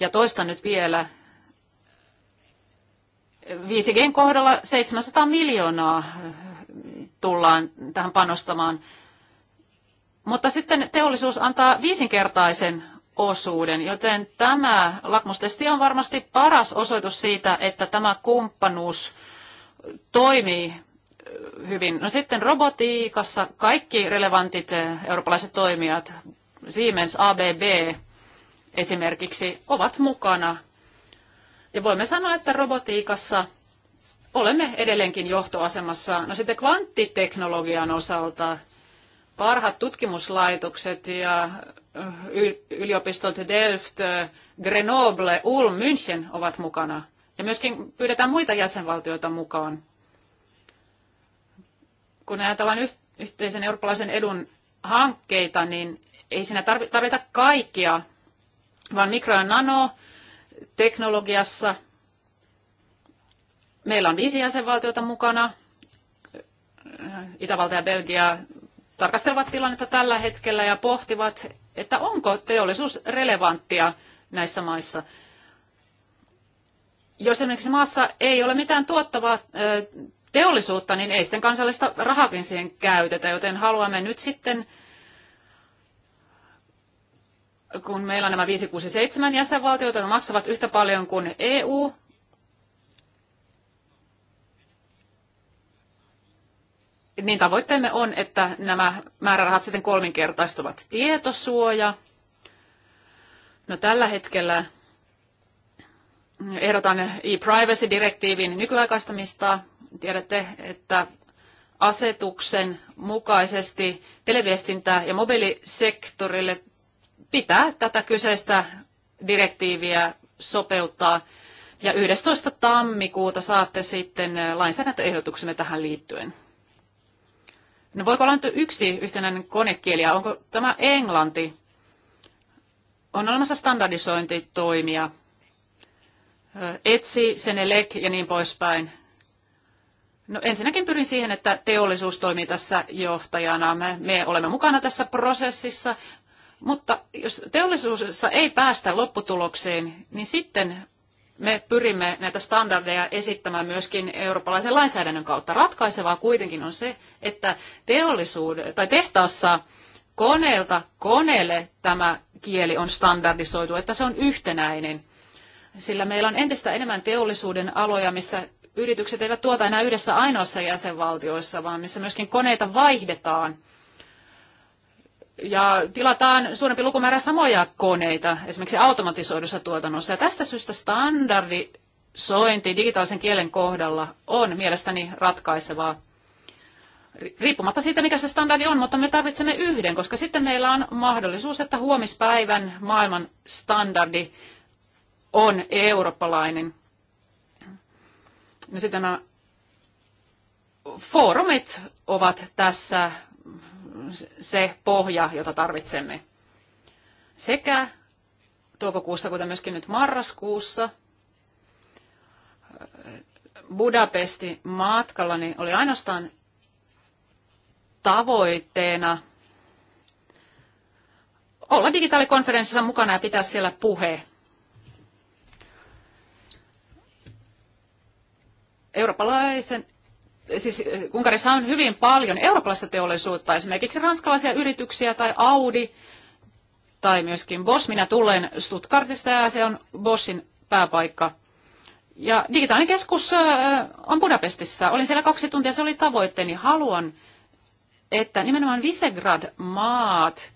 Ja toistan nyt vielä, 5Gn kohdalla 700 miljoonaa tullaan tähän panostamaan. Mutta sitten teollisuus antaa viisinkertaisen osuuden, joten tämä lakmustesti on varmasti paras osoitus siitä, että tämä kumppanuus toimii hyvin. No sitten robotiikassa kaikki relevantit eh, eurooppalaiset toimijat, Siemens, ABB esimerkiksi, ovat mukana. Ja voimme sanoa, että robotiikassa olemme edelleenkin johtoasemassa. No sitten kvanttiteknologian osalta parhaat tutkimuslaitokset ja eh, yliopistot Delft, eh, Grenoble, Ulm, München ovat mukana. Ja myöskin pyydetään muita jäsenvaltioita mukaan kun ajatellaan yhteisen eurooppalaisen edun hankkeita, niin ei siinä tarvita kaikkia, vaan mikro- ja nanoteknologiassa meillä on viisi jäsenvaltiota mukana. Itävalta ja Belgia tarkastelevat tilannetta tällä hetkellä ja pohtivat, että onko teollisuus relevanttia näissä maissa. Jos esimerkiksi maassa ei ole mitään tuottavaa teollisuutta, niin ei sitten kansallista rahakin siihen käytetä, joten haluamme nyt sitten kun meillä on nämä 567 6 jäsenvaltiota, jotka maksavat yhtä paljon kuin EU, niin tavoitteemme on, että nämä määrärahat sitten kolminkertaistuvat. Tietosuoja. No tällä hetkellä ehdotan e-privacy-direktiivin nykyaikaistamista. Tiedätte, että asetuksen mukaisesti televiestintä- ja mobiilisektorille pitää tätä kyseistä direktiiviä sopeuttaa. Ja 11. tammikuuta saatte sitten lainsäädäntöehdotuksemme tähän liittyen. No voiko olla nyt yksi yhtenäinen konekieli ja onko tämä englanti? On olemassa standardisointitoimia. Etsi, Senelec ja niin poispäin. No ensinnäkin pyrin siihen, että teollisuus toimii tässä johtajana. Me, me olemme mukana tässä prosessissa, mutta jos teollisuudessa ei päästä lopputulokseen, niin sitten me pyrimme näitä standardeja esittämään myöskin eurooppalaisen lainsäädännön kautta. Ratkaisevaa kuitenkin on se, että teollisuud- tai tehtaassa koneelta koneelle tämä kieli on standardisoitu, että se on yhtenäinen. Sillä meillä on entistä enemmän teollisuuden aloja, missä yritykset eivät tuota enää yhdessä ainoassa jäsenvaltioissa, vaan missä myöskin koneita vaihdetaan ja tilataan suurempi lukumäärä samoja koneita, esimerkiksi automatisoidussa tuotannossa. Ja tästä syystä standardisointi digitaalisen kielen kohdalla on mielestäni ratkaisevaa. Riippumatta siitä, mikä se standardi on, mutta me tarvitsemme yhden, koska sitten meillä on mahdollisuus, että huomispäivän maailman standardi on eurooppalainen. Sitten nämä foorumit ovat tässä se pohja, jota tarvitsemme. Sekä toukokuussa, kuten myöskin nyt marraskuussa, Budapesti matkalla niin oli ainoastaan tavoitteena olla digitaalikonferenssissa mukana ja pitää siellä puhe. eurooppalaisen Siis eh, Unkarissa on hyvin paljon eurooppalaista teollisuutta, esimerkiksi ranskalaisia yrityksiä tai Audi tai myöskin Bosch. Minä tulen Stuttgartista ja se on Boschin pääpaikka. Ja digitaalinen keskus eh, on Budapestissa. Olin siellä kaksi tuntia, se oli tavoitteeni. Haluan, että nimenomaan Visegrad-maat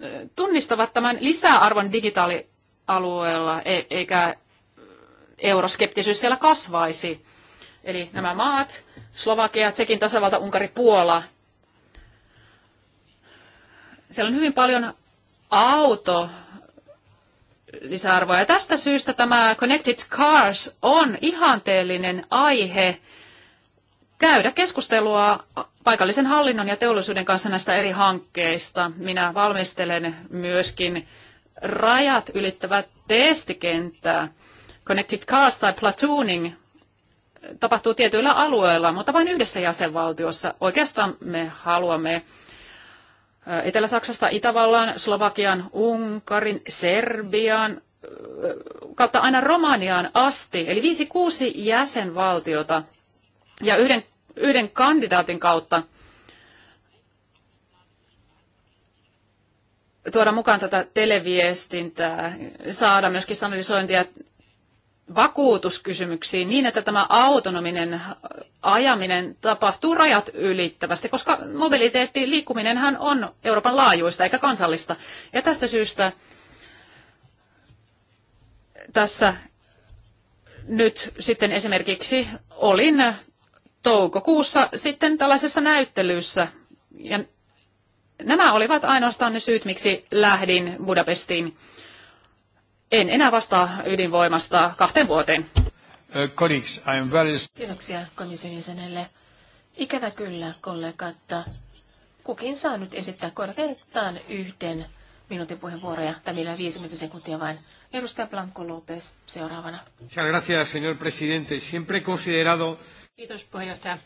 eh, tunnistavat tämän lisäarvon digitaalialueella, e- eikä euroskeptisyys siellä kasvaisi. Eli nämä maat, Slovakia, Tsekin tasavalta, Unkari, Puola, siellä on hyvin paljon auto lisäarvoa. Ja tästä syystä tämä Connected Cars on ihanteellinen aihe käydä keskustelua paikallisen hallinnon ja teollisuuden kanssa näistä eri hankkeista. Minä valmistelen myöskin rajat ylittävää testikenttää Connected Cars tai Platooning eh, tapahtuu tietyillä alueilla, mutta vain yhdessä jäsenvaltiossa. Oikeastaan me haluamme eh, Etelä-Saksasta Itävallan, Slovakian, Unkarin, Serbian, eh, kautta aina Romaniaan asti, eli viisi kuusi jäsenvaltiota ja yhden, yhden kandidaatin kautta tuoda mukaan tätä televiestintää, saada myöskin standardisointia vakuutuskysymyksiin niin, että tämä autonominen ajaminen tapahtuu rajat ylittävästi, koska mobiliteetti, liikkuminenhan on Euroopan laajuista eikä kansallista. Ja tästä syystä tässä nyt sitten esimerkiksi olin toukokuussa sitten tällaisessa näyttelyssä. Ja nämä olivat ainoastaan ne syyt, miksi lähdin Budapestiin en enää vastaa ydinvoimasta kahteen vuoteen. Uh, Kiitoksia komission jäsenelle. Ikävä kyllä, kollegat. Kukin saa nyt esittää korkeintaan yhden minuutin puheenvuoroja, tai millä 50 sekuntia vain. Edustaja Blanco López seuraavana. gracias, señor presidente. Siempre considerado... Kiitos, puheenjohtaja.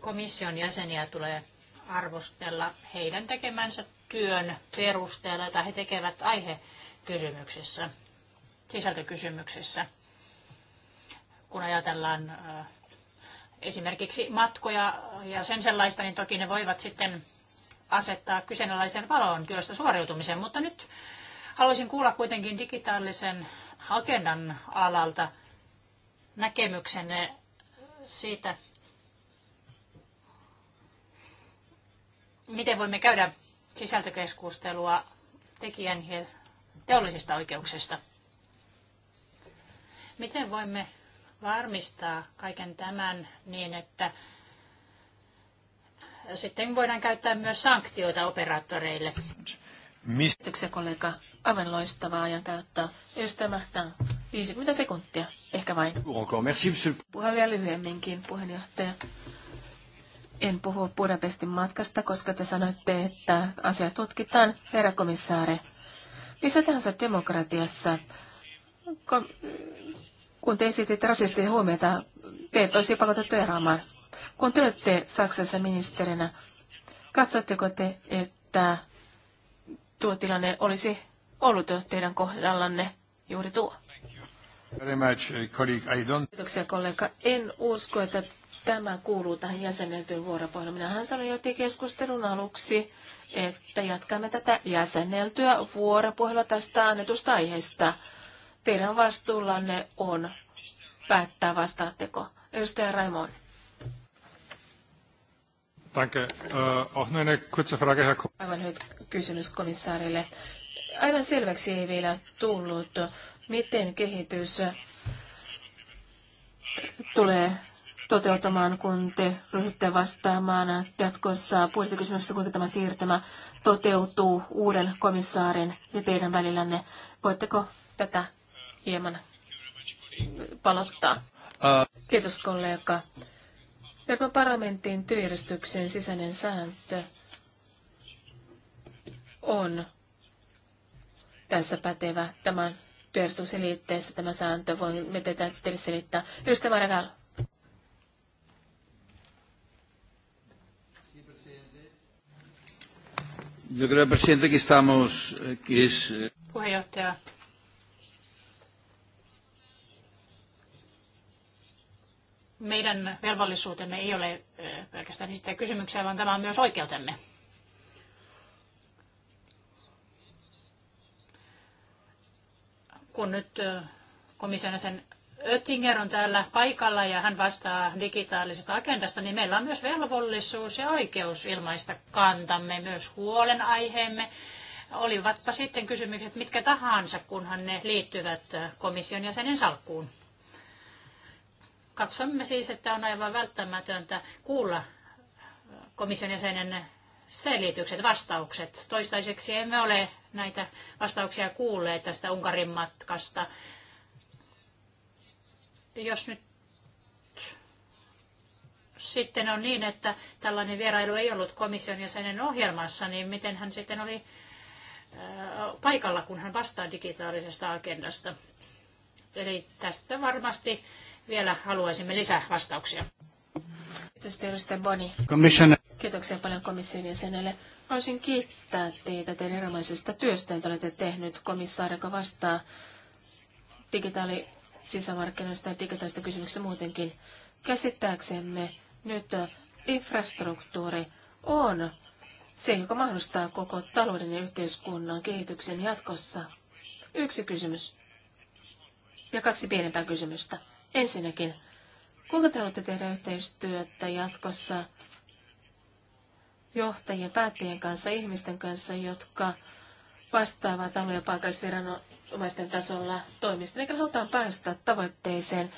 Komission jäseniä tulee arvostella heidän tekemänsä työn perusteella, jota he tekevät aihekysymyksissä, sisältökysymyksissä. Kun ajatellaan esimerkiksi matkoja ja sen sellaista, niin toki ne voivat sitten asettaa kyseenalaisen valon työstä suoriutumisen, mutta nyt haluaisin kuulla kuitenkin digitaalisen agendan alalta näkemyksenne siitä, miten voimme käydä sisältökeskustelua tekijän ja teollisista oikeuksista. Miten voimme varmistaa kaiken tämän niin, että sitten voidaan käyttää myös sanktioita operaattoreille. Mistä kollega? Aivan loistavaa ajan käyttää. Jos tämä 50 sekuntia, ehkä vain. Puhun vielä lyhyemminkin, puheenjohtaja. En puhu Budapestin matkasta, koska te sanoitte, että asia tutkitaan, herra komissaari. Missä tahansa demokratiassa, kun te esititte rasistisia huomiota, et olisi pakotettu eroamaan. Kun te olette Saksassa ministerinä, katsotteko te, että tuo tilanne olisi ollut jo teidän kohdallanne juuri tuo? Eh, Kiitoksia kollega. En usko, että Tämä kuuluu tähän jäsenneltyyn vuoropuheluun. Minähän sanoin heti keskustelun aluksi, että jatkamme tätä jäsenneltyä vuoropuhelua tästä annetusta aiheesta. Teidän vastuullanne on päättää vastaatteko. Edustaja Raimon. Danke. Uh, nur kurze Frage, Herr Aivan nyt kysymys komissaarille. Aivan selväksi ei vielä tullut, miten kehitys tulee toteuttamaan, kun te ryhdytte vastaamaan jatkossa budjettikysymyksestä, kuinka tämä siirtymä toteutuu uuden komissaarin ja teidän välillänne. Voitteko tätä hieman palottaa? Äh. Kiitos kollega. Euroopan parlamentin työjärjestyksen sisäinen sääntö on tässä pätevä tämän työjärjestyksen liitteessä tämä sääntö. Voin me tätä teille selittää. Edustaja Maragall. Yo creo, presidente, que estamos, eh, que es... Eh, Puheenjohtaja. Meidän velvollisuutemme ei ole eh, pelkästään esittää kysymyksiä, vaan tämä on myös oikeutemme. Kun nyt komission sen Oettinger on täällä paikalla ja hän vastaa digitaalisesta agendasta, niin meillä on myös velvollisuus ja oikeus ilmaista kantamme, myös huolenaiheemme. Olivatpa sitten kysymykset mitkä tahansa, kunhan ne liittyvät komission jäsenen salkkuun. Katsomme siis, että on aivan välttämätöntä kuulla komission jäsenen selitykset, vastaukset. Toistaiseksi emme ole näitä vastauksia kuulleet tästä Unkarin matkasta jos nyt sitten on niin, että tällainen vierailu ei ollut komission jäsenen ohjelmassa, niin miten hän sitten oli äh, paikalla, kun hän vastaa digitaalisesta agendasta? Eli tästä varmasti vielä haluaisimme lisää vastauksia. Kiitos teille, Boni. Commission. Kiitoksia paljon komission jäsenelle. Haluaisin kiittää teitä teidän erilaisesta työstä, jota olette tehnyt komissaari, joka vastaa digitaali- sisämarkkinoista ja digitaalista kysymyksistä muutenkin. Käsittääksemme nyt äh, infrastruktuuri on se, joka mahdollistaa koko talouden ja yhteiskunnan kehityksen jatkossa. Yksi kysymys ja kaksi pienempää kysymystä. Ensinnäkin, kuinka te haluatte tehdä yhteistyötä jatkossa johtajien, päättäjien kanssa, ihmisten kanssa, jotka vastaavat alue- ja paikallisviranomaisten viranomaisten tasolla toimista. Me halutaan päästä tavoitteeseen,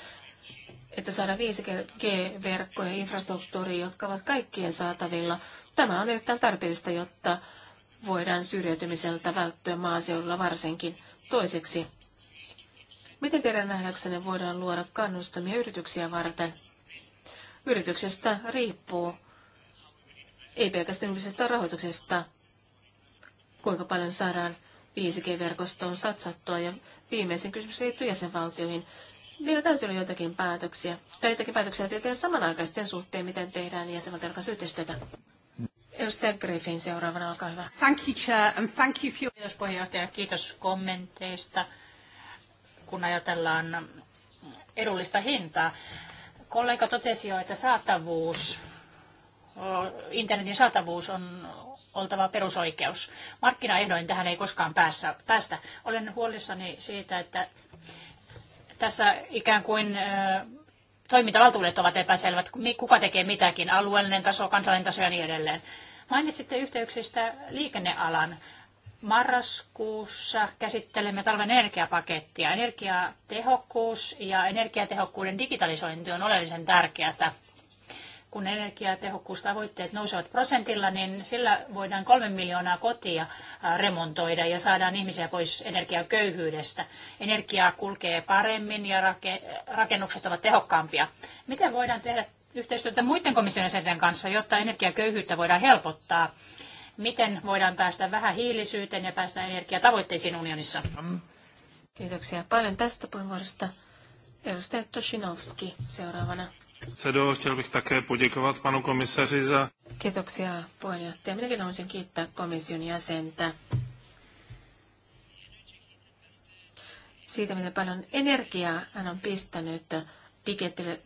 että saada 5G-verkkoja ja infrastruktuuria, jotka ovat kaikkien saatavilla. Tämä on erittäin tarpeellista, jotta voidaan syrjäytymiseltä välttyä maaseudulla varsinkin. Toiseksi, miten teidän nähdäksenne voidaan luoda kannustamia yrityksiä varten? Yrityksestä riippuu, ei pelkästään yleisestä rahoituksesta, kuinka paljon saadaan 5G-verkostoon satsattua. Ja viimeisin kysymys liittyy jäsenvaltioihin. Meillä täytyy olla joitakin päätöksiä, tai joitakin päätöksiä täytyy tehdä samanaikaisesti sen suhteen, miten tehdään jäsenvaltioiden kanssa yhteistyötä. Edustaja Griffin seuraavana, olkaa hyvä. Thank you, Chair, and thank you for... Kiitos puheenjohtaja, kiitos kommenteista, kun ajatellaan edullista hintaa. Kollega totesi jo, että saatavuus, internetin saatavuus on oltava perusoikeus. Markkinaehdoin tähän ei koskaan päässä, päästä. Olen huolissani siitä, että tässä ikään kuin toimintavaltuudet ovat epäselvät, kuka tekee mitäkin, alueellinen taso, kansallinen taso ja niin edelleen. Mainitsitte yhteyksistä liikennealan. Marraskuussa käsittelemme talven energiapakettia. Energiatehokkuus ja energiatehokkuuden digitalisointi on oleellisen tärkeää kun energiatehokkuustavoitteet nousevat prosentilla, niin sillä voidaan kolme miljoonaa kotia remontoida ja saadaan ihmisiä pois energiaköyhyydestä. Energiaa kulkee paremmin ja rakennukset ovat tehokkaampia. Miten voidaan tehdä yhteistyötä muiden komission jäsenten kanssa, jotta energiaköyhyyttä voidaan helpottaa? Miten voidaan päästä vähän hiilisyyteen ja päästä energiatavoitteisiin unionissa? Kiitoksia paljon tästä puheenvuorosta. Edustaja Toshinovski seuraavana. Sedo, chtěl bych také poděkovat panu komisaři za... Kiitoksia puheenjohtaja. Minäkin haluaisin kiittää komission jäsentä siitä, miten paljon energiaa hän on pistänyt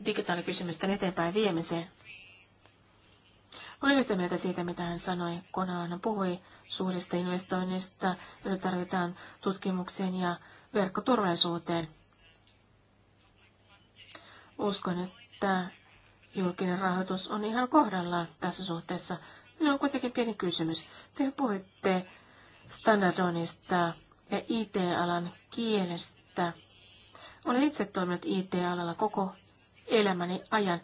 digitaalikysymysten eteenpäin viemiseen. Olen yhtä mieltä siitä, mitä hän sanoi, kun hän puhui suurista investoinnista, joita tarvitaan tutkimukseen ja verkkoturvallisuuteen. Uskon, että että julkinen rahoitus on ihan kohdallaan tässä suhteessa. Minulla on kuitenkin pieni kysymys. Te puhuitte standardonista ja IT-alan kielestä. Olen itse toiminut IT-alalla koko elämäni ajan.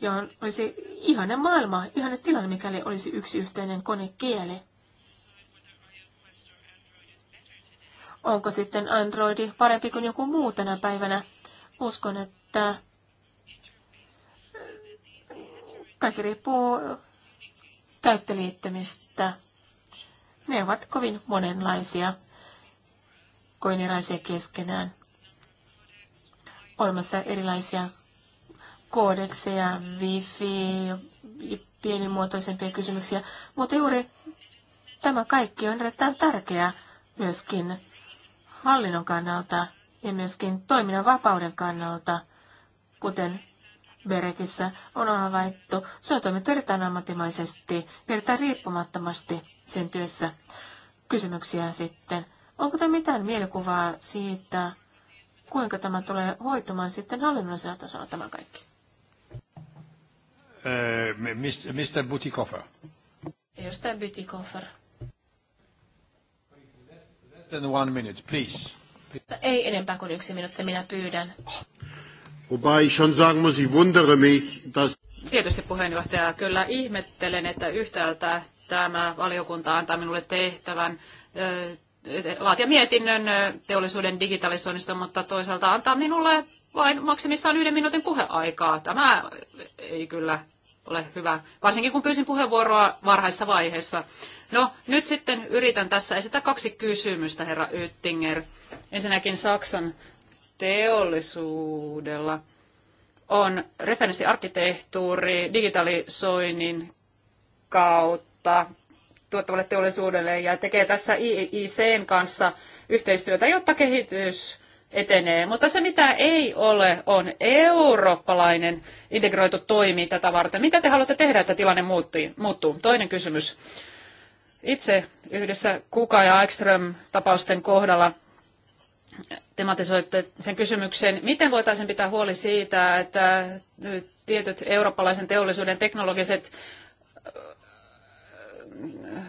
Ja on, olisi ihana maailma, ihana tilanne, mikäli olisi yksi yhteinen konekieli. Onko sitten Androidi parempi kuin joku muu tänä päivänä? Uskon, että kaikki riippuu käyttöliittymistä. Ne ovat kovin monenlaisia kuin erilaisia keskenään. Olemassa erilaisia koodekseja, wifi, pienimuotoisempia kysymyksiä, mutta juuri tämä kaikki on erittäin tärkeää myöskin hallinnon kannalta ja myöskin toiminnan vapauden kannalta, kuten Berekissä on havaittu. Se on toiminut erittäin ammattimaisesti, erittäin riippumattomasti sen työssä. Kysymyksiä sitten. Onko tämä mitään mielikuvaa siitä, kuinka tämä tulee hoitumaan sitten hallinnollisella tasolla tämä kaikki? Äh, Mr. Butikoffer. Edustaja Butikoffer. Then one minute, please. Ei enempää kuin yksi minuutti, minä pyydän. Oh. Wobei ich schon sagen muss, ich wundere mich, dass... Tietysti puheenjohtaja, kyllä ihmettelen, että yhtäältä tämä valiokunta antaa minulle tehtävän laatia mietinnön teollisuuden digitalisoinnista, mutta toisaalta antaa minulle vain maksimissaan yhden minuutin puheaikaa. Tämä ei kyllä ole hyvä, varsinkin kun pyysin puheenvuoroa varhaisessa vaiheessa. No, nyt sitten yritän tässä esittää kaksi kysymystä, herra Yttinger. Ensinnäkin Saksan teollisuudella on referenssiarkkitehtuuri digitalisoinnin kautta tuottavalle teollisuudelle ja tekee tässä IICn kanssa yhteistyötä, jotta kehitys etenee. Mutta se, mitä ei ole, on eurooppalainen integroitu toimi tätä varten. Mitä te haluatte tehdä, että tilanne muuttuu? Toinen kysymys. Itse yhdessä Kuka ja Ekström-tapausten kohdalla tematisoitte sen kysymyksen, miten voitaisiin pitää huoli siitä, että tietyt eurooppalaisen teollisuuden teknologiset äh,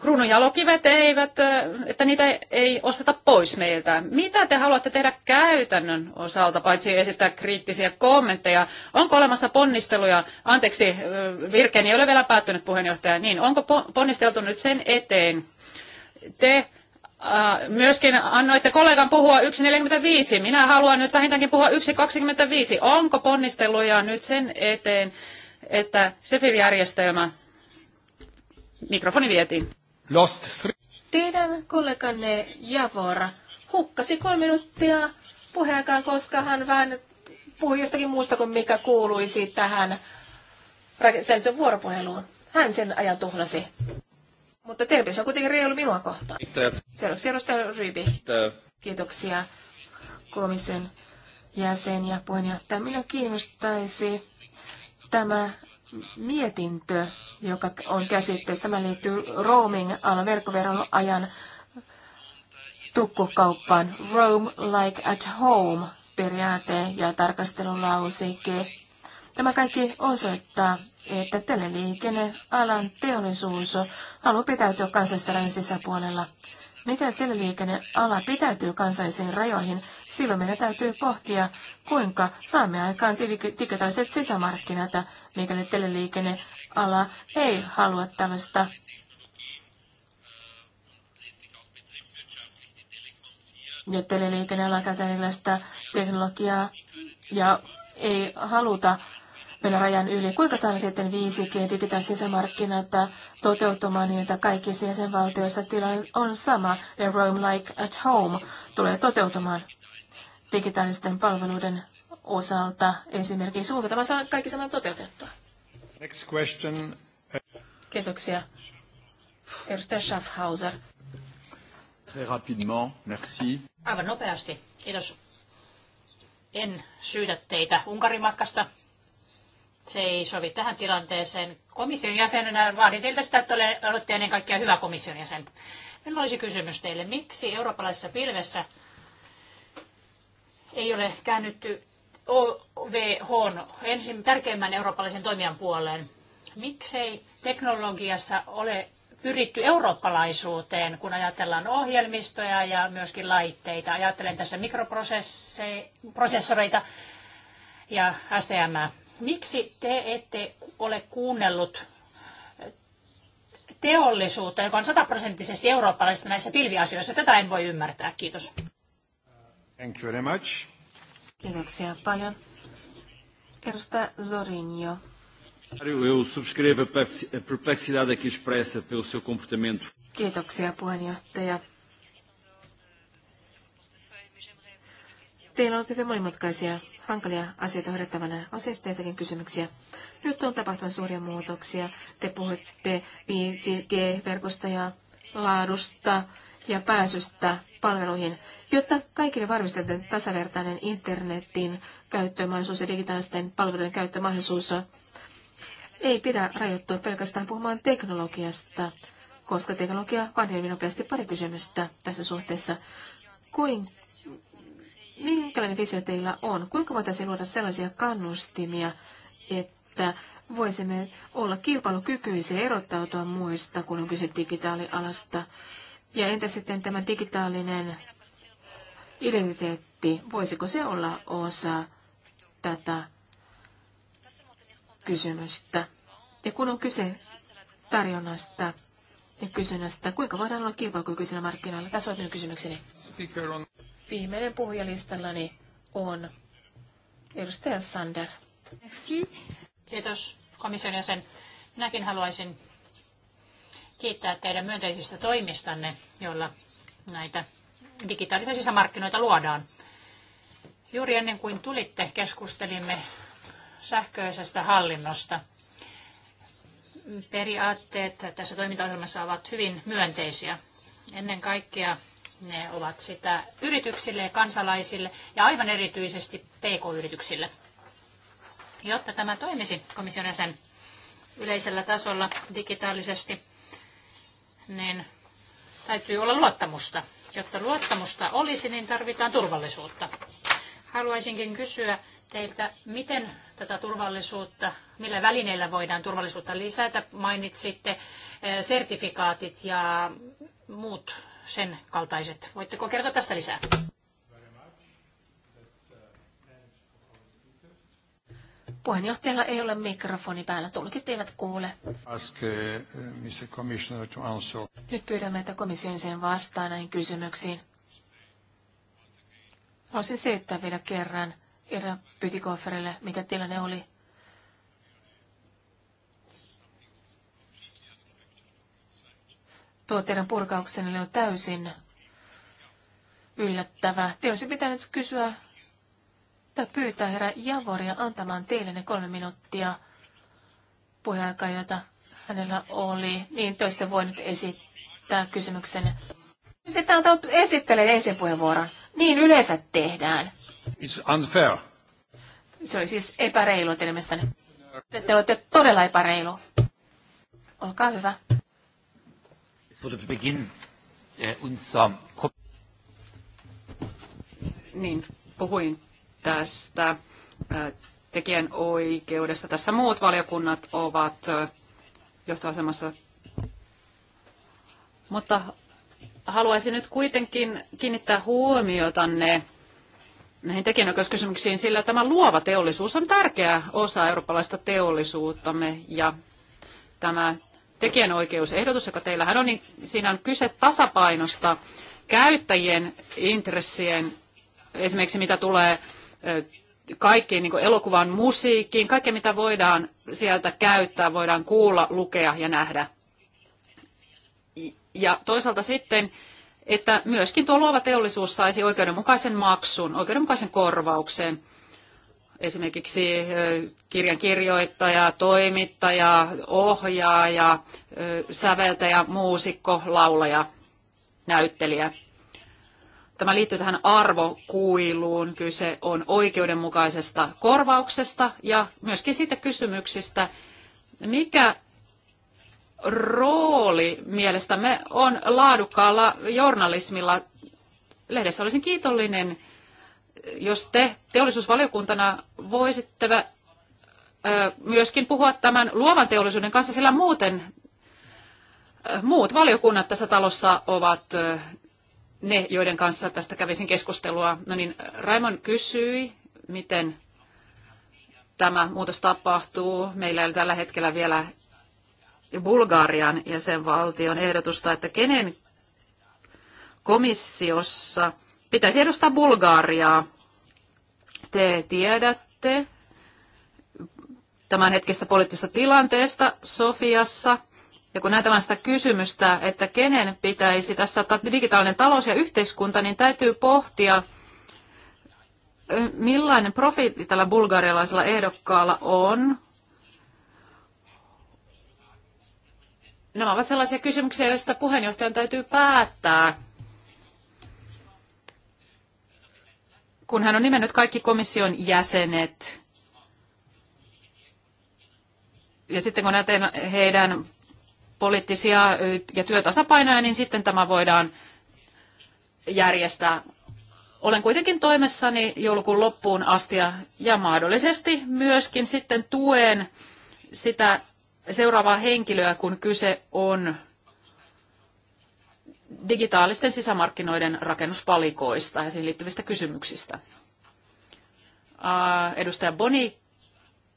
kruununjalokivet eivät, äh, että niitä ei osteta pois meiltä. Mitä te haluatte tehdä käytännön osalta, paitsi esittää kriittisiä kommentteja? Onko olemassa ponnisteluja, anteeksi, äh, virkeeni ei ole vielä päättynyt puheenjohtaja, niin onko ponnisteltu nyt sen eteen, te Äh, myöskin annoitte kollegan puhua 1.45. Minä haluan nyt vähintäänkin puhua 1.25. Onko ponnisteluja nyt sen eteen, että SEFIV-järjestelmä mikrofoni vietiin? Lost three. Teidän kolleganne Javor hukkasi kolme minuuttia puheenkaan, koska hän vähän puhui jostakin muusta kuin mikä kuuluisi tähän rakennetun vuoropuheluun. Hän sen ajan tuhlasi. Mutta terveys on kuitenkin reilu minua kohtaan. Seuraavaksi edustaja Ryby. Kiitoksia komission jäsen ja puheenjohtaja. Minua kiinnostaisi tämä mietintö, joka on käsitteessä. Tämä liittyy roaming ala verkkoveron ajan tukkukauppaan. Roam like at home periaate ja tarkastelulauseke Tämä kaikki osoittaa, että teleliikennealan teollisuus haluaa pitäytyä kansallisten sisäpuolella. Mikäli teleliikenneala pitäytyy kansallisiin rajoihin, silloin meidän täytyy pohtia, kuinka saamme aikaan digitaaliset sisämarkkinat, mikäli teleliikenneala ei halua tällaista ja teleliikenneala käytetään erilaista teknologiaa ja ei haluta mennä rajan yli. Kuinka saada sitten 5G digitaaliset sisämarkkinat toteutumaan niin, että kaikissa jäsenvaltioissa tilanne on sama ja Roam Like at Home tulee toteutumaan digitaalisten palveluiden osalta esimerkiksi. Kuinka tämä saadaan kaikki saman toteutettua? Next question. Kiitoksia. Edustaja Schaffhauser. Très rapidement, merci. Aivan nopeasti, kiitos. En syytä teitä Unkarin matkasta. Se ei sovi tähän tilanteeseen. Komission jäsenenä vaadin teiltä sitä, että olette ennen kaikkea hyvä komission jäsen. Minulla olisi kysymys teille. Miksi eurooppalaisessa pilvessä ei ole käännytty OVH ensin tärkeimmän eurooppalaisen toimijan puoleen? Miksei teknologiassa ole pyritty eurooppalaisuuteen, kun ajatellaan ohjelmistoja ja myöskin laitteita. Ajattelen tässä mikroprosessoreita ja STM. Miksi te ette ole kuunnellut teollisuutta, joka on sataprosenttisesti eurooppalaista näissä pilviasioissa? Tätä en voi ymmärtää. Kiitos. Thank you very much. Kiitoksia paljon. Edustaja Zorinjo. Eu subscrevo a perplexidade aqui expressa pelo seu comportamento. Kiitoksia puheenjohtaja. Teillä on hyvin monimutkaisia hankalia asioita hoidettavana. On siis teiltäkin kysymyksiä. Nyt on tapahtunut suuria muutoksia. Te puhutte 5G-verkosta ja laadusta ja pääsystä palveluihin, jotta kaikille varmistetaan tasavertainen internetin käyttömahdollisuus ja digitaalisten palveluiden käyttömahdollisuus. Ei pidä rajoittua pelkästään puhumaan teknologiasta, koska teknologia vanhemmin nopeasti pari kysymystä tässä suhteessa. Kuin, minkälainen visio teillä on? Kuinka voitaisiin luoda sellaisia kannustimia, että voisimme olla kilpailukykyisiä erottautua muista, kun on kyse digitaalialasta? Ja entä sitten tämä digitaalinen identiteetti, voisiko se olla osa tätä kysymystä? Ja kun on kyse tarjonnasta ja kysynnästä, kuinka voidaan olla kilpailukykyisenä markkinoilla? Tässä on minun kysymykseni. Viimeinen puhujalistallani on edustaja Sander. Merci. Kiitos komission jäsen. Minäkin haluaisin kiittää teidän myönteisistä toimistanne, joilla näitä digitaalisia sisämarkkinoita luodaan. Juuri ennen kuin tulitte, keskustelimme sähköisestä hallinnosta. Periaatteet tässä toimintaohjelmassa ovat hyvin myönteisiä. Ennen kaikkea ne ovat sitä yrityksille ja kansalaisille ja aivan erityisesti PK-yrityksille. Jotta tämä toimisi komission jäsen yleisellä tasolla digitaalisesti, niin täytyy olla luottamusta. Jotta luottamusta olisi, niin tarvitaan turvallisuutta. Haluaisinkin kysyä teiltä, miten tätä turvallisuutta, millä välineillä voidaan turvallisuutta lisätä? Mainitsitte eh, sertifikaatit ja muut sen kaltaiset. Voitteko kertoa tästä lisää? Puheenjohtajalla ei ole mikrofoni päällä, tulkit eivät kuule. Ask, eh, to Nyt pyydämme, että komission sen vastaa näihin kysymyksiin. Haluaisin selittää vielä kerran Erä Pytikofferille, mikä tilanne oli Tuo teidän purkauksenne on täysin yllättävä. Te olisi pitänyt kysyä tai pyytää herra Javoria antamaan teille ne kolme minuuttia puheaikaa, jota hänellä oli. Niin toista voi nyt esittää kysymyksen. Sitten siis on esittelen ensin puheenvuoron. Niin yleensä tehdään. It's unfair. Se oli siis epäreilu teidän mielestäni. Te, te olette todella epäreilu. Olkaa hyvä. Es wurde zu Beginn äh, unser... Niin, puhuin tästä äh, tekijän oikeudesta. Tässä muut valiokunnat ovat äh, johtoasemassa. Mutta haluaisin nyt kuitenkin kiinnittää ne näihin tekijänoikeuskysymyksiin, sillä tämä luova teollisuus on tärkeä osa eurooppalaista teollisuuttamme ja tämä tekijänoikeusehdotus, joka teillähän on, niin siinä on kyse tasapainosta käyttäjien intressien, esimerkiksi mitä tulee kaikkiin niin elokuvan musiikkiin, kaikkea mitä voidaan sieltä käyttää, voidaan kuulla, lukea ja nähdä. Ja toisaalta sitten, että myöskin tuo luova teollisuus saisi oikeudenmukaisen maksun, oikeudenmukaisen korvauksen esimerkiksi kirjan kirjoittaja, toimittaja, ohjaaja, säveltäjä, muusikko, laulaja, näyttelijä. Tämä liittyy tähän arvokuiluun. Kyse on oikeudenmukaisesta korvauksesta ja myöskin siitä kysymyksistä, mikä rooli mielestämme on laadukkaalla journalismilla. Lehdessä olisin kiitollinen jos te teollisuusvaliokuntana voisitte myöskin puhua tämän luovan teollisuuden kanssa, sillä muuten muut valiokunnat tässä talossa ovat ne, joiden kanssa tästä kävisin keskustelua. No niin, Raimon kysyi, miten tämä muutos tapahtuu. Meillä ei tällä hetkellä vielä Bulgarian jäsenvaltion ehdotusta, että kenen komissiossa pitäisi edustaa Bulgariaa te tiedätte tämän hetkistä poliittisesta tilanteesta Sofiassa. Ja kun näytellään sitä kysymystä, että kenen pitäisi tässä digitaalinen talous ja yhteiskunta, niin täytyy pohtia, millainen profiitti tällä bulgarialaisella ehdokkaalla on. Nämä ovat sellaisia kysymyksiä, joista puheenjohtajan täytyy päättää. kun hän on nimennyt kaikki komission jäsenet, ja sitten kun näette heidän poliittisia ja työtasapainoja, niin sitten tämä voidaan järjestää. Olen kuitenkin toimessani joulukuun loppuun asti ja mahdollisesti myöskin sitten tuen sitä seuraavaa henkilöä, kun kyse on digitaalisten sisämarkkinoiden rakennuspalikoista ja siihen liittyvistä kysymyksistä. Edustaja Boni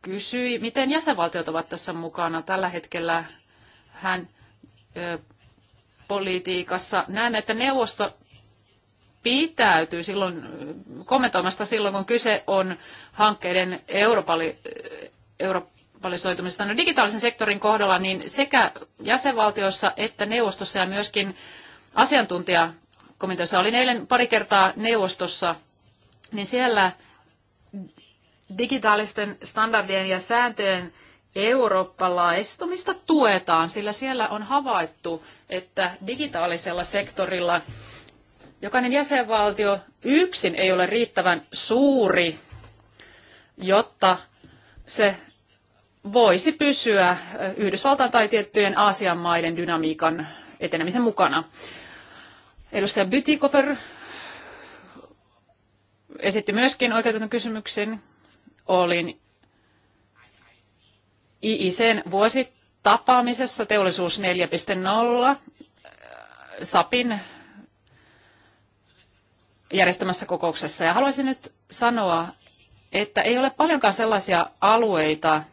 kysyi, miten jäsenvaltiot ovat tässä mukana. Tällä hetkellä hän politiikassa näen, että neuvosto pitäytyy silloin kommentoimasta silloin, kun kyse on hankkeiden europali, europalisoitumisesta. No, digitaalisen sektorin kohdalla niin sekä jäsenvaltiossa että neuvostossa ja myöskin asiantuntijakomiteossa. Olin eilen pari kertaa neuvostossa, niin siellä digitaalisten standardien ja sääntöjen eurooppalaistumista tuetaan, sillä siellä on havaittu, että digitaalisella sektorilla jokainen jäsenvaltio yksin ei ole riittävän suuri, jotta se voisi pysyä Yhdysvaltain tai tiettyjen Aasian maiden dynamiikan etenemisen mukana. Edustaja Bytikofer esitti myöskin oikeutetun kysymyksen. Olin IICn vuositapaamisessa teollisuus 4.0 SAPin järjestämässä kokouksessa. Ja haluaisin nyt sanoa, että ei ole paljonkaan sellaisia alueita,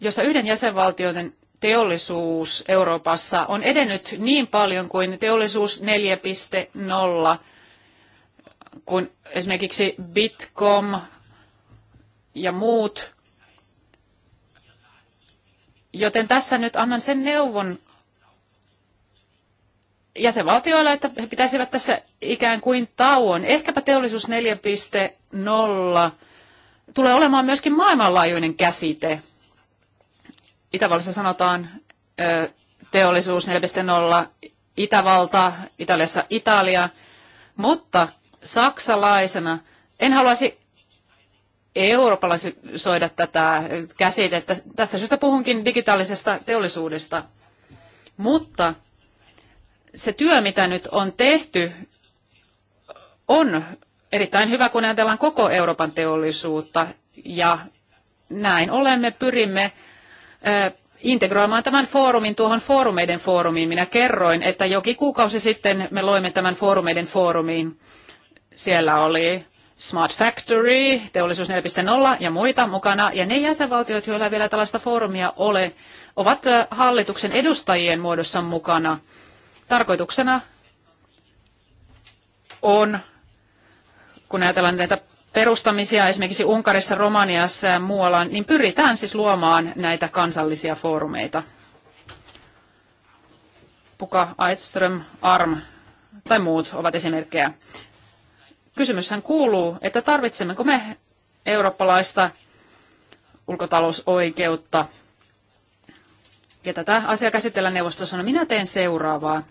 jossa yhden jäsenvaltioiden teollisuus Euroopassa on edennyt niin paljon kuin teollisuus 4.0, kun esimerkiksi Bitcom ja muut. Joten tässä nyt annan sen neuvon jäsenvaltioille, että he pitäisivät tässä ikään kuin tauon. Ehkäpä teollisuus 4.0 tulee olemaan myöskin maailmanlaajuinen käsite. Itävallassa sanotaan teollisuus 4.0, Itävalta, Italiassa Italia, mutta saksalaisena en haluaisi eurooppalaisoida tätä käsitettä. Tästä syystä puhunkin digitaalisesta teollisuudesta. Mutta se työ, mitä nyt on tehty, on erittäin hyvä, kun ajatellaan koko Euroopan teollisuutta. Ja näin olemme pyrimme integroimaan tämän foorumin tuohon foorumeiden foorumiin. Minä kerroin, että jokin kuukausi sitten me loimme tämän foorumeiden foorumiin. Siellä oli Smart Factory, teollisuus 4.0 ja muita mukana. Ja ne jäsenvaltiot, joilla ei vielä tällaista foorumia ole, ovat hallituksen edustajien muodossa mukana. Tarkoituksena on, kun ajatellaan näitä perustamisia esimerkiksi Unkarissa, Romaniassa ja muualla, niin pyritään siis luomaan näitä kansallisia foorumeita. Puka, Aitström, ARM tai muut ovat esimerkkejä. Kysymyshän kuuluu, että tarvitsemmeko me eurooppalaista ulkotalousoikeutta. Ja tätä asiaa käsitellään neuvostossa. No minä teen seuraavaa.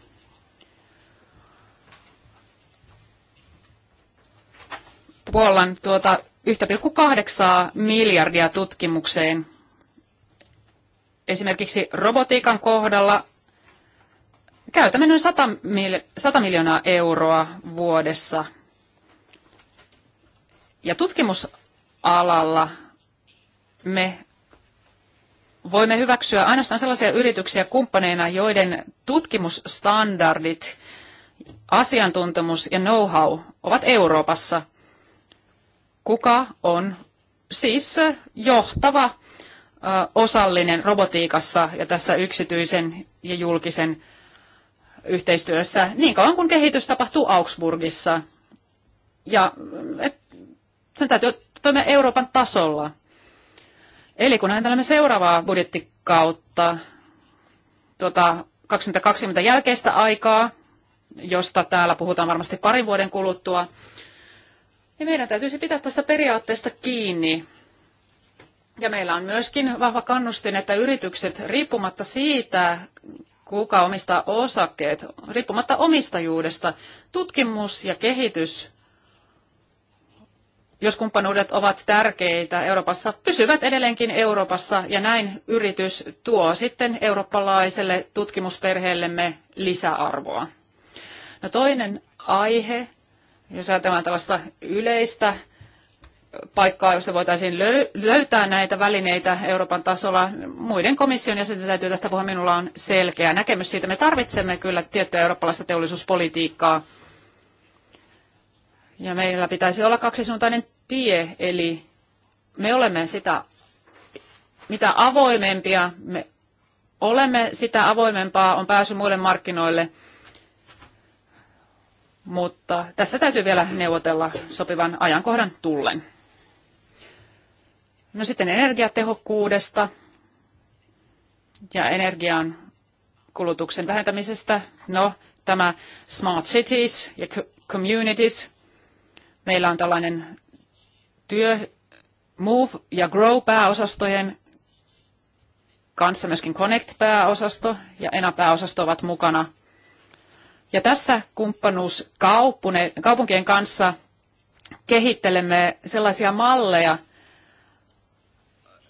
Puolan tuota 1,8 miljardia tutkimukseen. Esimerkiksi robotiikan kohdalla käytämme noin 100, mil, 100 miljoonaa euroa vuodessa. Ja tutkimusalalla me voimme hyväksyä ainoastaan sellaisia yrityksiä kumppaneina, joiden tutkimusstandardit, asiantuntemus ja know-how ovat Euroopassa – kuka on siis johtava osallinen robotiikassa ja tässä yksityisen ja julkisen yhteistyössä niin kauan kuin kehitys tapahtuu Augsburgissa. Ja et, sen täytyy toimia Euroopan tasolla. Eli kun ajatellaan seuraavaa budjettikautta, tuota 2020 jälkeistä aikaa, josta täällä puhutaan varmasti parin vuoden kuluttua, niin meidän täytyisi pitää tästä periaatteesta kiinni. Ja meillä on myöskin vahva kannustin, että yritykset riippumatta siitä, kuka omistaa osakkeet, riippumatta omistajuudesta, tutkimus ja kehitys, jos kumppanuudet ovat tärkeitä Euroopassa, pysyvät edelleenkin Euroopassa ja näin yritys tuo sitten eurooppalaiselle tutkimusperheellemme lisäarvoa. No toinen aihe jos ajatellaan tällaista yleistä paikkaa, jossa voitaisiin löytää näitä välineitä Euroopan tasolla. Muiden komission jäsenten täytyy tästä puhua. Minulla on selkeä näkemys siitä. Me tarvitsemme kyllä tiettyä eurooppalaista teollisuuspolitiikkaa. Ja meillä pitäisi olla kaksisuuntainen tie, eli me olemme sitä, mitä avoimempia me olemme, sitä avoimempaa on pääsy muille markkinoille – mutta tästä täytyy vielä neuvotella sopivan ajankohdan tullen. No sitten energiatehokkuudesta ja energian kulutuksen vähentämisestä. No, tämä Smart Cities ja Communities. Meillä on tällainen työ Move ja Grow pääosastojen kanssa myöskin Connect pääosasto ja Ena pääosasto ovat mukana ja tässä kumppanuus kaupunkien kanssa kehittelemme sellaisia malleja,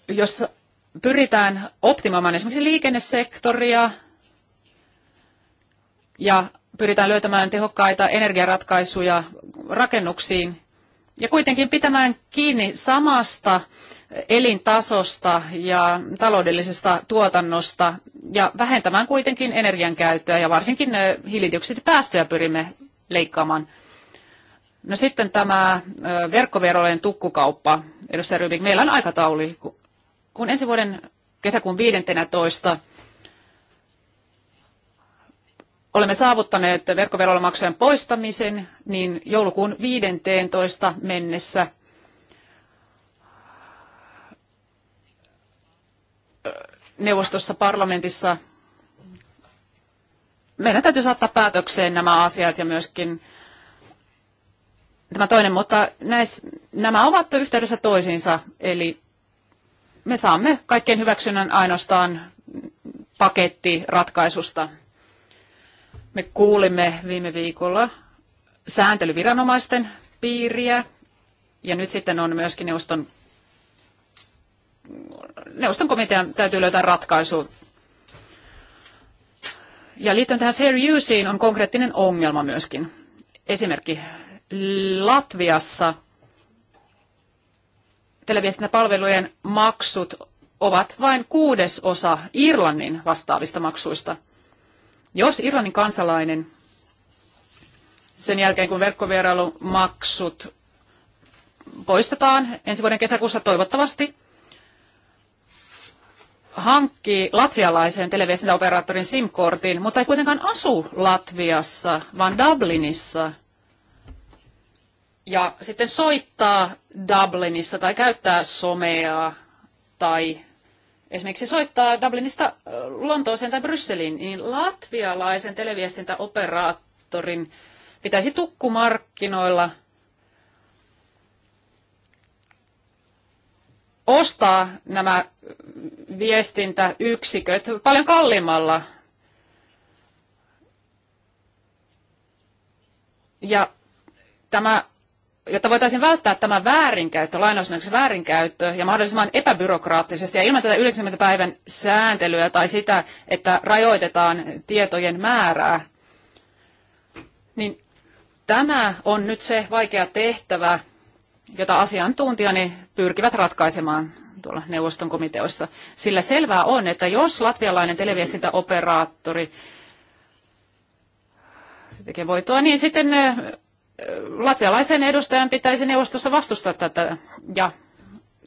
jossa pyritään optimoimaan esimerkiksi liikennesektoria ja pyritään löytämään tehokkaita energiaratkaisuja rakennuksiin ja kuitenkin pitämään kiinni samasta elintasosta ja taloudellisesta tuotannosta ja vähentämään kuitenkin energian käyttöä ja varsinkin hiilidioksidipäästöjä pyrimme leikkaamaan. No sitten tämä verkkoverojen tukkukauppa, edustaja Rybik, meillä on aikatauli, kun ensi vuoden kesäkuun 15. olemme saavuttaneet maksujen poistamisen, niin joulukuun 15. mennessä – neuvostossa, parlamentissa meidän täytyy saattaa päätökseen nämä asiat ja myöskin tämä toinen, mutta näis, nämä ovat yhteydessä toisiinsa, eli me saamme kaikkien hyväksynnän ainoastaan pakettiratkaisusta. Me kuulimme viime viikolla sääntelyviranomaisten piiriä, ja nyt sitten on myöskin neuvoston neuvoston komitean täytyy löytää ratkaisu. Ja liittyen tähän fair useen on konkreettinen ongelma myöskin. Esimerkki Latviassa televiestintäpalvelujen maksut ovat vain kuudesosa Irlannin vastaavista maksuista. Jos Irlannin kansalainen sen jälkeen, kun verkkovierailumaksut poistetaan ensi vuoden kesäkuussa toivottavasti, hankki latvialaisen televiestintäoperaattorin SIM-kortin, mutta ei kuitenkaan asu Latviassa, vaan Dublinissa. Ja sitten soittaa Dublinissa tai käyttää somea tai esimerkiksi soittaa Dublinista Lontooseen tai Brysseliin, niin latvialaisen televiestintäoperaattorin pitäisi tukkumarkkinoilla – ostaa nämä viestintäyksiköt paljon kalliimmalla. Ja tämä, jotta voitaisiin välttää tämä väärinkäyttö, lainausmerkiksi väärinkäyttö, ja mahdollisimman epäbyrokraattisesti, ja ilman tätä 90 päivän sääntelyä tai sitä, että rajoitetaan tietojen määrää, niin tämä on nyt se vaikea tehtävä, jota asiantuntijani pyrkivät ratkaisemaan tuolla neuvoston komiteoissa. Sillä selvää on, että jos latvialainen televiestintäoperaattori tekee voittoa, niin sitten latvialaisen edustajan pitäisi neuvostossa vastustaa tätä. Ja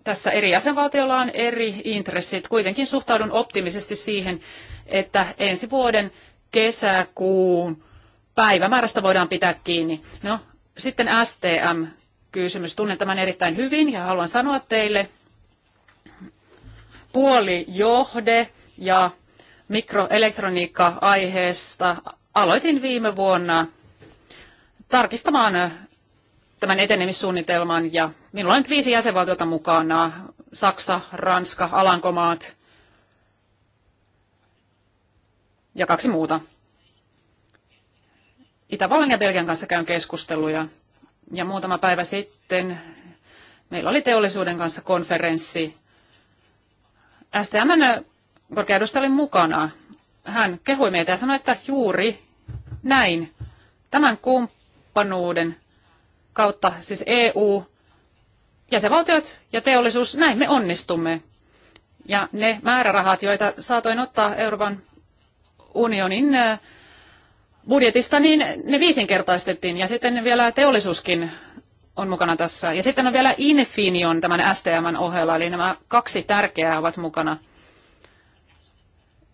tässä eri jäsenvaltiolla on eri intressit. Kuitenkin suhtaudun optimisesti siihen, että ensi vuoden kesäkuun päivämäärästä voidaan pitää kiinni. No, sitten STM, kysymys. Tunnen tämän erittäin hyvin ja haluan sanoa teille, puoli johde ja mikroelektroniikka-aiheesta aloitin viime vuonna tarkistamaan tämän etenemissuunnitelman ja minulla on nyt viisi jäsenvaltiota mukana, Saksa, Ranska, Alankomaat ja kaksi muuta. Itävallan ja Belgian kanssa käyn keskusteluja ja muutama päivä sitten meillä oli teollisuuden kanssa konferenssi. STM korkeudusta oli mukana. Hän kehui meitä ja sanoi, että juuri näin. Tämän kumppanuuden kautta, siis EU, jäsenvaltiot ja teollisuus, näin me onnistumme. Ja ne määrärahat, joita saatoin ottaa Euroopan unionin äh, budjetista, niin ne viisinkertaistettiin ja sitten vielä teollisuuskin on mukana tässä. Ja sitten on vielä Infinion tämän STMn ohella, eli nämä kaksi tärkeää ovat mukana.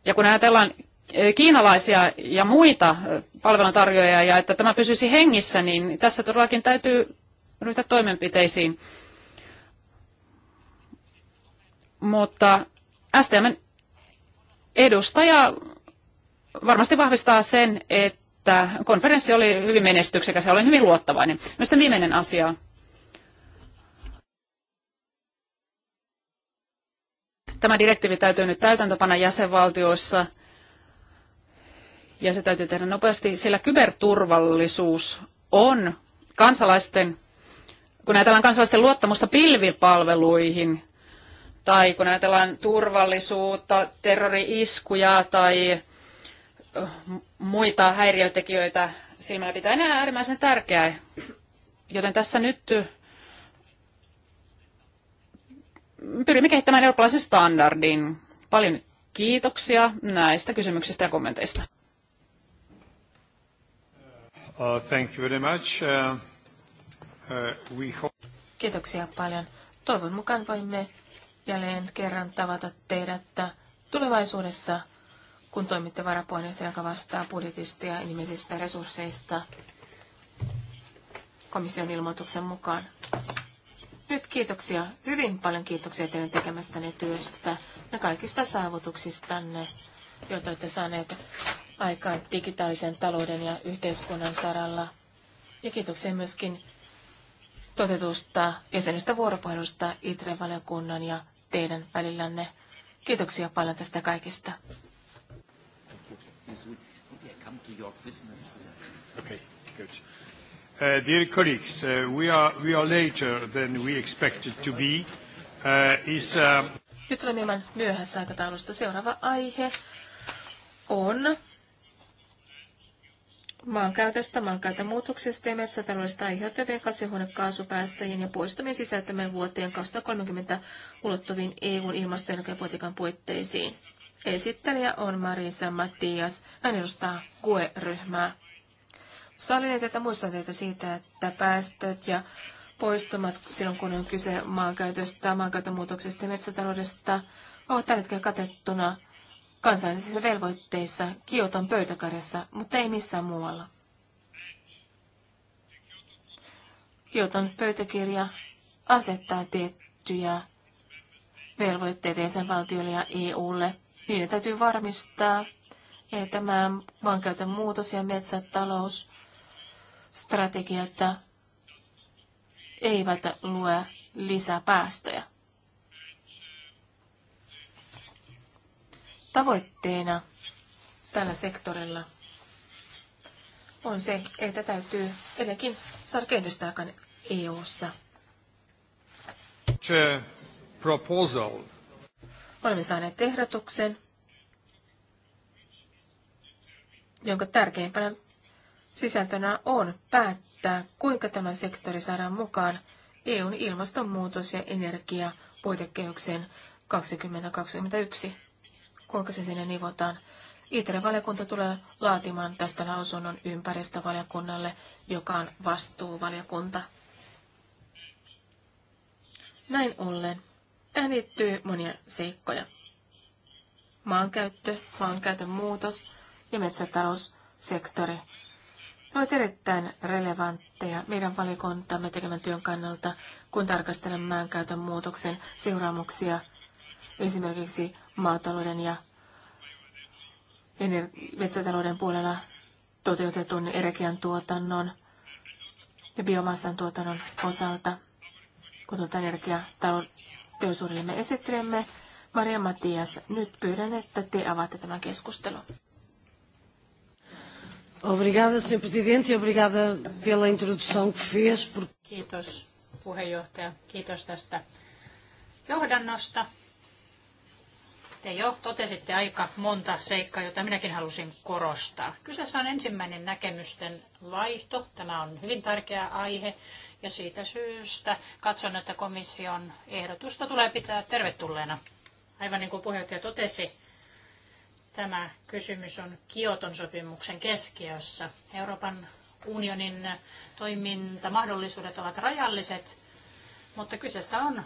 Ja kun ajatellaan e, kiinalaisia ja muita e, palveluntarjoajia ja että tämä pysyisi hengissä, niin tässä todellakin täytyy ryhtyä toimenpiteisiin. Mutta STM edustaja varmasti vahvistaa sen, että että konferenssi oli hyvin menestyksekäs ja olen hyvin luottavainen. No sitten viimeinen asia. Tämä direktiivi täytyy nyt täytäntöpana jäsenvaltioissa ja se täytyy tehdä nopeasti, sillä kyberturvallisuus on kansalaisten, kun ajatellaan kansalaisten luottamusta pilvipalveluihin, tai kun ajatellaan turvallisuutta, terrori-iskuja tai muita häiriötekijöitä silmällä pitää enää äärimmäisen tärkeää. Joten tässä nyt pyrimme kehittämään eurooppalaisen standardin. Paljon kiitoksia näistä kysymyksistä ja kommenteista. Uh, thank you very much. Uh, uh, we hope... Kiitoksia paljon. Toivon mukaan voimme jälleen kerran tavata teidät tulevaisuudessa kun toimitte varapuheenjohtaja, joka vastaa budjetista ja inhimillisistä resursseista komission ilmoituksen mukaan. Nyt kiitoksia, hyvin paljon kiitoksia teidän tekemästänne työstä ja kaikista saavutuksistanne, joita olette saaneet aikaan digitaalisen talouden ja yhteiskunnan saralla. Ja kiitoksia myöskin toteutusta jäsenystä vuoropuhelusta ITRE-valiokunnan ja teidän välillänne. Kiitoksia paljon tästä kaikesta business would, come to your business? Okay, good. Uh, dear colleagues, uh, we, are, later than we expected to be. Uh, is, Nyt olemme hieman myöhässä aikataulusta. Seuraava aihe on maankäytöstä, maankäytön muutoksesta ja metsätaloudesta aiheutuvien kasvihuonekaasupäästöjen ja poistumien sisältämien vuoteen 2030 ulottuviin EUn ilmasto- ja energiapolitiikan puitteisiin. Esittelijä on Marisa Mattias. Hän edustaa QE-ryhmää. Sallin että muistan teitä siitä, että päästöt ja poistumat silloin, kun on kyse maankäytöstä, maankäytömuutoksesta ja metsätaloudesta, ovat tällä hetkellä katettuna kansallisissa velvoitteissa Kioton pöytäkarjassa, mutta ei missään muualla. Kioton pöytäkirja asettaa tiettyjä velvoitteita valtiolle ja EUlle. Niiden täytyy varmistaa, että tämä maankäytön muutos ja metsätalousstrategiat eivät lue lisäpäästöjä. Tavoitteena tällä sektorilla on se, että täytyy edelleenkin saada kehitystä EU-ssa. proposal Olemme saaneet ehdotuksen, jonka tärkeimpänä sisältönä on päättää, kuinka tämä sektori saadaan mukaan EUn ilmastonmuutos- ja energiapuitekehykseen 2021. Kuinka se sinne nivotaan? ITRE-valiokunta tulee laatimaan tästä lausunnon ympäristövaliokunnalle, joka on vastuuvaliokunta. Näin ollen Tähän liittyy monia seikkoja. Maankäyttö, maankäytön muutos ja metsätaloussektori ovat erittäin relevantteja meidän valikuntamme tekemän työn kannalta, kun tarkastelemme maankäytön muutoksen seuraamuksia esimerkiksi maatalouden ja metsätalouden puolella toteutetun energiantuotannon ja biomassan tuotannon osalta, kun tuota energiatalouden teosuudellemme esittelemme. Maria Matias, nyt pyydän, että te avaatte tämän keskustelun. Obrigada, senhor presidente, e obrigada pela introdução que fez. Por... Kiitos puheenjohtaja, kiitos tästä johdannosta. Te jo totesitte aika monta seikkaa, jota minäkin halusin korostaa. Kyseessä on ensimmäinen näkemysten vaihto. Tämä on hyvin tärkeä aihe. Ja siitä syystä katson, että komission ehdotusta tulee pitää tervetulleena. Aivan niin kuin puheenjohtaja totesi, tämä kysymys on Kioton sopimuksen keskiössä. Euroopan unionin toimintamahdollisuudet ovat rajalliset, mutta kyseessä on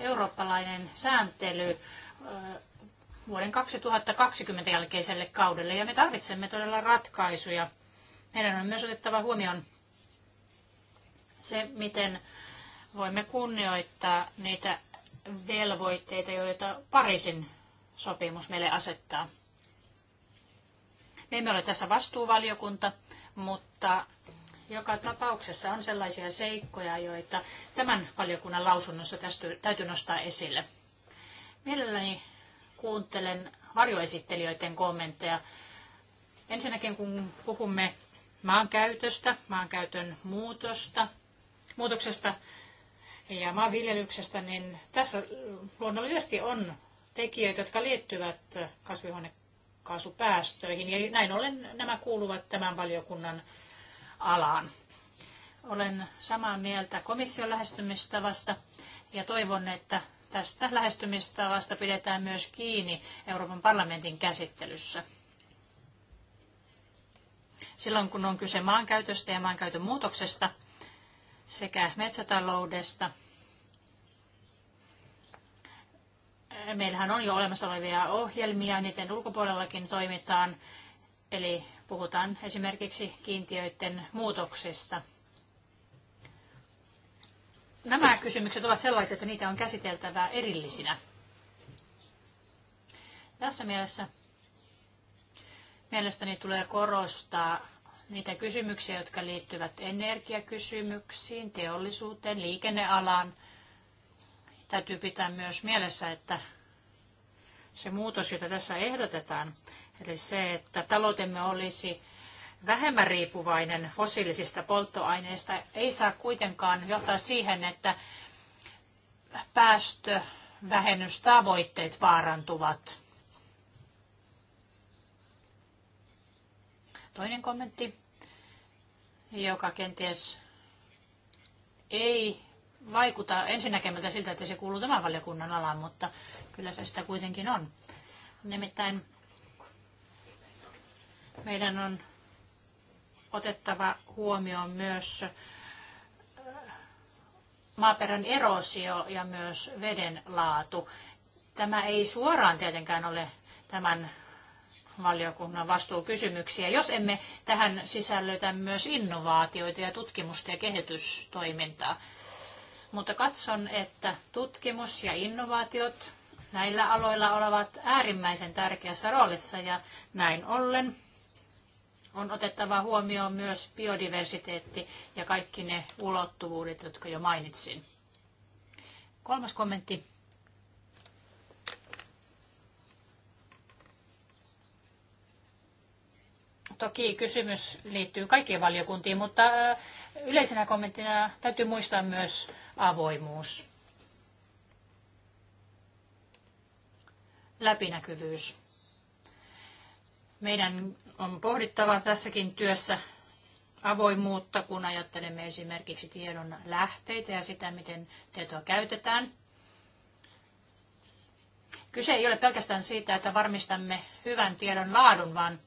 eurooppalainen sääntely vuoden 2020 jälkeiselle kaudelle ja me tarvitsemme todella ratkaisuja. Meidän on myös otettava huomioon se, miten voimme kunnioittaa niitä velvoitteita, joita Pariisin sopimus meille asettaa. Me emme ole tässä vastuuvaliokunta, mutta joka tapauksessa on sellaisia seikkoja, joita tämän valiokunnan lausunnossa tästä täytyy nostaa esille. Mielelläni kuuntelen varjoesittelijöiden kommentteja. Ensinnäkin kun puhumme maankäytöstä, maankäytön muutosta, muutoksesta ja maanviljelyksestä, niin tässä luonnollisesti on tekijöitä, jotka liittyvät kasvihuonekaasupäästöihin. Ja näin ollen nämä kuuluvat tämän valiokunnan alaan. Olen samaa mieltä komission lähestymistavasta ja toivon, että tästä lähestymistavasta pidetään myös kiinni Euroopan parlamentin käsittelyssä. Silloin kun on kyse maankäytöstä ja maankäytön muutoksesta – sekä metsätaloudesta. Meillähän on jo olemassa olevia ohjelmia, niiden ulkopuolellakin toimitaan, eli puhutaan esimerkiksi kiintiöiden muutoksista. Nämä kysymykset ovat sellaisia, että niitä on käsiteltävää erillisinä. Tässä mielessä mielestäni tulee korostaa niitä kysymyksiä, jotka liittyvät energiakysymyksiin, teollisuuteen, liikennealaan. Täytyy pitää myös mielessä, että se muutos, jota tässä ehdotetaan, eli se, että taloutemme olisi vähemmän riippuvainen fossiilisista polttoaineista, ei saa kuitenkaan johtaa siihen, että päästövähennystavoitteet vaarantuvat. Toinen kommentti, joka kenties ei vaikuta ensinnäkemältä siltä, että se kuuluu tämän valiokunnan alaan, mutta kyllä se sitä kuitenkin on. Nimittäin meidän on otettava huomioon myös äh, maaperän erosio ja myös veden laatu. Tämä ei suoraan tietenkään ole tämän valiokunnan vastuukysymyksiä, jos emme tähän sisällytä myös innovaatioita ja tutkimusta ja kehitystoimintaa. Mutta katson, että tutkimus ja innovaatiot näillä aloilla ovat äärimmäisen tärkeässä roolissa ja näin ollen on otettava huomioon myös biodiversiteetti ja kaikki ne ulottuvuudet, jotka jo mainitsin. Kolmas kommentti Toki kysymys liittyy kaikkiin valiokuntiin, mutta yleisenä kommenttina täytyy muistaa myös avoimuus. Läpinäkyvyys. Meidän on pohdittava tässäkin työssä avoimuutta, kun ajattelemme esimerkiksi tiedon lähteitä ja sitä, miten tietoa käytetään. Kyse ei ole pelkästään siitä, että varmistamme hyvän tiedon laadun, vaan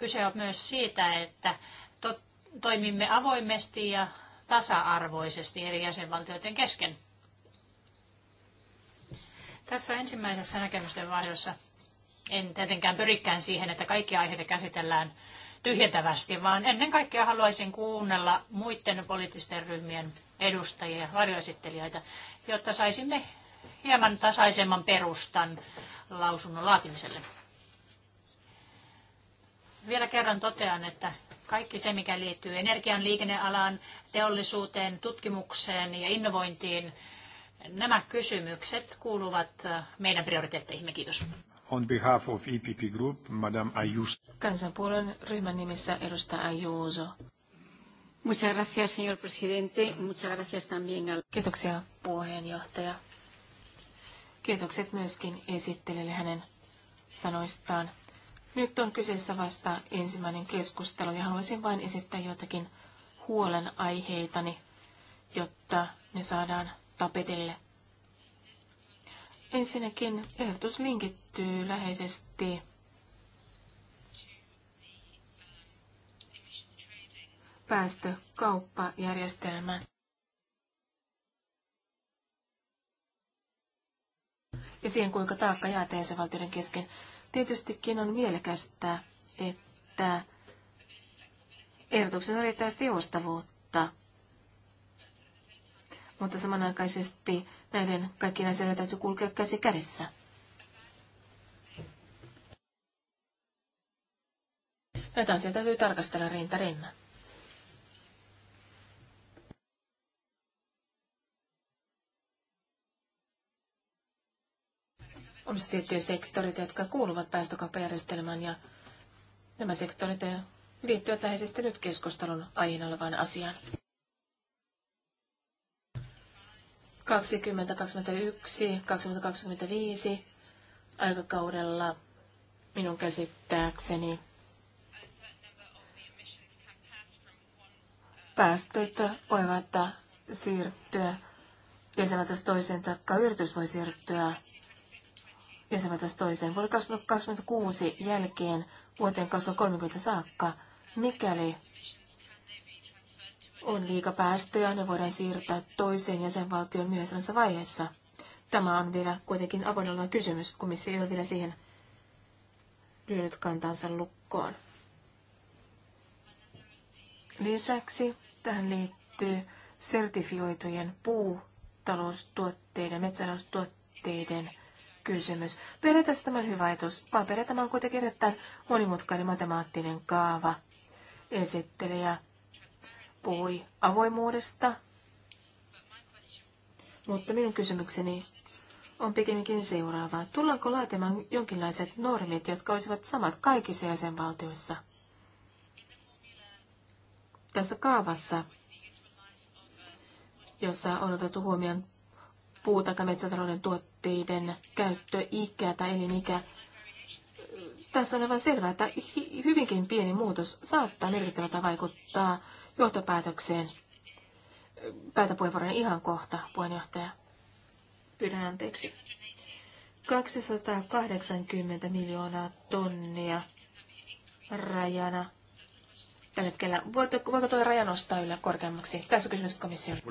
Kyse on myös siitä, että to- toimimme avoimesti ja tasa-arvoisesti eri jäsenvaltioiden kesken. Tässä ensimmäisessä näkemysten vaihdossa en tietenkään pyrikään siihen, että kaikki aiheita käsitellään tyhjentävästi, vaan ennen kaikkea haluaisin kuunnella muiden poliittisten ryhmien edustajia ja varjoesittelijöitä, jotta saisimme hieman tasaisemman perustan lausunnon laatimiselle. Vielä kerran totean, että kaikki se, mikä liittyy energian, liikennealaan, teollisuuteen, tutkimukseen ja innovointiin, nämä kysymykset kuuluvat äh, meidän prioriteetteihimme. Kiitos. On behalf of EPP Group, Madame Ayuso. Kansanpuolen ryhmän nimissä edustaa Ayuso. Muchas gracias, señor presidente. Muchas gracias también al... Kiitoksia puheenjohtaja. Kiitokset myöskin esittelijälle hänen sanoistaan. Nyt on kyseessä vasta ensimmäinen keskustelu ja haluaisin vain esittää jotakin huolenaiheitani, jotta ne saadaan tapetille. Ensinnäkin ehdotus linkittyy läheisesti päästökauppajärjestelmään. Ja siihen, kuinka taakka jaetaan valtioiden kesken. Tietystikin on mielekästä, että ehdotuksen on riittävästi joustavuutta, mutta samanaikaisesti näiden kaikkien asioiden täytyy kulkea käsi kädessä. Näitä asioita täytyy tarkastella rinta rinnan. olisi siis tiettyjä sektoreita, jotka kuuluvat päästökauppajärjestelmään ja nämä sektorit liittyvät läheisesti nyt keskustelun aiheena olevaan asiaan. 2021, 2025 aikakaudella minun käsittääkseni päästöt voivat siirtyä jäsenvaltiosta toiseen, taikka yritys voi siirtyä jäsenvaltiosta toiseen vuoden 2026 jälkeen vuoteen 2030 saakka, mikäli on liika päästöjä, ne voidaan siirtää toiseen jäsenvaltioon myöhemmässä vaiheessa. Tämä on vielä kuitenkin avoin oleva kysymys, komissio ei ole vielä siihen lyönyt kantansa lukkoon. Lisäksi tähän liittyy sertifioitujen puutaloustuotteiden, metsätaloustuotteiden kysymys. Periaatteessa tämä on hyvä ajatus. Paperia tämä on kuitenkin erittäin monimutkainen matemaattinen kaava. Esittelijä puhui avoimuudesta, mutta minun kysymykseni on pikemminkin seuraava. Tullaanko laatimaan jonkinlaiset normit, jotka olisivat samat kaikissa jäsenvaltioissa? Tässä kaavassa, jossa on otettu huomioon puu- tai metsätalouden tuotteiden käyttöikä tai elinikä. Tässä on aivan selvää, että hyvinkin pieni muutos saattaa merkittävältä vaikuttaa johtopäätökseen. Päätäpuheenvuoron ihan kohta, puheenjohtaja. Pyydän anteeksi. 280 miljoonaa tonnia rajana tällä hetkellä. Voiko, voiko tuo raja nostaa yllä korkeammaksi? Tässä on kysymys komissiolle.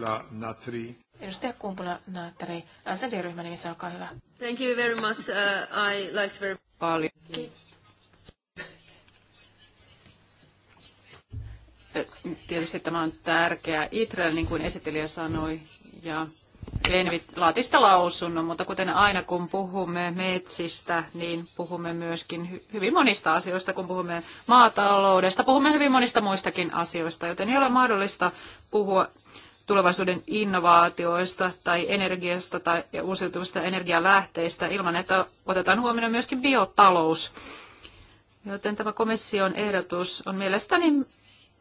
Edustaja Kumpula Naattari, sd ryhmän nimissä, olkaa hyvä. Thank you very much. Uh, I liked very paljon. Ki- Tietysti tämä on tärkeää Itrelle, niin kuin esittelijä sanoi, ja Envi laati sitä lausunnon, mutta kuten aina kun puhumme metsistä, niin puhumme myöskin hyvin monista asioista. Kun puhumme maataloudesta, puhumme hyvin monista muistakin asioista, joten ei ole mahdollista puhua tulevaisuuden innovaatioista tai energiasta tai uusiutuvista energialähteistä ilman, että otetaan huomioon myöskin biotalous. Joten tämä komission ehdotus on mielestäni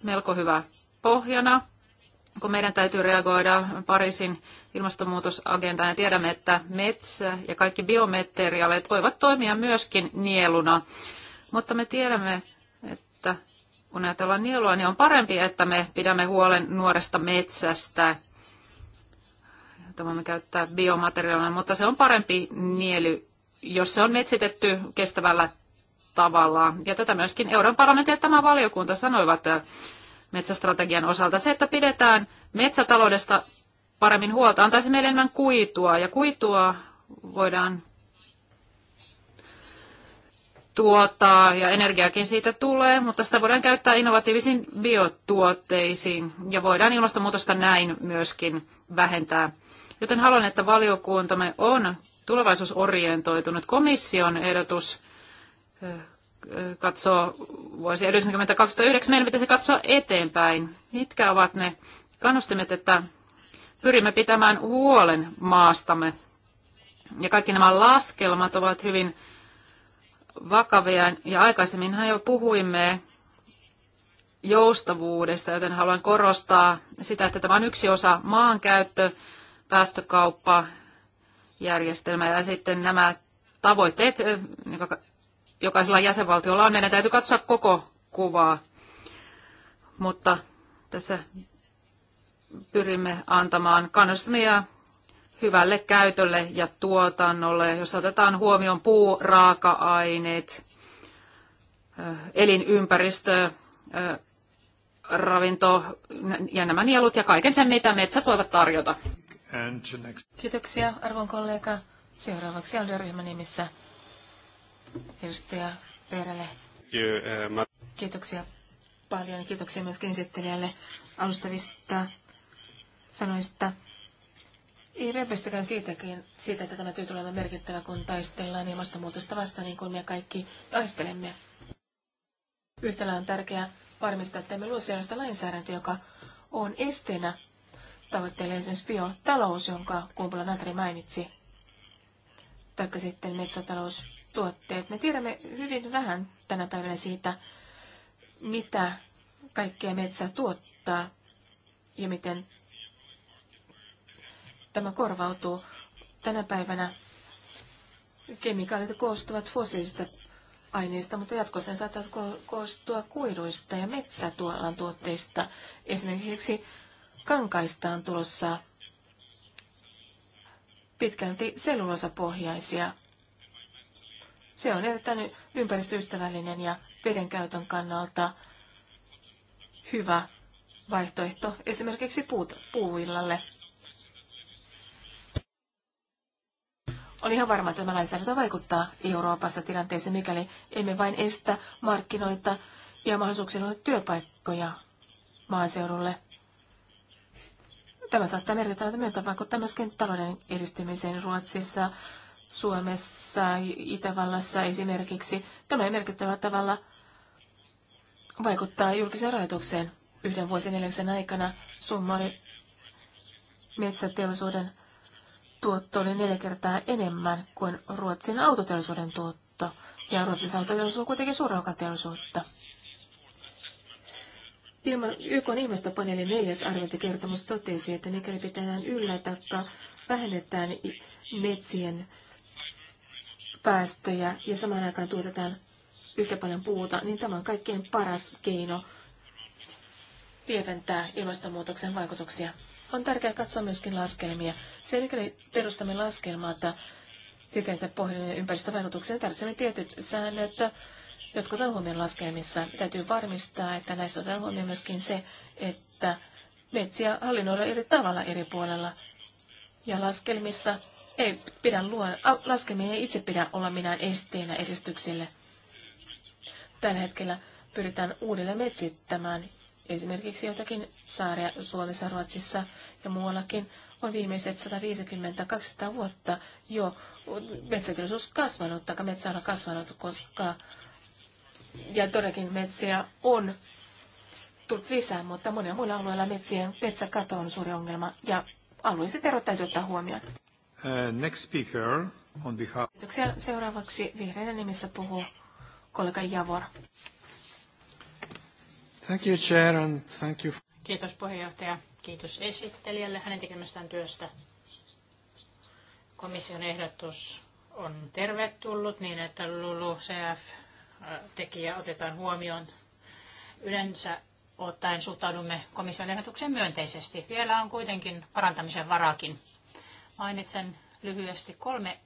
melko hyvä pohjana, kun meidän täytyy reagoida Pariisin ilmastonmuutosagendaan ja tiedämme, että metsä ja kaikki biomateriaalit voivat toimia myöskin nieluna. Mutta me tiedämme, että kun ajatellaan nielua, niin on parempi, että me pidämme huolen nuoresta metsästä, jota voimme käyttää biomateriaalina, mutta se on parempi nielu, jos se on metsitetty kestävällä tavalla. Ja tätä myöskin Euroopan parlamentti ja tämä valiokunta sanoivat äh, metsästrategian osalta. Se, että pidetään metsätaloudesta paremmin huolta, antaisi meille enemmän kuitua, ja kuitua voidaan tuottaa ja energiakin siitä tulee, mutta sitä voidaan käyttää innovatiivisiin biotuotteisiin ja voidaan ilmastonmuutosta näin myöskin vähentää. Joten haluan, että valiokuntamme on tulevaisuusorientoitunut. Komission ehdotus katsoo vuosi 1999, meidän pitäisi katsoa eteenpäin. Mitkä ovat ne kannustimet, että pyrimme pitämään huolen maastamme? Ja kaikki nämä laskelmat ovat hyvin vakavia. Ja aikaisemminhan jo puhuimme joustavuudesta, joten haluan korostaa sitä, että tämä on yksi osa maankäyttö, päästökauppa, järjestelmä ja sitten nämä tavoitteet, jokaisella jäsenvaltiolla on, meidän täytyy katsoa koko kuvaa. Mutta tässä pyrimme antamaan kannustamia hyvälle käytölle ja tuotannolle, jossa otetaan huomioon puuraaka-aineet, elinympäristö, ravinto ja nämä nielut ja kaiken sen, mitä metsät voivat tarjota. Kiitoksia arvon kollega. Seuraavaksi alderyhmän nimissä edustaja Perele. Uh, Kiitoksia paljon. Kiitoksia myöskin esittelijälle alustavista sanoista. Ei repestäkään siitäkin, siitä, että tämä työ tulee olemaan merkittävä, kun taistellaan ilmastonmuutosta vastaan, niin kuin me kaikki taistelemme. Yhtälä on tärkeää varmistaa, että me luo sellaista lainsäädäntöä, joka on esteenä tavoitteelle esimerkiksi biotalous, jonka Kumpula Natri mainitsi, taikka sitten metsätaloustuotteet. Me tiedämme hyvin vähän tänä päivänä siitä, mitä kaikkea metsä tuottaa ja miten Tämä korvautuu tänä päivänä. Kemikaalit koostuvat fossiilisista aineista, mutta jatkossa ne saattavat koostua kuiduista ja metsätuolan tuotteista. Esimerkiksi kankaista on tulossa pitkälti sellulosapohjaisia. Se on erittäin ympäristöystävällinen ja veden käytön kannalta hyvä vaihtoehto esimerkiksi puut, puuillalle. On ihan varma, että tämä lainsäädäntö vaikuttaa Euroopassa tilanteeseen, mikäli emme vain estä markkinoita ja mahdollisuuksia luoda työpaikkoja maaseudulle. Tämä saattaa merkittävältä myötä vaikuttaa myöskin talouden edistymiseen Ruotsissa, Suomessa, Itävallassa esimerkiksi. Tämä ei merkittävällä tavalla vaikuttaa julkiseen rahoitukseen. Yhden vuosineljäksen aikana summa oli metsäteollisuuden tuotto oli neljä kertaa enemmän kuin Ruotsin autoteollisuuden tuotto, ja Ruotsin autoteollisuus on kuitenkin suurin teollisuutta. YK ilmastopaneelin neljäs arviointikertomus totesi, että mikäli pitää yllä taikka vähennetään metsien päästöjä ja samaan aikaan tuotetaan yhtä paljon puuta, niin tämä on kaikkein paras keino lieventää ilmastonmuutoksen vaikutuksia on tärkeää katsoa myöskin laskelmia. Se, mikäli perustamme laskelmaa, että siten, että pohdimme ympäristövaikutuksia, tarvitsemme tietyt säännöt, jotka otetaan huomioon laskelmissa. Täytyy varmistaa, että näissä otetaan huomioon myöskin se, että metsiä hallinnoidaan eri tavalla eri puolella. Ja laskelmissa ei pidä luoda, laskeminen ei itse pidä olla minään esteenä edistykselle. Tällä hetkellä pyritään uudelleen metsittämään Esimerkiksi joitakin saaria Suomessa, Ruotsissa ja muuallakin on viimeiset 150-200 vuotta jo metsäteollisuus kasvanut tai on kasvanut, koska ja todellakin metsiä on tullut lisää, mutta monilla muilla alueilla metsien, metsäkato on suuri ongelma ja alueelliset erot täytyy ottaa huomioon. Uh, next speaker on behalf... Seuraavaksi vihreiden nimissä puhuu kollega Javor. Thank you, Chair, and thank you. Kiitos puheenjohtaja. Kiitos esittelijälle hänen tekemästään työstä. Komission ehdotus on tervetullut niin, että LULU-CF-tekijä äh, otetaan huomioon. Yleensä ottaen suhtaudumme komission ehdotukseen myönteisesti. Vielä on kuitenkin parantamisen varaakin. Mainitsen lyhyesti kolme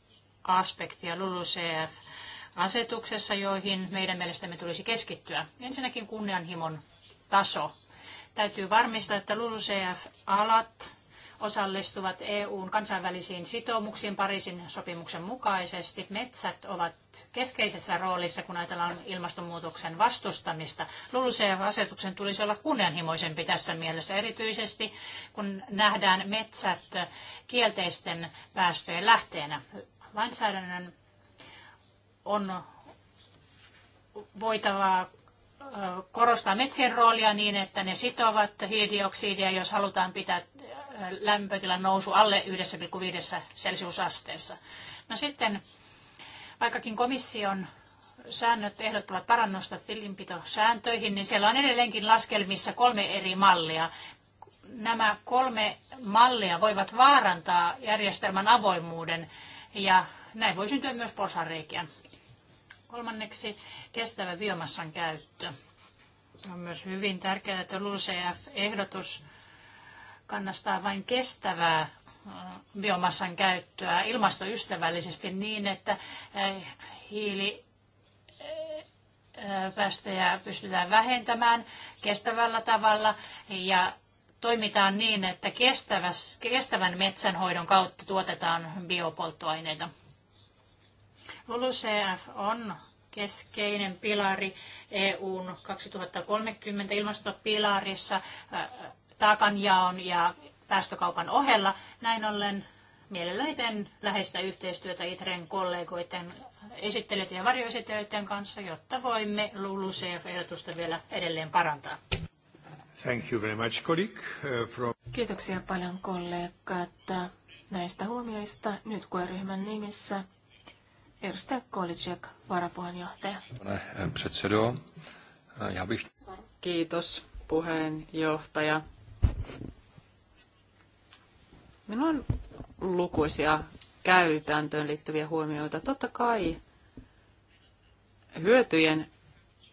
aspektia LULU-CF-asetuksessa, joihin meidän mielestämme tulisi keskittyä. Ensinnäkin kunnianhimon taso. Täytyy varmistaa, että LULUCF-alat osallistuvat EUn kansainvälisiin sitoumuksiin Pariisin sopimuksen mukaisesti. Metsät ovat keskeisessä roolissa, kun ajatellaan ilmastonmuutoksen vastustamista. LULUCF-asetuksen tulisi olla kunnianhimoisempi tässä mielessä, erityisesti kun nähdään metsät kielteisten päästöjen lähteenä. Lainsäädännön on voitava korostaa metsien roolia niin, että ne sitovat hiilidioksidia, jos halutaan pitää lämpötilan nousu alle 1,5 celsiusasteessa. No sitten, vaikkakin komission säännöt ehdottavat parannusta tilinpitosääntöihin, niin siellä on edelleenkin laskelmissa kolme eri mallia. Nämä kolme mallia voivat vaarantaa järjestelmän avoimuuden ja näin voi syntyä myös porsareikiä. Kolmanneksi kestävä biomassan käyttö. On myös hyvin tärkeää, että LULCF-ehdotus kannastaa vain kestävää äh, biomassan käyttöä ilmastoystävällisesti niin, että äh, hiili äh, päästöjä pystytään vähentämään kestävällä tavalla ja toimitaan niin, että kestävän metsänhoidon kautta tuotetaan biopolttoaineita. LULUCF on keskeinen pilari EUn 2030 ilmastopilarissa taakanjaon ja päästökaupan ohella. Näin ollen mielelläni teen läheistä yhteistyötä ITREn kollegoiden esittelijöiden ja varjoesittelijöiden kanssa, jotta voimme LULUCF-ehdotusta vielä edelleen parantaa. Thank you very much, colleague, uh, from... Kiitoksia paljon kollega, että näistä huomioista. Nyt koeryhmän nimissä Edustaja Kolicek, varapuheenjohtaja. Eh, eh, Kiitos, puheenjohtaja. Minulla on lukuisia käytäntöön liittyviä huomioita. Totta kai hyötyjen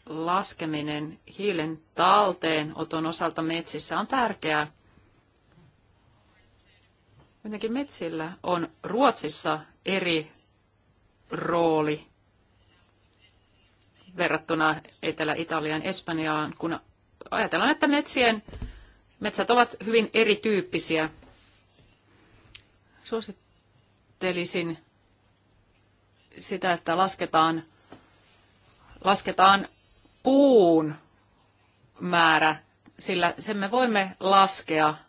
laskeminen hiilen talteen oton osalta metsissä on tärkeää. Kuitenkin metsillä on Ruotsissa eri rooli verrattuna Etelä-Italian Espanjaan, kun ajatellaan, että metsien, metsät ovat hyvin erityyppisiä. Suosittelisin sitä, että lasketaan, lasketaan puun määrä, sillä sen me voimme laskea –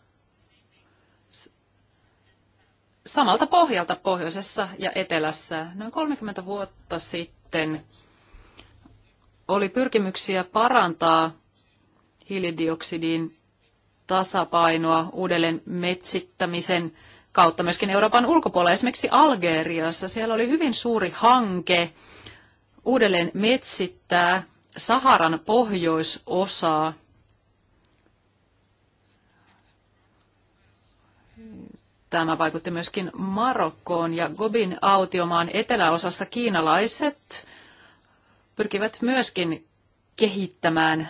samalta pohjalta pohjoisessa ja etelässä. Noin 30 vuotta sitten oli pyrkimyksiä parantaa hiilidioksidin tasapainoa uudelleen metsittämisen kautta myöskin Euroopan ulkopuolella. Esimerkiksi Algeriassa siellä oli hyvin suuri hanke uudelleen metsittää Saharan pohjoisosaa Tämä vaikutti myöskin Marokkoon ja Gobin autiomaan eteläosassa kiinalaiset pyrkivät myöskin kehittämään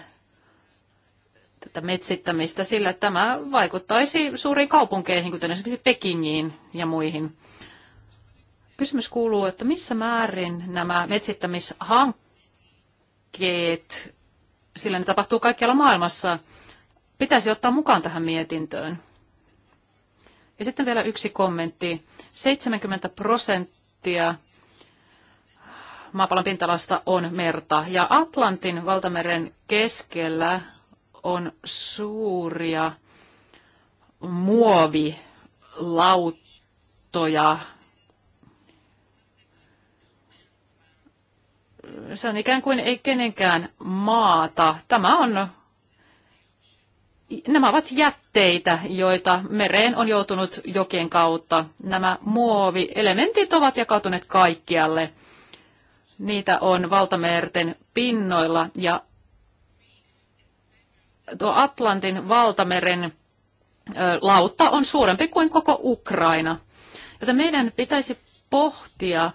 tätä metsittämistä sillä, tämä vaikuttaisi suuriin kaupunkeihin, kuten esimerkiksi Pekingiin ja muihin. Kysymys kuuluu, että missä määrin nämä metsittämishankkeet, sillä ne tapahtuu kaikkialla maailmassa, pitäisi ottaa mukaan tähän mietintöön? Ja sitten vielä yksi kommentti. 70 prosenttia maapallon pintalasta on merta ja Atlantin valtameren keskellä on suuria muovilauttoja. Se on ikään kuin ei kenenkään maata. Tämä on Nämä ovat jätteitä, joita mereen on joutunut jokien kautta. Nämä muovielementit ovat jakautuneet kaikkialle. Niitä on valtamerten pinnoilla ja tuo Atlantin valtameren lautta on suurempi kuin koko Ukraina. Joten meidän pitäisi pohtia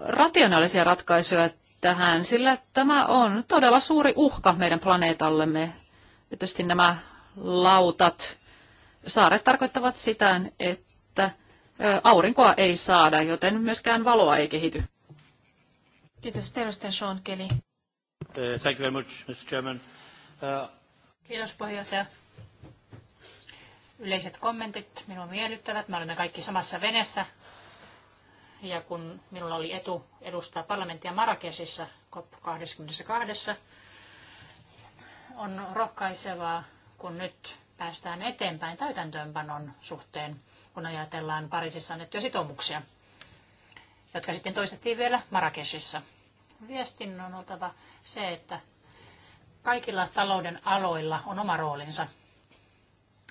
rationaalisia ratkaisuja tähän, sillä tämä on todella suuri uhka meidän planeetallemme. Tietysti nämä lautat. Saaret tarkoittavat sitä, että aurinkoa ei saada, joten myöskään valoa ei kehity. Kiitos, edustaja Sean Kelly. Uh, thank you very much, Mr. Chairman. Uh... Kiitos, puheenjohtaja. Yleiset kommentit minua miellyttävät. Me olemme kaikki samassa venessä. Ja kun minulla oli etu edustaa parlamenttia Marrakesissa COP22, on rohkaisevaa kun nyt päästään eteenpäin täytäntöönpanon suhteen, kun ajatellaan Pariisissa annettuja sitoumuksia, jotka sitten toistettiin vielä Marrakeshissa. Viestin on oltava se, että kaikilla talouden aloilla on oma roolinsa.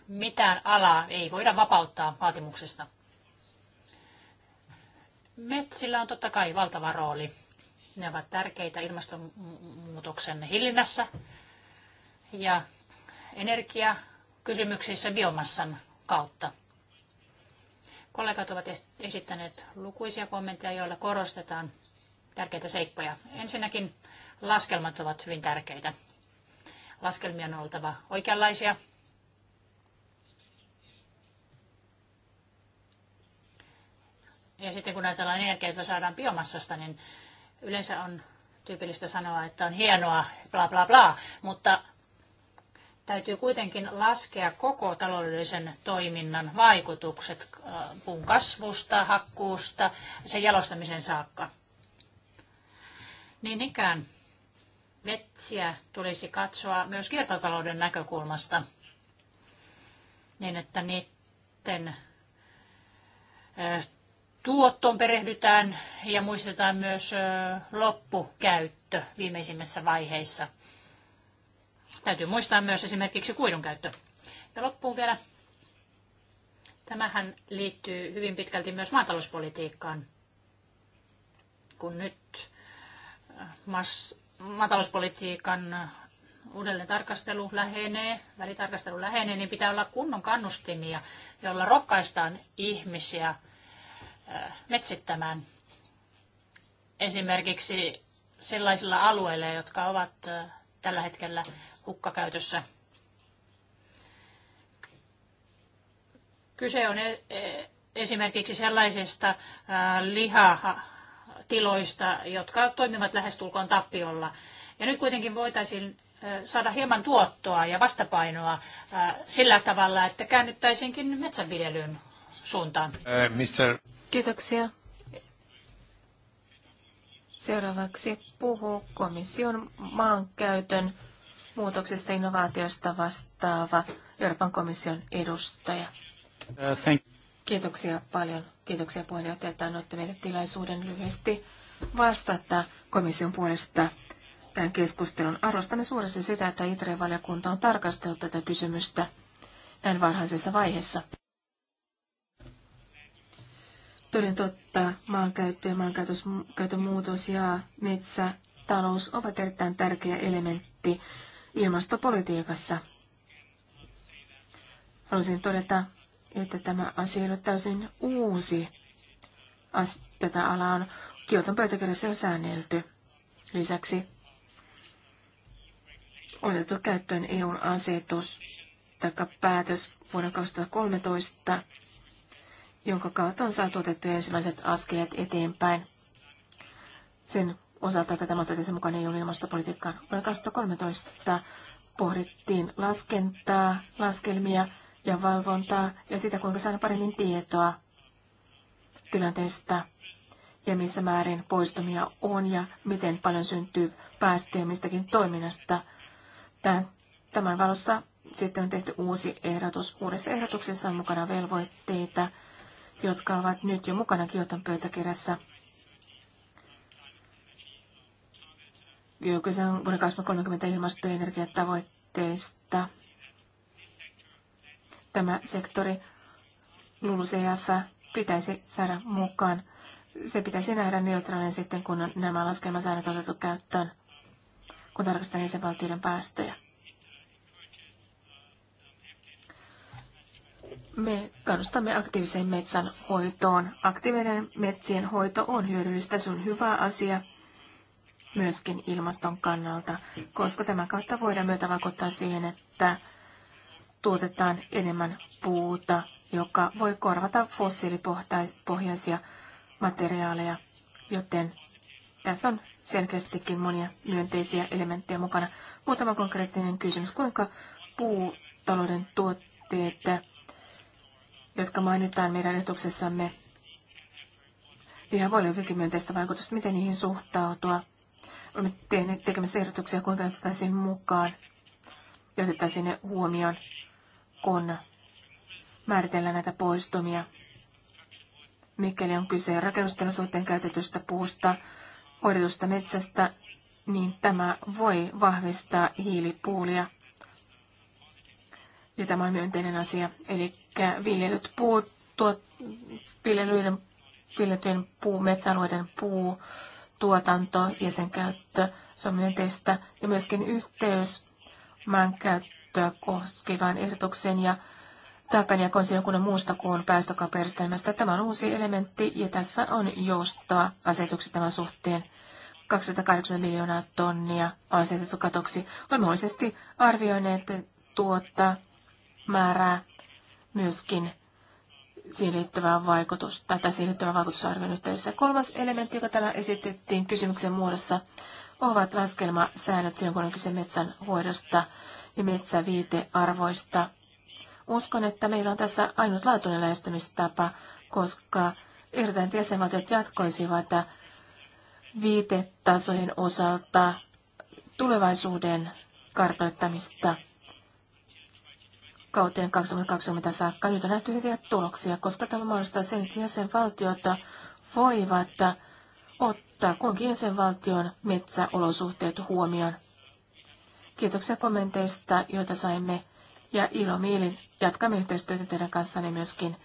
Mitään alaa ei voida vapauttaa vaatimuksista. Metsillä on totta kai valtava rooli. Ne ovat tärkeitä ilmastonmuutoksen hillinnässä ja energiakysymyksissä biomassan kautta. Kollegat ovat esittäneet lukuisia kommentteja, joilla korostetaan tärkeitä seikkoja. Ensinnäkin laskelmat ovat hyvin tärkeitä. Laskelmien on oltava oikeanlaisia. Ja sitten kun ajatellaan energiaa, jota saadaan biomassasta, niin yleensä on tyypillistä sanoa, että on hienoa, bla bla bla, mutta täytyy kuitenkin laskea koko taloudellisen toiminnan vaikutukset äh, puun kasvusta, hakkuusta, sen jalostamisen saakka. Niin ikään metsiä tulisi katsoa myös kiertotalouden näkökulmasta, niin että niiden tuottoon perehdytään ja muistetaan myös loppukäyttö viimeisimmissä vaiheissa – Täytyy muistaa myös esimerkiksi kuidun käyttö. Ja loppuun vielä. Tämähän liittyy hyvin pitkälti myös maatalouspolitiikkaan. Kun nyt äh, mas- maatalouspolitiikan uudelleen tarkastelu lähenee, välitarkastelu lähenee, niin pitää olla kunnon kannustimia, joilla rohkaistaan ihmisiä äh, metsittämään esimerkiksi sellaisilla alueilla, jotka ovat äh, tällä hetkellä hukkakäytössä. Kyse on e, e, esimerkiksi sellaisista lihatiloista, jotka toimivat lähestulkoon tappiolla. Ja nyt kuitenkin voitaisiin saada hieman tuottoa ja vastapainoa sillä tavalla, että käännyttäisinkin metsänviljelyyn suuntaan. Kiitoksia. Seuraavaksi puhuu komission maankäytön muutoksesta innovaatiosta vastaava Euroopan komission edustaja. Uh, Kiitoksia paljon. Kiitoksia puheenjohtaja, että annoitte meille tilaisuuden lyhyesti vastata komission puolesta tämän keskustelun. Arvostamme suuresti sitä, että ITRE-valiokunta on tarkastellut tätä kysymystä näin varhaisessa vaiheessa. Toden totta, maankäyttö ja maankäytön muutos ja metsätalous ovat erittäin tärkeä elementti ilmastopolitiikassa. Haluaisin todeta, että tämä asia ei ole täysin uusi. tätä alaa on Kioton pöytäkirjassa jo säännelty. Lisäksi on otettu käyttöön EUn asetus tai päätös vuonna 2013 jonka kautta on saatu otettu ensimmäiset askeleet eteenpäin. Sen osalta, että tämä otettiin mukaan ei ole ilmastopolitiikkaan. Vuonna 2013 pohdittiin laskentaa, laskelmia ja valvontaa ja sitä, kuinka saadaan paremmin tietoa tilanteesta ja missä määrin poistumia on ja miten paljon syntyy päästöjä mistäkin toiminnasta. Tämän valossa sitten on tehty uusi ehdotus. Uudessa ehdotuksessa on mukana velvoitteita jotka ovat nyt jo mukana Kioton pöytäkirjassa. Kyse on vuoden 2030 ilmasto- ja energiatavoitteista. Tämä sektori LULUCF pitäisi saada mukaan. Se pitäisi nähdä neutraalinen sitten, kun nämä laskelmasäännöt on otettu käyttöön, kun tarkastetaan jäsenvaltioiden päästöjä. Me kannustamme aktiiviseen metsän hoitoon. Aktiivinen metsien hoito on hyödyllistä, se on hyvä asia myöskin ilmaston kannalta, koska tämän kautta voidaan myötä vaikuttaa siihen, että tuotetaan enemmän puuta, joka voi korvata fossiilipohjaisia materiaaleja, joten tässä on selkeästikin monia myönteisiä elementtejä mukana. Muutama konkreettinen kysymys, kuinka puutalouden tuotteet jotka mainitaan meidän ehdotuksessamme. Ihan voi olla hyvinkin myönteistä vaikutusta, miten niihin suhtautua. Olemme tehneet tekemässä ehdotuksia, kuinka ne otettaisiin mukaan ja otettaisiin ne huomioon, kun määritellään näitä poistumia. Mikäli on kyse suhteen käytetystä puusta, hoidetusta metsästä, niin tämä voi vahvistaa hiilipuulia ja tämä on myönteinen asia. Eli viljelyt puu tuot, viljelyiden, viljelyiden puu, metsäalueiden puu, tuotanto ja sen käyttö, se on myönteistä. Ja myöskin yhteys maankäyttöä koskevaan ehdotukseen ja taakanjakoon silloin muusta kuin päästökaupajärjestelmästä. Tämä on uusi elementti ja tässä on joustoa asetukset tämän suhteen. 280 miljoonaa tonnia asetettu katoksi. Olemme mahdollisesti arvioineet tuota määrää myöskin siirryttävää vaikutusta, tai siirryttävän vaikutusarvion yhteydessä. Kolmas elementti, joka täällä esitettiin kysymyksen muodossa, ovat laskelmasäännöt silloin, kun on kyse metsän hoidosta ja metsäviitearvoista. Uskon, että meillä on tässä ainutlaatuinen lähestymistapa, koska erittäin jäsenvaltiot jatkoisivat viitetasojen osalta tulevaisuuden kartoittamista – kauteen 2020 saakka. Nyt on nähty hyviä tuloksia, koska tämä mahdollistaa sen, että jäsenvaltiot voivat ottaa kunkin jäsenvaltion metsäolosuhteet huomioon. Kiitoksia kommenteista, joita saimme, ja mielin jatkamme yhteistyötä teidän kanssanne myöskin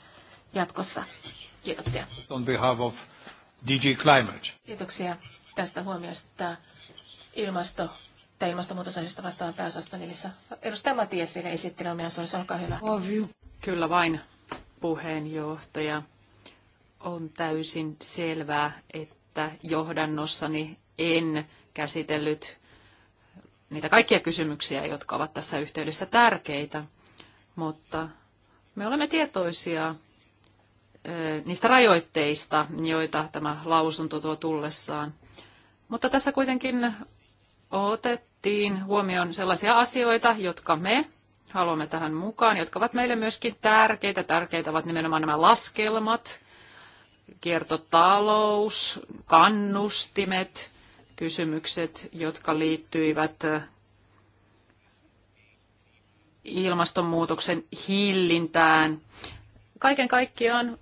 jatkossa. Kiitoksia. On behalf of DG Climate. Kiitoksia tästä huomiosta ilmasto tai ilmastonmuutosasioista vastaavan pääosaston nimissä. Edustaja Matias vielä esitteli omia suosia, olkaa hyvä. Kyllä vain, puheenjohtaja. On täysin selvää, että johdannossani en käsitellyt niitä kaikkia kysymyksiä, jotka ovat tässä yhteydessä tärkeitä, mutta me olemme tietoisia niistä rajoitteista, joita tämä lausunto tuo tullessaan. Mutta tässä kuitenkin otettiin huomioon sellaisia asioita, jotka me haluamme tähän mukaan, jotka ovat meille myöskin tärkeitä. Tärkeitä ovat nimenomaan nämä laskelmat, kiertotalous, kannustimet, kysymykset, jotka liittyivät ilmastonmuutoksen hillintään. Kaiken kaikkiaan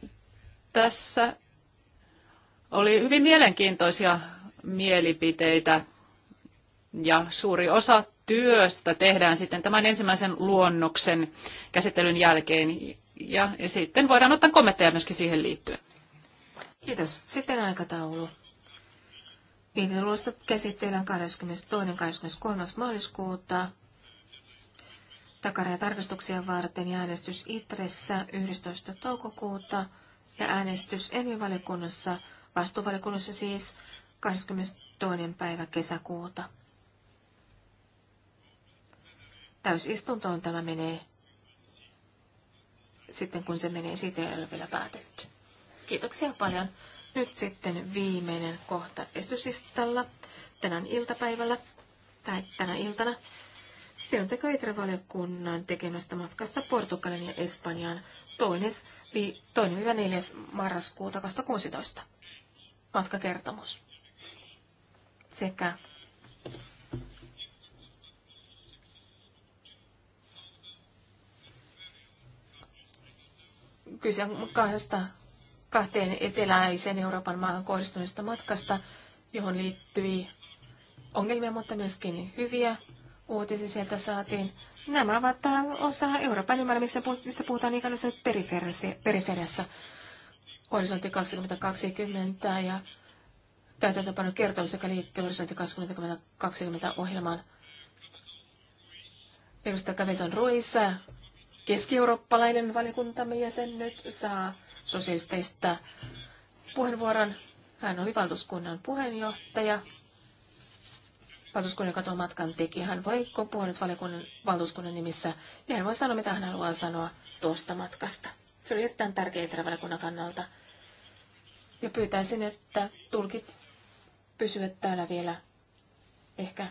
tässä oli hyvin mielenkiintoisia mielipiteitä ja suuri osa työstä tehdään sitten tämän ensimmäisen luonnoksen käsittelyn jälkeen ja, ja sitten voidaan ottaa kommentteja myöskin siihen liittyen. Kiitos. Sitten aikataulu. Mietintöluosta käsitellään 22.–23. maaliskuuta. Takara- ja tarkastuksia varten ja äänestys Itressä 11. toukokuuta ja äänestys Envivaliokunnassa, vastuuvalikunnassa siis 22. päivä kesäkuuta. Täysistuntoon tämä menee sitten, kun se menee, siitä ei ole vielä päätetty. Kiitoksia paljon. Nyt sitten viimeinen kohta esityslistalla tänään iltapäivällä tai tänä iltana. Se on valiokunnan tekemästä matkasta Portugalin ja Espanjaan 2-4. marraskuuta 2016. Matkakertomus. Sekä Kyse on kahdesta, kahteen eteläisen Euroopan maahan kohdistuneesta matkasta, johon liittyi ongelmia, mutta myöskin hyviä uutisia sieltä saatiin. Nämä ovat osa Euroopan ymmärrämistä, mistä puhutaan ikään kuin periferiassa. Horisontti 2020 ja täytäntöpanon kertomus, joka liittyy Horisontti 2020 ohjelmaan. Edustaja Kaveson Ruissa keskieurooppalainen valiokuntamme jäsen nyt saa sosialisteista puheenvuoron. Hän oli valtuuskunnan puheenjohtaja. Valtuuskunnan katon matkan teki. Hän voi puhua nyt valiokunnan, valtuuskunnan nimissä ja hän voi sanoa, mitä hän haluaa sanoa tuosta matkasta. Se oli erittäin tärkeä valiokunnan kannalta. Ja pyytäisin, että tulkit pysyvät täällä vielä ehkä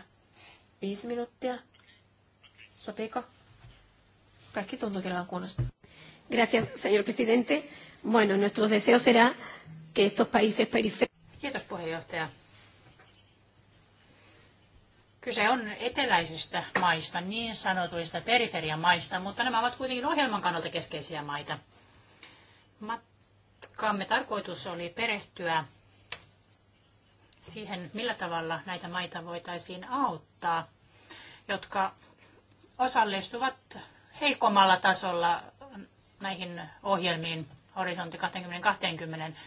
viisi minuuttia. Sopiiko? Kaikki kunnosta. Gracias, señor presidente. Bueno, nuestro deseo será que estos países periféricos... Kiitos puheenjohtaja. Kyse on eteläisistä maista, niin sanotuista periferian maista, mutta nämä ovat kuitenkin ohjelman kannalta keskeisiä maita. Matkamme tarkoitus oli perehtyä siihen, millä tavalla näitä maita voitaisiin auttaa, jotka osallistuvat heikommalla tasolla näihin ohjelmiin Horisontti 2020.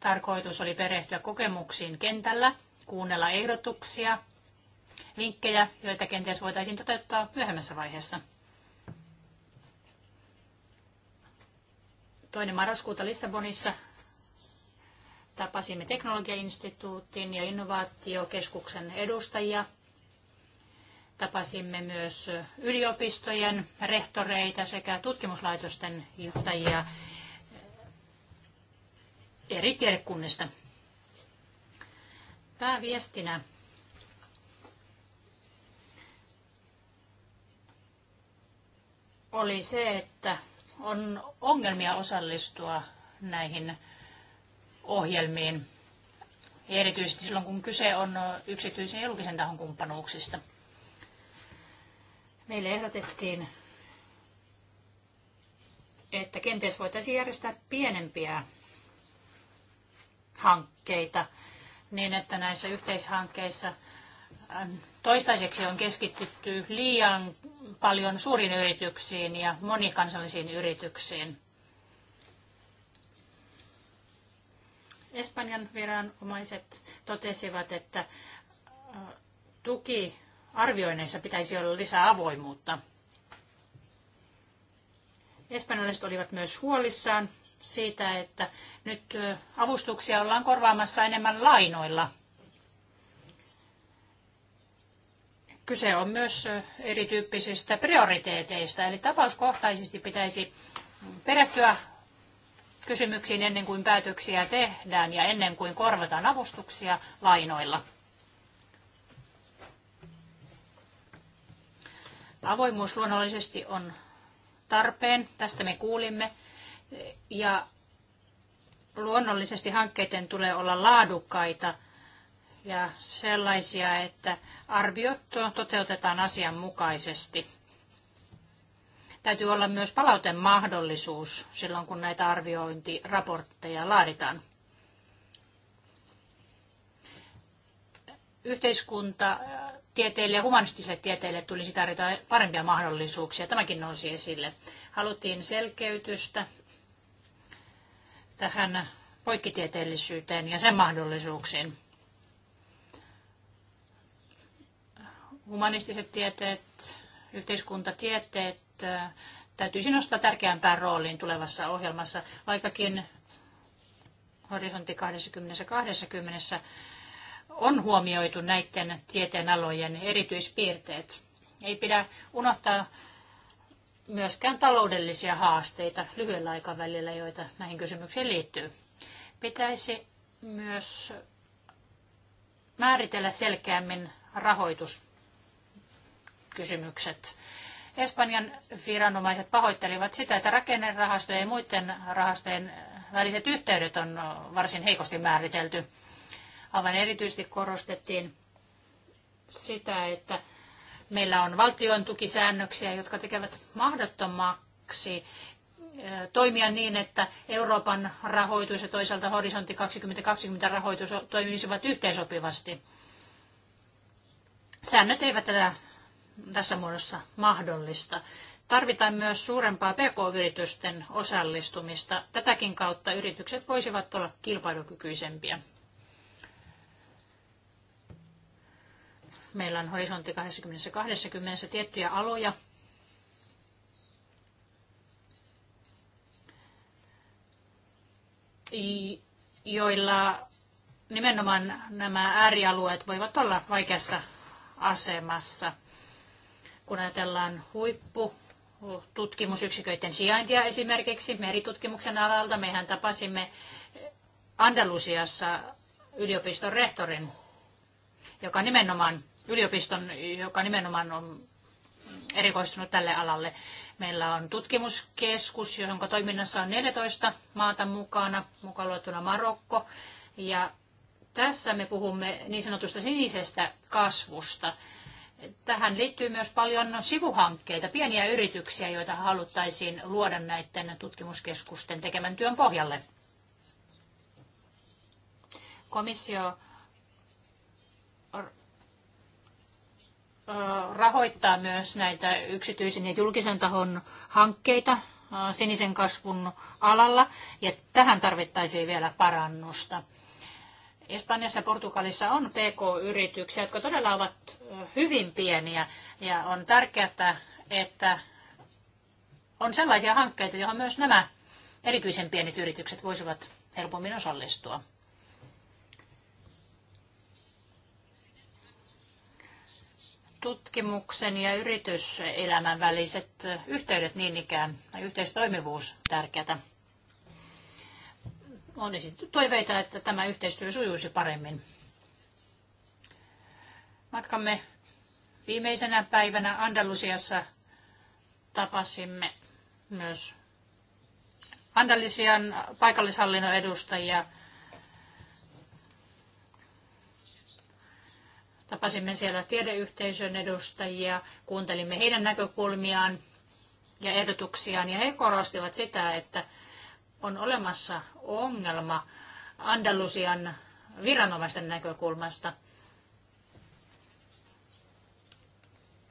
Tarkoitus oli perehtyä kokemuksiin kentällä, kuunnella ehdotuksia, vinkkejä, joita kenties voitaisiin toteuttaa myöhemmässä vaiheessa. Toinen marraskuuta Lissabonissa tapasimme teknologiainstituutin ja innovaatiokeskuksen edustajia – Tapasimme myös yliopistojen rehtoreita sekä tutkimuslaitosten johtajia eri tiedekunnista. Pääviestinä oli se, että on ongelmia osallistua näihin ohjelmiin, erityisesti silloin kun kyse on yksityisen ja julkisen tahon kumppanuuksista. Meille ehdotettiin, että kenties voitaisiin järjestää pienempiä hankkeita niin, että näissä yhteishankkeissa toistaiseksi on keskittytty liian paljon suuriin yrityksiin ja monikansallisiin yrityksiin. Espanjan viranomaiset totesivat, että tuki arvioinneissa pitäisi olla lisää avoimuutta. Espanjalaiset olivat myös huolissaan siitä, että nyt avustuksia ollaan korvaamassa enemmän lainoilla. Kyse on myös erityyppisistä prioriteeteista, eli tapauskohtaisesti pitäisi perehtyä kysymyksiin ennen kuin päätöksiä tehdään ja ennen kuin korvataan avustuksia lainoilla. Avoimuus luonnollisesti on tarpeen, tästä me kuulimme. Ja luonnollisesti hankkeiden tulee olla laadukkaita ja sellaisia, että arviot toteutetaan asianmukaisesti. Täytyy olla myös palauten mahdollisuus silloin, kun näitä arviointiraportteja laaditaan. Yhteiskunta tieteille ja humanistisille tieteille tulisi tarjota parempia mahdollisuuksia. Tämäkin nousi esille. Haluttiin selkeytystä tähän poikkitieteellisyyteen ja sen mahdollisuuksiin. Humanistiset tieteet, yhteiskuntatieteet äh, täytyisi nostaa tärkeämpään rooliin tulevassa ohjelmassa, vaikkakin horisontti 2020 on huomioitu näiden tieteenalojen erityispiirteet. Ei pidä unohtaa myöskään taloudellisia haasteita lyhyellä aikavälillä, joita näihin kysymyksiin liittyy. Pitäisi myös määritellä selkeämmin rahoituskysymykset. Espanjan viranomaiset pahoittelivat sitä, että rakennerahastojen ja muiden rahastojen väliset yhteydet on varsin heikosti määritelty. Aivan erityisesti korostettiin sitä, että meillä on valtion tukisäännöksiä, jotka tekevät mahdottomaksi toimia niin, että Euroopan rahoitus ja toisaalta horisontti 2020 rahoitus toimisivat yhteensopivasti. Säännöt eivät tätä tässä muodossa mahdollista. Tarvitaan myös suurempaa pk-yritysten osallistumista. Tätäkin kautta yritykset voisivat olla kilpailukykyisempiä. Meillä on horisontti 2020 tiettyjä aloja, joilla nimenomaan nämä äärialueet voivat olla vaikeassa asemassa. Kun ajatellaan huippu tutkimusyksiköiden sijaintia esimerkiksi meritutkimuksen alalta, mehän tapasimme Andalusiassa yliopiston rehtorin, joka nimenomaan yliopiston, joka nimenomaan on erikoistunut tälle alalle. Meillä on tutkimuskeskus, jonka toiminnassa on 14 maata mukana, mukaan luettuna Marokko. Ja tässä me puhumme niin sanotusta sinisestä kasvusta. Tähän liittyy myös paljon sivuhankkeita, pieniä yrityksiä, joita haluttaisiin luoda näiden tutkimuskeskusten tekemän työn pohjalle. Komissio rahoittaa myös näitä yksityisen ja julkisen tahon hankkeita sinisen kasvun alalla, ja tähän tarvittaisiin vielä parannusta. Espanjassa ja Portugalissa on PK-yrityksiä, jotka todella ovat hyvin pieniä, ja on tärkeää, että on sellaisia hankkeita, joihin myös nämä erityisen pienet yritykset voisivat helpommin osallistua. tutkimuksen ja yrityselämän väliset yhteydet niin ikään, tai yhteistoimivuus tärkeätä. On esitetty toiveita, että tämä yhteistyö sujuisi paremmin. Matkamme viimeisenä päivänä Andalusiassa tapasimme myös Andalusian paikallishallinnon edustajia – Tapasimme siellä tiedeyhteisön edustajia, kuuntelimme heidän näkökulmiaan ja ehdotuksiaan, ja he korostivat sitä, että on olemassa ongelma Andalusian viranomaisten näkökulmasta.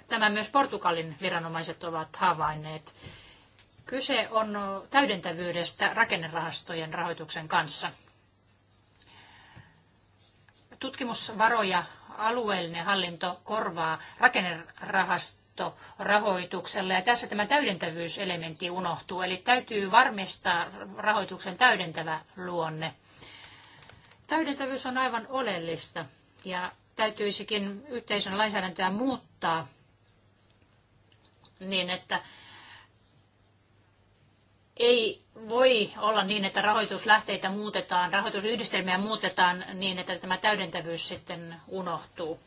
Tämä myös Portugalin viranomaiset ovat havainneet. Kyse on täydentävyydestä rakennerahastojen rahoituksen kanssa. Tutkimusvaroja alueellinen hallinto korvaa rakennerahasto rahoituksella ja tässä tämä täydentävyyselementti unohtuu, eli täytyy varmistaa rahoituksen täydentävä luonne. Täydentävyys on aivan oleellista ja täytyisikin yhteisön lainsäädäntöä muuttaa niin, että ei voi olla niin, että rahoituslähteitä muutetaan, rahoitusyhdistelmiä muutetaan niin, että tämä täydentävyys sitten unohtuu.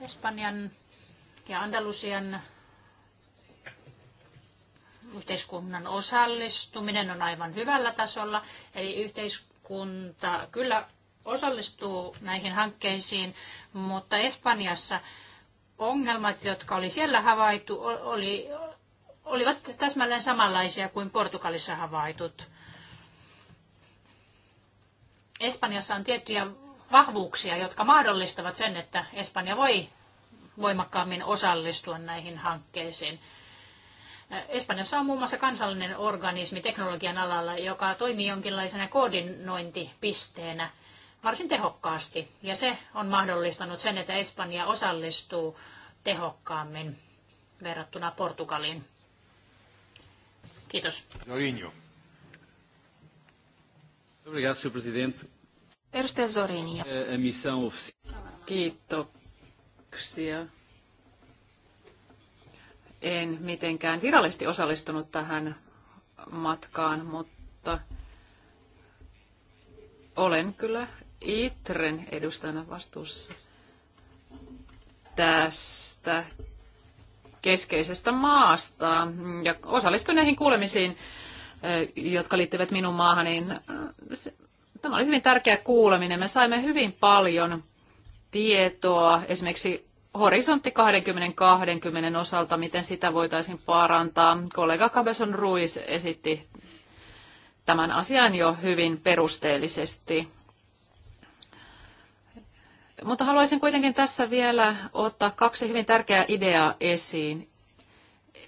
Espanjan ja Andalusian yhteiskunnan osallistuminen on aivan hyvällä tasolla, eli yhteiskunta kyllä osallistuu näihin hankkeisiin, mutta Espanjassa ongelmat, jotka oli siellä havaittu, oli, olivat täsmälleen samanlaisia kuin Portugalissa havaitut. Espanjassa on tiettyjä vahvuuksia, jotka mahdollistavat sen, että Espanja voi voimakkaammin osallistua näihin hankkeisiin. Espanjassa on muun muassa kansallinen organismi teknologian alalla, joka toimii jonkinlaisena koordinointipisteenä varsin tehokkaasti. Ja se on mahdollistanut sen, että Espanja osallistuu tehokkaammin verrattuna Portugaliin. Kiitos. Zorinio. Obrigado, presidente. Edustaja Zorinio. Kiitoksia. En mitenkään virallisesti osallistunut tähän matkaan, mutta olen kyllä Itren edustajana vastuussa tästä keskeisestä maasta ja osallistuin näihin kuulemisiin, jotka liittyvät minun maahan, se, Tämä oli hyvin tärkeä kuuleminen. Me saimme hyvin paljon tietoa esimerkiksi horisontti 20-20 osalta, miten sitä voitaisiin parantaa. Kollega Cabeson Ruiz esitti tämän asian jo hyvin perusteellisesti. Mutta haluaisin kuitenkin tässä vielä ottaa kaksi hyvin tärkeää ideaa esiin.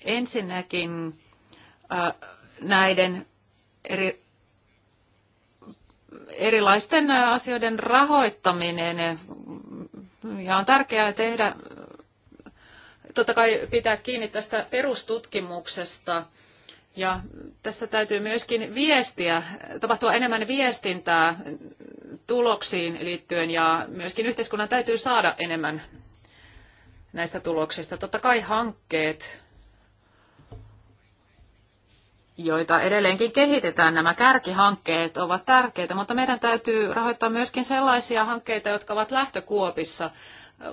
Ensinnäkin näiden eri, erilaisten asioiden rahoittaminen. Ja on tärkeää tehdä, totta kai pitää kiinni tästä perustutkimuksesta – ja tässä täytyy myöskin viestiä, tapahtua enemmän viestintää tuloksiin liittyen ja myöskin yhteiskunnan täytyy saada enemmän näistä tuloksista. Totta kai hankkeet, joita edelleenkin kehitetään, nämä kärkihankkeet ovat tärkeitä, mutta meidän täytyy rahoittaa myöskin sellaisia hankkeita, jotka ovat lähtökuopissa,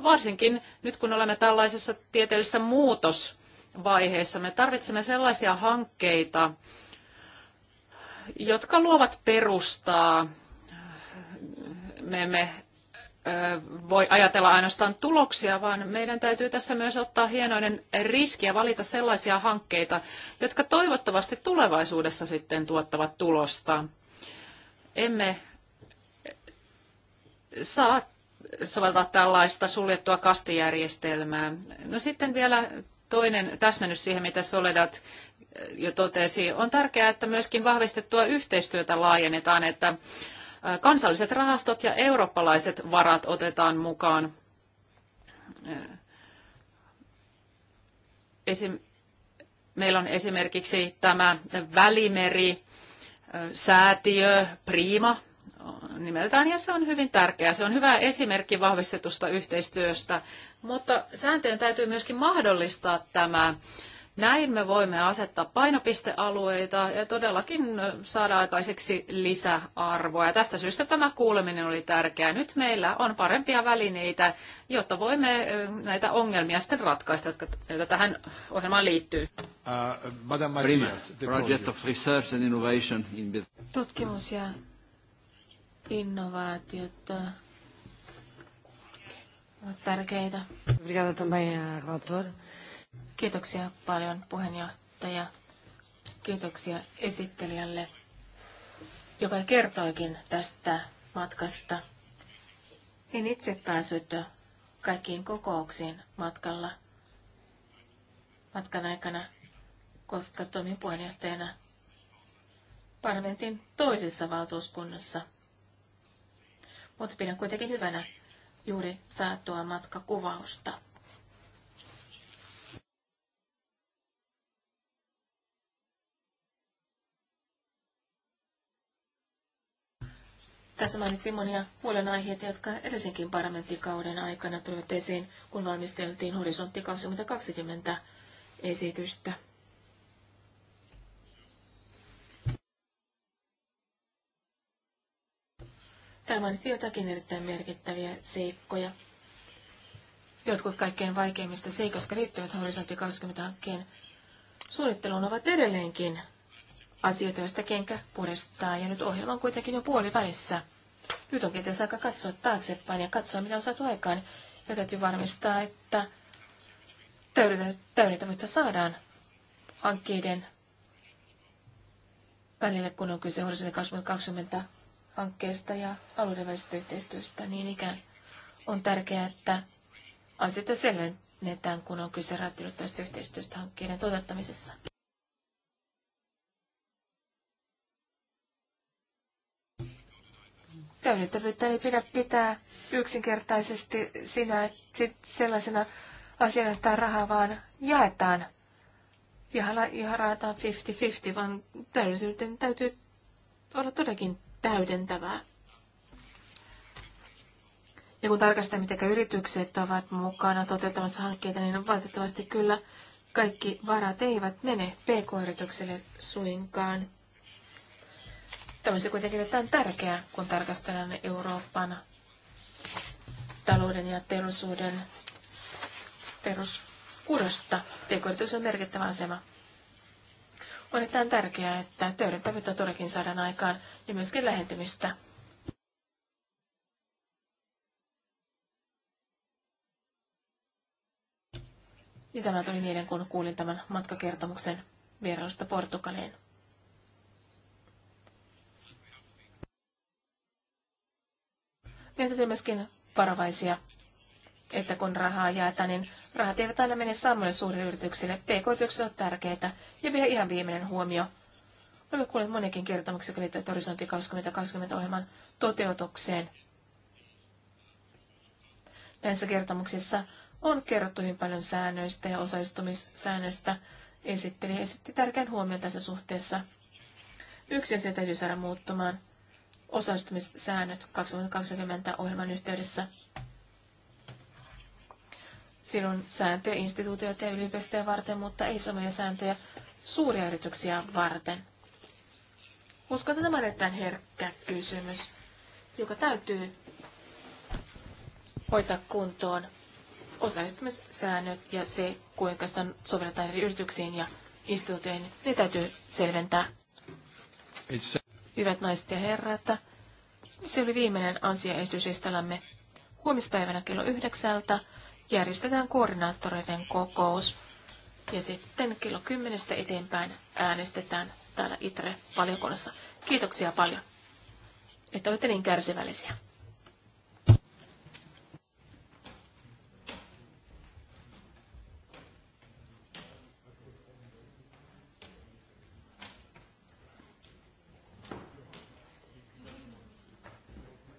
varsinkin nyt kun olemme tällaisessa tieteellisessä muutos vaiheessa. Me tarvitsemme sellaisia hankkeita, jotka luovat perustaa. Me emme voi ajatella ainoastaan tuloksia, vaan meidän täytyy tässä myös ottaa hienoinen riski ja valita sellaisia hankkeita, jotka toivottavasti tulevaisuudessa sitten tuottavat tulosta. Emme saa soveltaa tällaista suljettua kastijärjestelmää. No sitten vielä Toinen täsmennys siihen, mitä Soledat äh, jo totesi, on tärkeää, että myöskin vahvistettua yhteistyötä laajennetaan, että äh, kansalliset rahastot ja eurooppalaiset varat otetaan mukaan. Äh, esim- meillä on esimerkiksi tämä välimeri, säätiö, Prima, nimeltään ja se on hyvin tärkeää. Se on hyvä esimerkki vahvistetusta yhteistyöstä, mutta sääntöjen täytyy myöskin mahdollistaa tämä. Näin me voimme asettaa painopistealueita ja todellakin saada aikaiseksi lisäarvoa. Ja tästä syystä tämä kuuleminen oli tärkeää. Nyt meillä on parempia välineitä, jotta voimme näitä ongelmia sitten ratkaista, jotka, joita tähän ohjelmaan liittyy. Uh, Prima, project of research and innovation in... Tutkimus ja Innovaatiot äh, ovat tärkeitä. Kiitoksia paljon puheenjohtaja. Kiitoksia esittelijälle, joka kertoikin tästä matkasta. En itse päässyt kaikkiin kokouksiin matkalla, matkan aikana, koska toimin puheenjohtajana parlamentin toisessa valtuuskunnassa mutta pidän kuitenkin hyvänä juuri saattua matkakuvausta. Tässä mainittiin monia huolenaiheita, jotka edellisenkin parlamenttikauden aikana tulivat esiin, kun valmisteltiin Horisontti 2020 esitystä. Täällä mainittiin jotakin erittäin merkittäviä seikkoja. Jotkut kaikkein vaikeimmista seikoista liittyvät Horisontti 20-hankkeen suunnitteluun ovat edelleenkin asioita, joista kenkä purestaa. Ja nyt ohjelma on kuitenkin jo puolivälissä. Nyt on kenties aika katsoa taaksepäin ja katsoa, mitä on saatu aikaan. Ja täytyy varmistaa, että täydentävyyttä saadaan hankkeiden välille, kun on kyse Horisontti 2020 hankkeesta ja alueiden välisestä yhteistyöstä niin ikään. On tärkeää, että asioita selvennetään, kun on kyse räätälöittävästä yhteistyöstä hankkeiden toteuttamisessa. Täydentävyyttä ei pidä pitää yksinkertaisesti sinä, sit sellaisena asiana, että rahaa vaan jaetaan ja jaetaan 50-50, vaan täydellisyyden täytyy olla todellakin täydentävää. Ja kun tarkastetaan, miten yritykset ovat mukana toteuttamassa hankkeita, niin valitettavasti kyllä kaikki varat eivät mene pk-yritykselle suinkaan. Tämä on kuitenkin erittäin tärkeää, kun tarkastellaan Euroopan talouden ja teollisuuden peruskudosta. Pk-yritys on merkittävä asema. On erittäin tärkeää, että täydentävyyttä todellakin saadaan aikaan ja myöskin lähentymistä. Ja tämä tuli niiden, kun kuulin tämän matkakertomuksen vierailusta Portugaliin. Mietitään myöskin varovaisia että kun rahaa jaetaan, niin rahat eivät aina mene samoille suurille yrityksille. PK-yritykset ovat tärkeitä. Ja vielä ihan viimeinen huomio. Olemme kuulleet monenkin kertomuksia, joka liittyy Horisontti 2020-ohjelman toteutukseen. Näissä kertomuksissa on kerrottu hyvin paljon säännöistä ja osallistumissäännöistä. Esitteli esitti tärkeän huomion tässä suhteessa. Yksi asia täytyy saada muuttumaan. Osallistumissäännöt 2020 ohjelman yhteydessä – sinun sääntöjä instituutioita ja yliopistoja varten, mutta ei samoja sääntöjä suuria yrityksiä varten. Uskon, että tämä on erittäin herkkä kysymys, joka täytyy hoitaa kuntoon osallistumissäännöt ja se, kuinka sitä sovelletaan eri yrityksiin ja instituutioihin, ne täytyy selventää. Hyvät naiset ja herrat, se oli viimeinen asia esityslistallamme. Huomispäivänä kello yhdeksältä järjestetään koordinaattoreiden kokous ja sitten kello kymmenestä eteenpäin äänestetään täällä ITRE-valiokunnassa. Kiitoksia paljon, että olette niin kärsivällisiä.